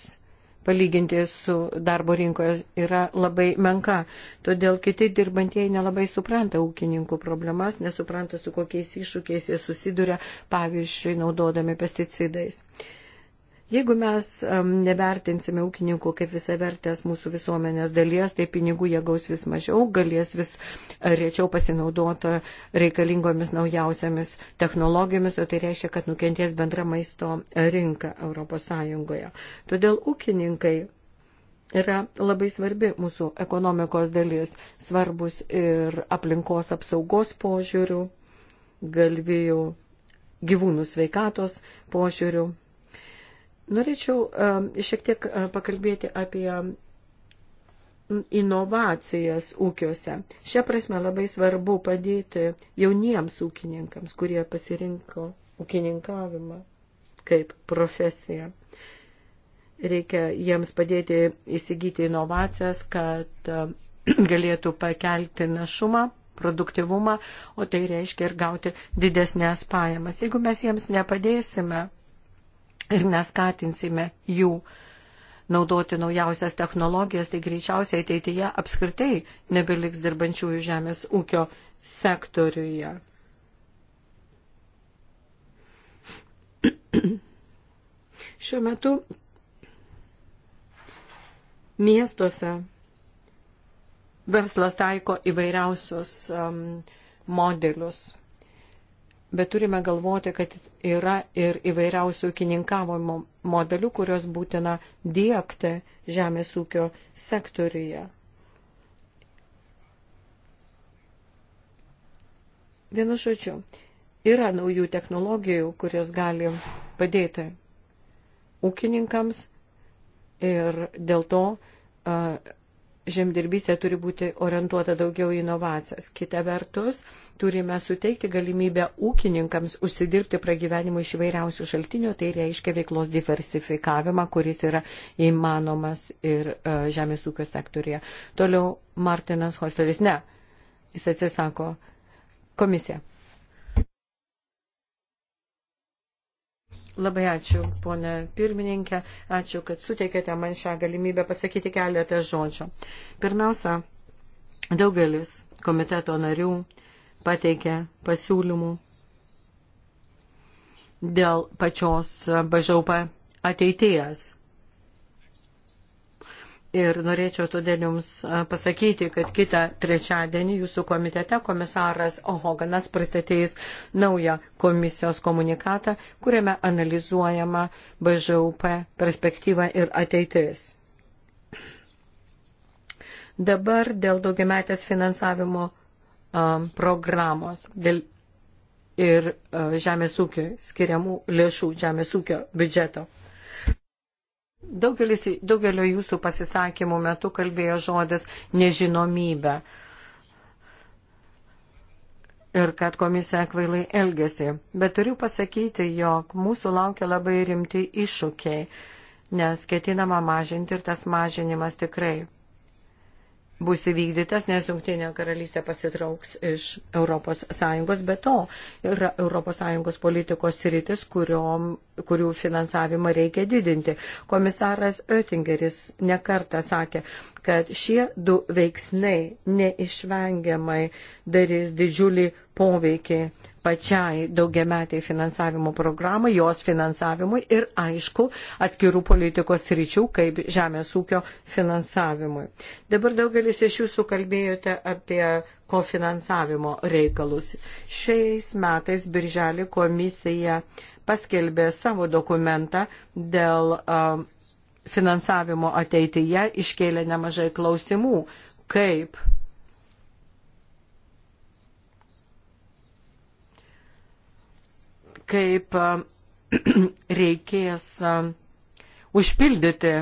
Speaker 4: palyginti su darbo rinkoje yra labai menka. Todėl kiti dirbantieji nelabai supranta ūkininkų problemas, nesupranta, su kokiais iššūkiais jie susiduria, pavyzdžiui, naudodami pesticidais. Jeigu mes um, nevertinsime ūkininkų kaip visavertės mūsų visuomenės dalies, tai pinigų jie gaus vis mažiau, galės vis e, rečiau pasinaudoti reikalingomis naujausiamis technologijomis, o tai reiškia, kad nukenties bendra maisto e, rinka ES. Todėl ūkininkai yra labai svarbi mūsų ekonomikos dalis, svarbus ir aplinkos apsaugos požiūrių, galvijų gyvūnų sveikatos požiūrių. Norėčiau e, šiek tiek e, pakalbėti apie inovacijas ūkiuose. Šią prasme labai svarbu padėti jauniems ūkininkams, kurie pasirinko ūkininkavimą kaip profesiją. Reikia jiems padėti įsigyti inovacijas, kad e, *clears throat* galėtų pakelti našumą, produktivumą, o tai reiškia ir gauti didesnės pajamas. Jeigu mes jiems nepadėsime, ir neskatinsime jų naudoti naujausias technologijas, tai greičiausiai ateityje apskritai nebeliks dirbančiųjų žemės ūkio sektoriuje. *clears throat* Šiuo metu miestuose verslas taiko įvairiausius um, modelius bet turime galvoti, kad yra ir įvairiausių ūkininkavimo modelių, kurios būtina dėkti žemės ūkio sektoriuje. Vienu žodžiu, yra naujų technologijų, kurios gali padėti ūkininkams ir dėl to uh, žemdirbystė turi būti orientuota daugiau į inovacijas. Kita vertus, turime suteikti galimybę ūkininkams užsidirbti pragyvenimų iš įvairiausių šaltinių, tai reiškia veiklos diversifikavimą, kuris yra įmanomas ir uh, žemės ūkio sektorija. Toliau Martinas Hostelis. Ne, jis atsisako. Komisija. Labai ačiū, ponė pirmininkė. Ačiū, kad suteikėte man šią galimybę pasakyti keletą žodžių. Pirmiausia, daugelis komiteto narių pateikė pasiūlymų dėl pačios BŽP ateities. Ir norėčiau todėl Jums pasakyti, kad kitą trečiadienį Jūsų komitete komisaras Ohoganas pristatys naują komisijos komunikatą, kuriame analizuojama BŽUP perspektyva ir ateitis. Dabar dėl daugiametės finansavimo um, programos dėl ir uh, žemės ūkio skiriamų lėšų žemės ūkio biudžeto. Daugelis, daugelio jūsų pasisakymų metu kalbėjo žodis nežinomybė ir kad komisija kvailai elgesi. Bet turiu pasakyti, jog mūsų laukia labai rimti iššūkiai, nes ketinama mažinti ir tas mažinimas tikrai bus įvykdytas, nes Junktinė karalystė pasitrauks iš ES, bet to yra ES politikos sritis, kuriom, kurių finansavimą reikia didinti. Komisaras Oettingeris nekartą sakė, kad šie du veiksniai neišvengiamai darys didžiulį poveikį pačiai daugiametiai finansavimo programai, jos finansavimui ir, aišku, atskirų politikos ryčių, kaip žemės ūkio finansavimui. Dabar daugelis iš jūsų kalbėjote apie kofinansavimo reikalus. Šiais metais Birželį komisija paskelbė savo dokumentą dėl um, finansavimo ateityje, iškėlė nemažai klausimų, kaip kaip *clears throat* reikės užpildyti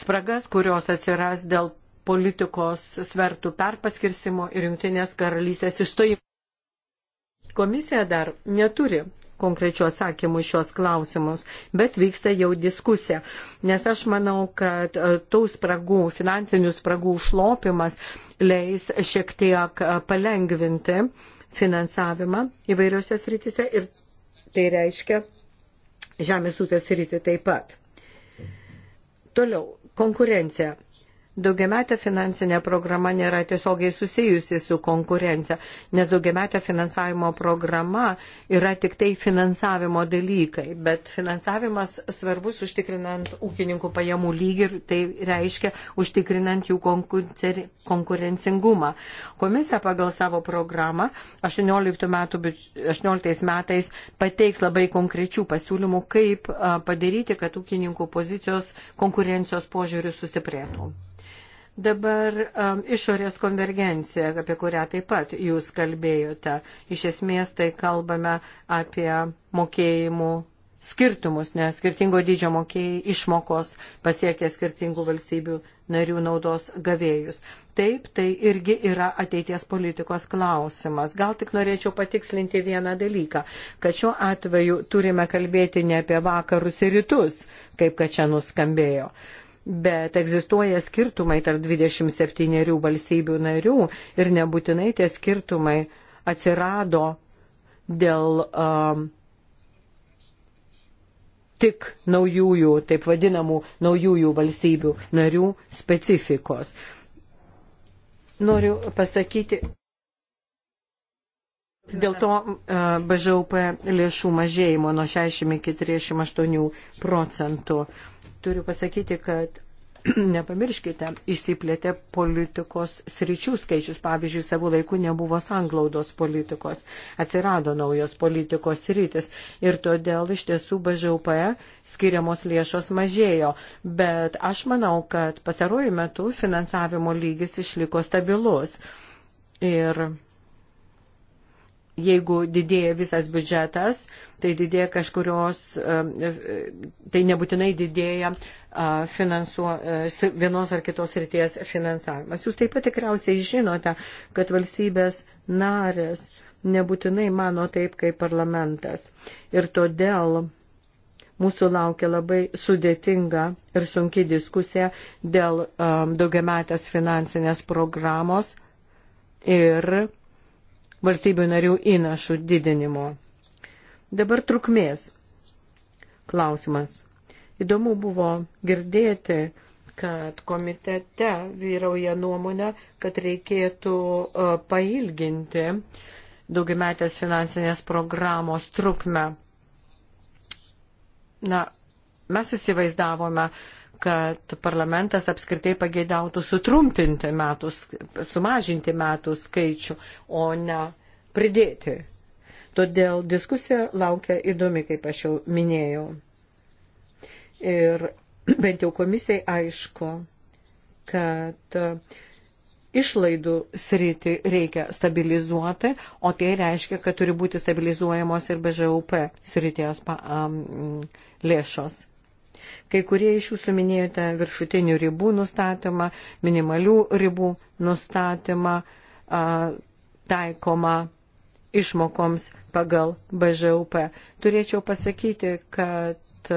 Speaker 4: spragas, kurios atsiras dėl politikos svertų perpaskirstimo ir jungtinės karalystės išstojimo. Komisija dar neturi konkrečių atsakymų šios klausimus, bet vyksta jau diskusija. Nes aš manau, kad tų spragų, finansinių spragų užlopimas leis šiek tiek palengvinti finansavimą įvairiose srityse ir Tai reiškia žemės ūkio sritį taip pat. Toliau, konkurencija daugiametė finansinė programa nėra tiesiogiai susijusi su konkurencija, nes daugiametė finansavimo programa yra tik tai finansavimo dalykai, bet finansavimas svarbus užtikrinant ūkininkų pajamų lygį ir tai reiškia užtikrinant jų konkurencingumą. Komisija pagal savo programą 18, metų, 18 metais pateiks labai konkrečių pasiūlymų, kaip padaryti, kad ūkininkų pozicijos konkurencijos požiūrių sustiprėtų. Dabar um, išorės konvergencija, apie kurią taip pat jūs kalbėjote. Iš esmės tai kalbame apie mokėjimų skirtumus, nes skirtingo dydžio mokėjai išmokos pasiekia skirtingų valstybių narių naudos gavėjus. Taip, tai irgi yra ateities politikos klausimas. Gal tik norėčiau patikslinti vieną dalyką, kad šiuo atveju turime kalbėti ne apie vakarus ir rytus, kaip kad čia nuskambėjo. Uh, bet egzistuoja skirtumai tarp 27 valstybių narių ir nebūtinai tie skirtumai atsirado dėl um, tik naujųjų, taip vadinamų naujųjų valstybių narių specifikos. Noriu pasakyti, dėl to uh, BŽUP lėšų mažėjimo nuo 60 iki 38 procentų turiu pasakyti, kad *clears throat* nepamirškite, išsiplėtė politikos sričių skaičius. Pavyzdžiui, savų laikų nebuvo sanglaudos politikos, atsirado naujos politikos sritis ir todėl iš tiesų BŽUP skiriamos lėšos mažėjo. Bet aš manau, kad pastaruoju metu finansavimo lygis išliko stabilus. Ir jeigu didėja visas biudžetas, tai didėja kažkurios, tai nebūtinai didėja finansuo, e, vienos ar kitos ryties finansavimas. Jūs taip pat tikriausiai žinote, kad valstybės narės nebūtinai mano taip kaip parlamentas. Ir todėl mūsų laukia labai sudėtinga ir sunki diskusija dėl um, daugiametės finansinės programos ir valstybių narių įnašų didinimo. Dabar trukmės klausimas. Įdomu buvo girdėti, kad komitete vyrauja nuomonė, kad reikėtų e, pailginti daugiametės finansinės programos trukmę. Na, mes įsivaizdavome, kad parlamentas apskritai pageidautų sutrumpinti metų, sumažinti metų skaičių, o ne pridėti. Todėl diskusija laukia įdomi, kaip aš jau minėjau. Ir *clears throat* bent jau komisijai aišku, kad išlaidų sritį reikia stabilizuoti, o tai reiškia, kad turi būti stabilizuojamos ir BŽUP srities lėšos. Kai kurie iš jūsų minėjote viršutinių ribų nustatymą, minimalių ribų nustatymą, taikomą išmokoms pagal BŽUP. Turėčiau pasakyti, kad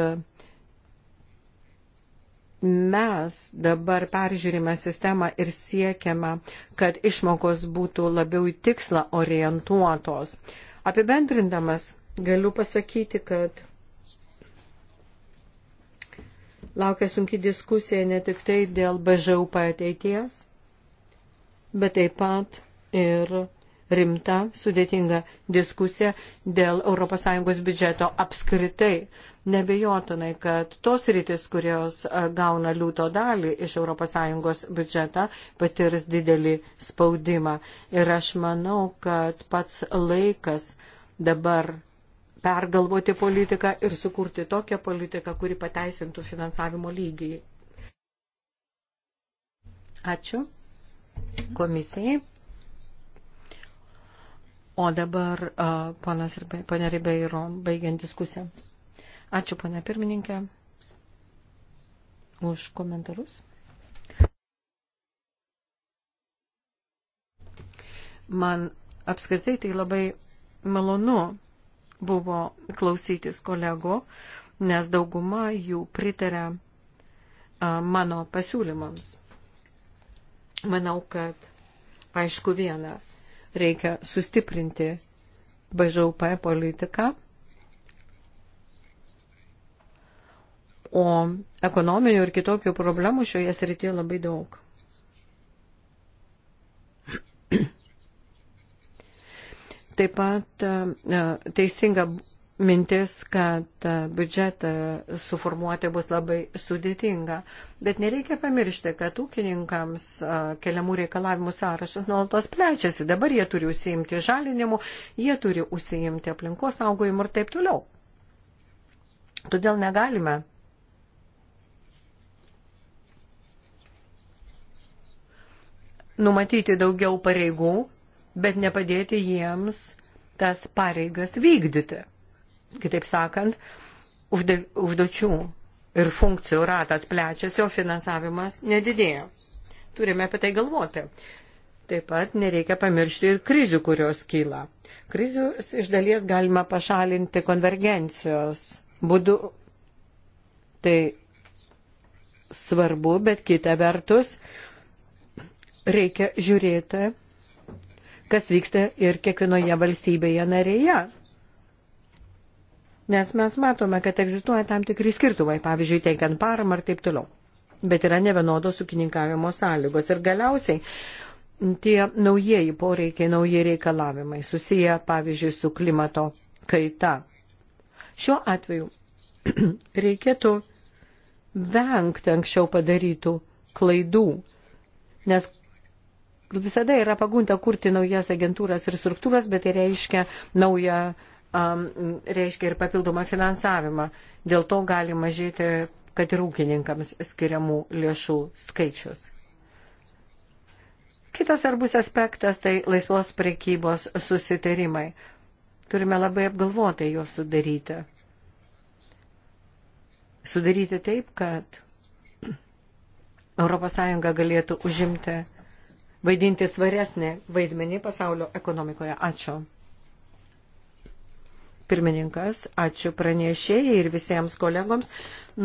Speaker 4: mes dabar peržiūrime sistemą ir siekiame, kad išmokos būtų labiau į tikslą orientuotos. Apibendrindamas galiu pasakyti, kad Laukia sunki diskusija ne tik tai dėl BŽUP ateities, bet taip pat ir rimta, sudėtinga diskusija dėl ES biudžeto apskritai. Nebejotinai, kad tos rytis, kurios e, gauna liūto dalį iš ES biudžetą, patirs didelį spaudimą. Ir aš manau, kad pats laikas dabar pergalvoti politiką ir sukurti tokią politiką, kuri pateisintų finansavimo lygiai. Ačiū komisijai. O dabar ponas ir ponė Ribeiro baigiant diskusiją. Ačiū ponė pirmininkė už komentarus. Man apskritai tai labai malonu buvo klausytis kolego, nes dauguma jų pritarė mano pasiūlymams. Manau, kad aišku viena, reikia sustiprinti BŽUP politiką, o ekonominių ir kitokių problemų šioje srityje labai daug. Taip pat e, teisinga mintis, kad e, biudžetą suformuoti bus labai sudėtinga. Bet nereikia pamiršti, kad ūkininkams e, keliamų reikalavimų sąrašas nuolatos plečiasi. Dabar jie turi užsiimti žalinimu, jie turi užsiimti aplinkos saugojimu ir taip toliau. Todėl negalime numatyti daugiau pareigų bet nepadėti jiems tas pareigas vykdyti. Kitaip sakant, užduočių ir funkcijų ratas plečiasi, o finansavimas nedidėja. Turime apie tai galvoti. Taip pat nereikia pamiršti ir krizių, kurios kyla. Krizius iš dalies galima pašalinti konvergencijos būdu. Tai svarbu, bet kita vertus reikia žiūrėti kas vyksta ir kiekvienoje valstybėje narėje. Nes mes matome, kad egzistuoja tam tikri skirtumai, pavyzdžiui, teikiant paramą ir taip toliau. Bet yra nevienodos ūkininkavimo sąlygos. Ir galiausiai tie naujieji poreikiai, nauji reikalavimai susiję, pavyzdžiui, su klimato kaita. Šiuo atveju *clears throat* reikėtų vengti anksčiau padarytų klaidų, nes visada yra pagunda kurti naujas agentūras ir struktūras, bet tai reiškia naują, um, reiškia ir papildomą finansavimą. Dėl to gali mažėti, kad ir ūkininkams skiriamų lėšų skaičius. Kitas svarbus aspektas tai laisvos prekybos susitarimai. Turime labai apgalvotai juos sudaryti. Sudaryti taip, kad ES galėtų užimti vaidinti svaresnį vaidmenį pasaulio ekonomikoje. Ačiū. Pirmininkas, ačiū pranešėjai ir visiems kolegoms.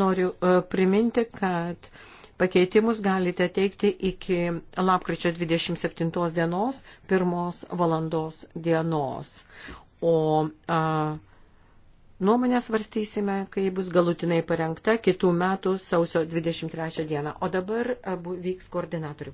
Speaker 4: Noriu e, priminti, kad pakeitimus galite teikti iki lapkričio 27 dienos, pirmos valandos dienos. O a, e, Nuomonę svarstysime, kai bus galutinai parengta kitų metų sausio 23 dieną. O dabar e, vyks koordinatorių.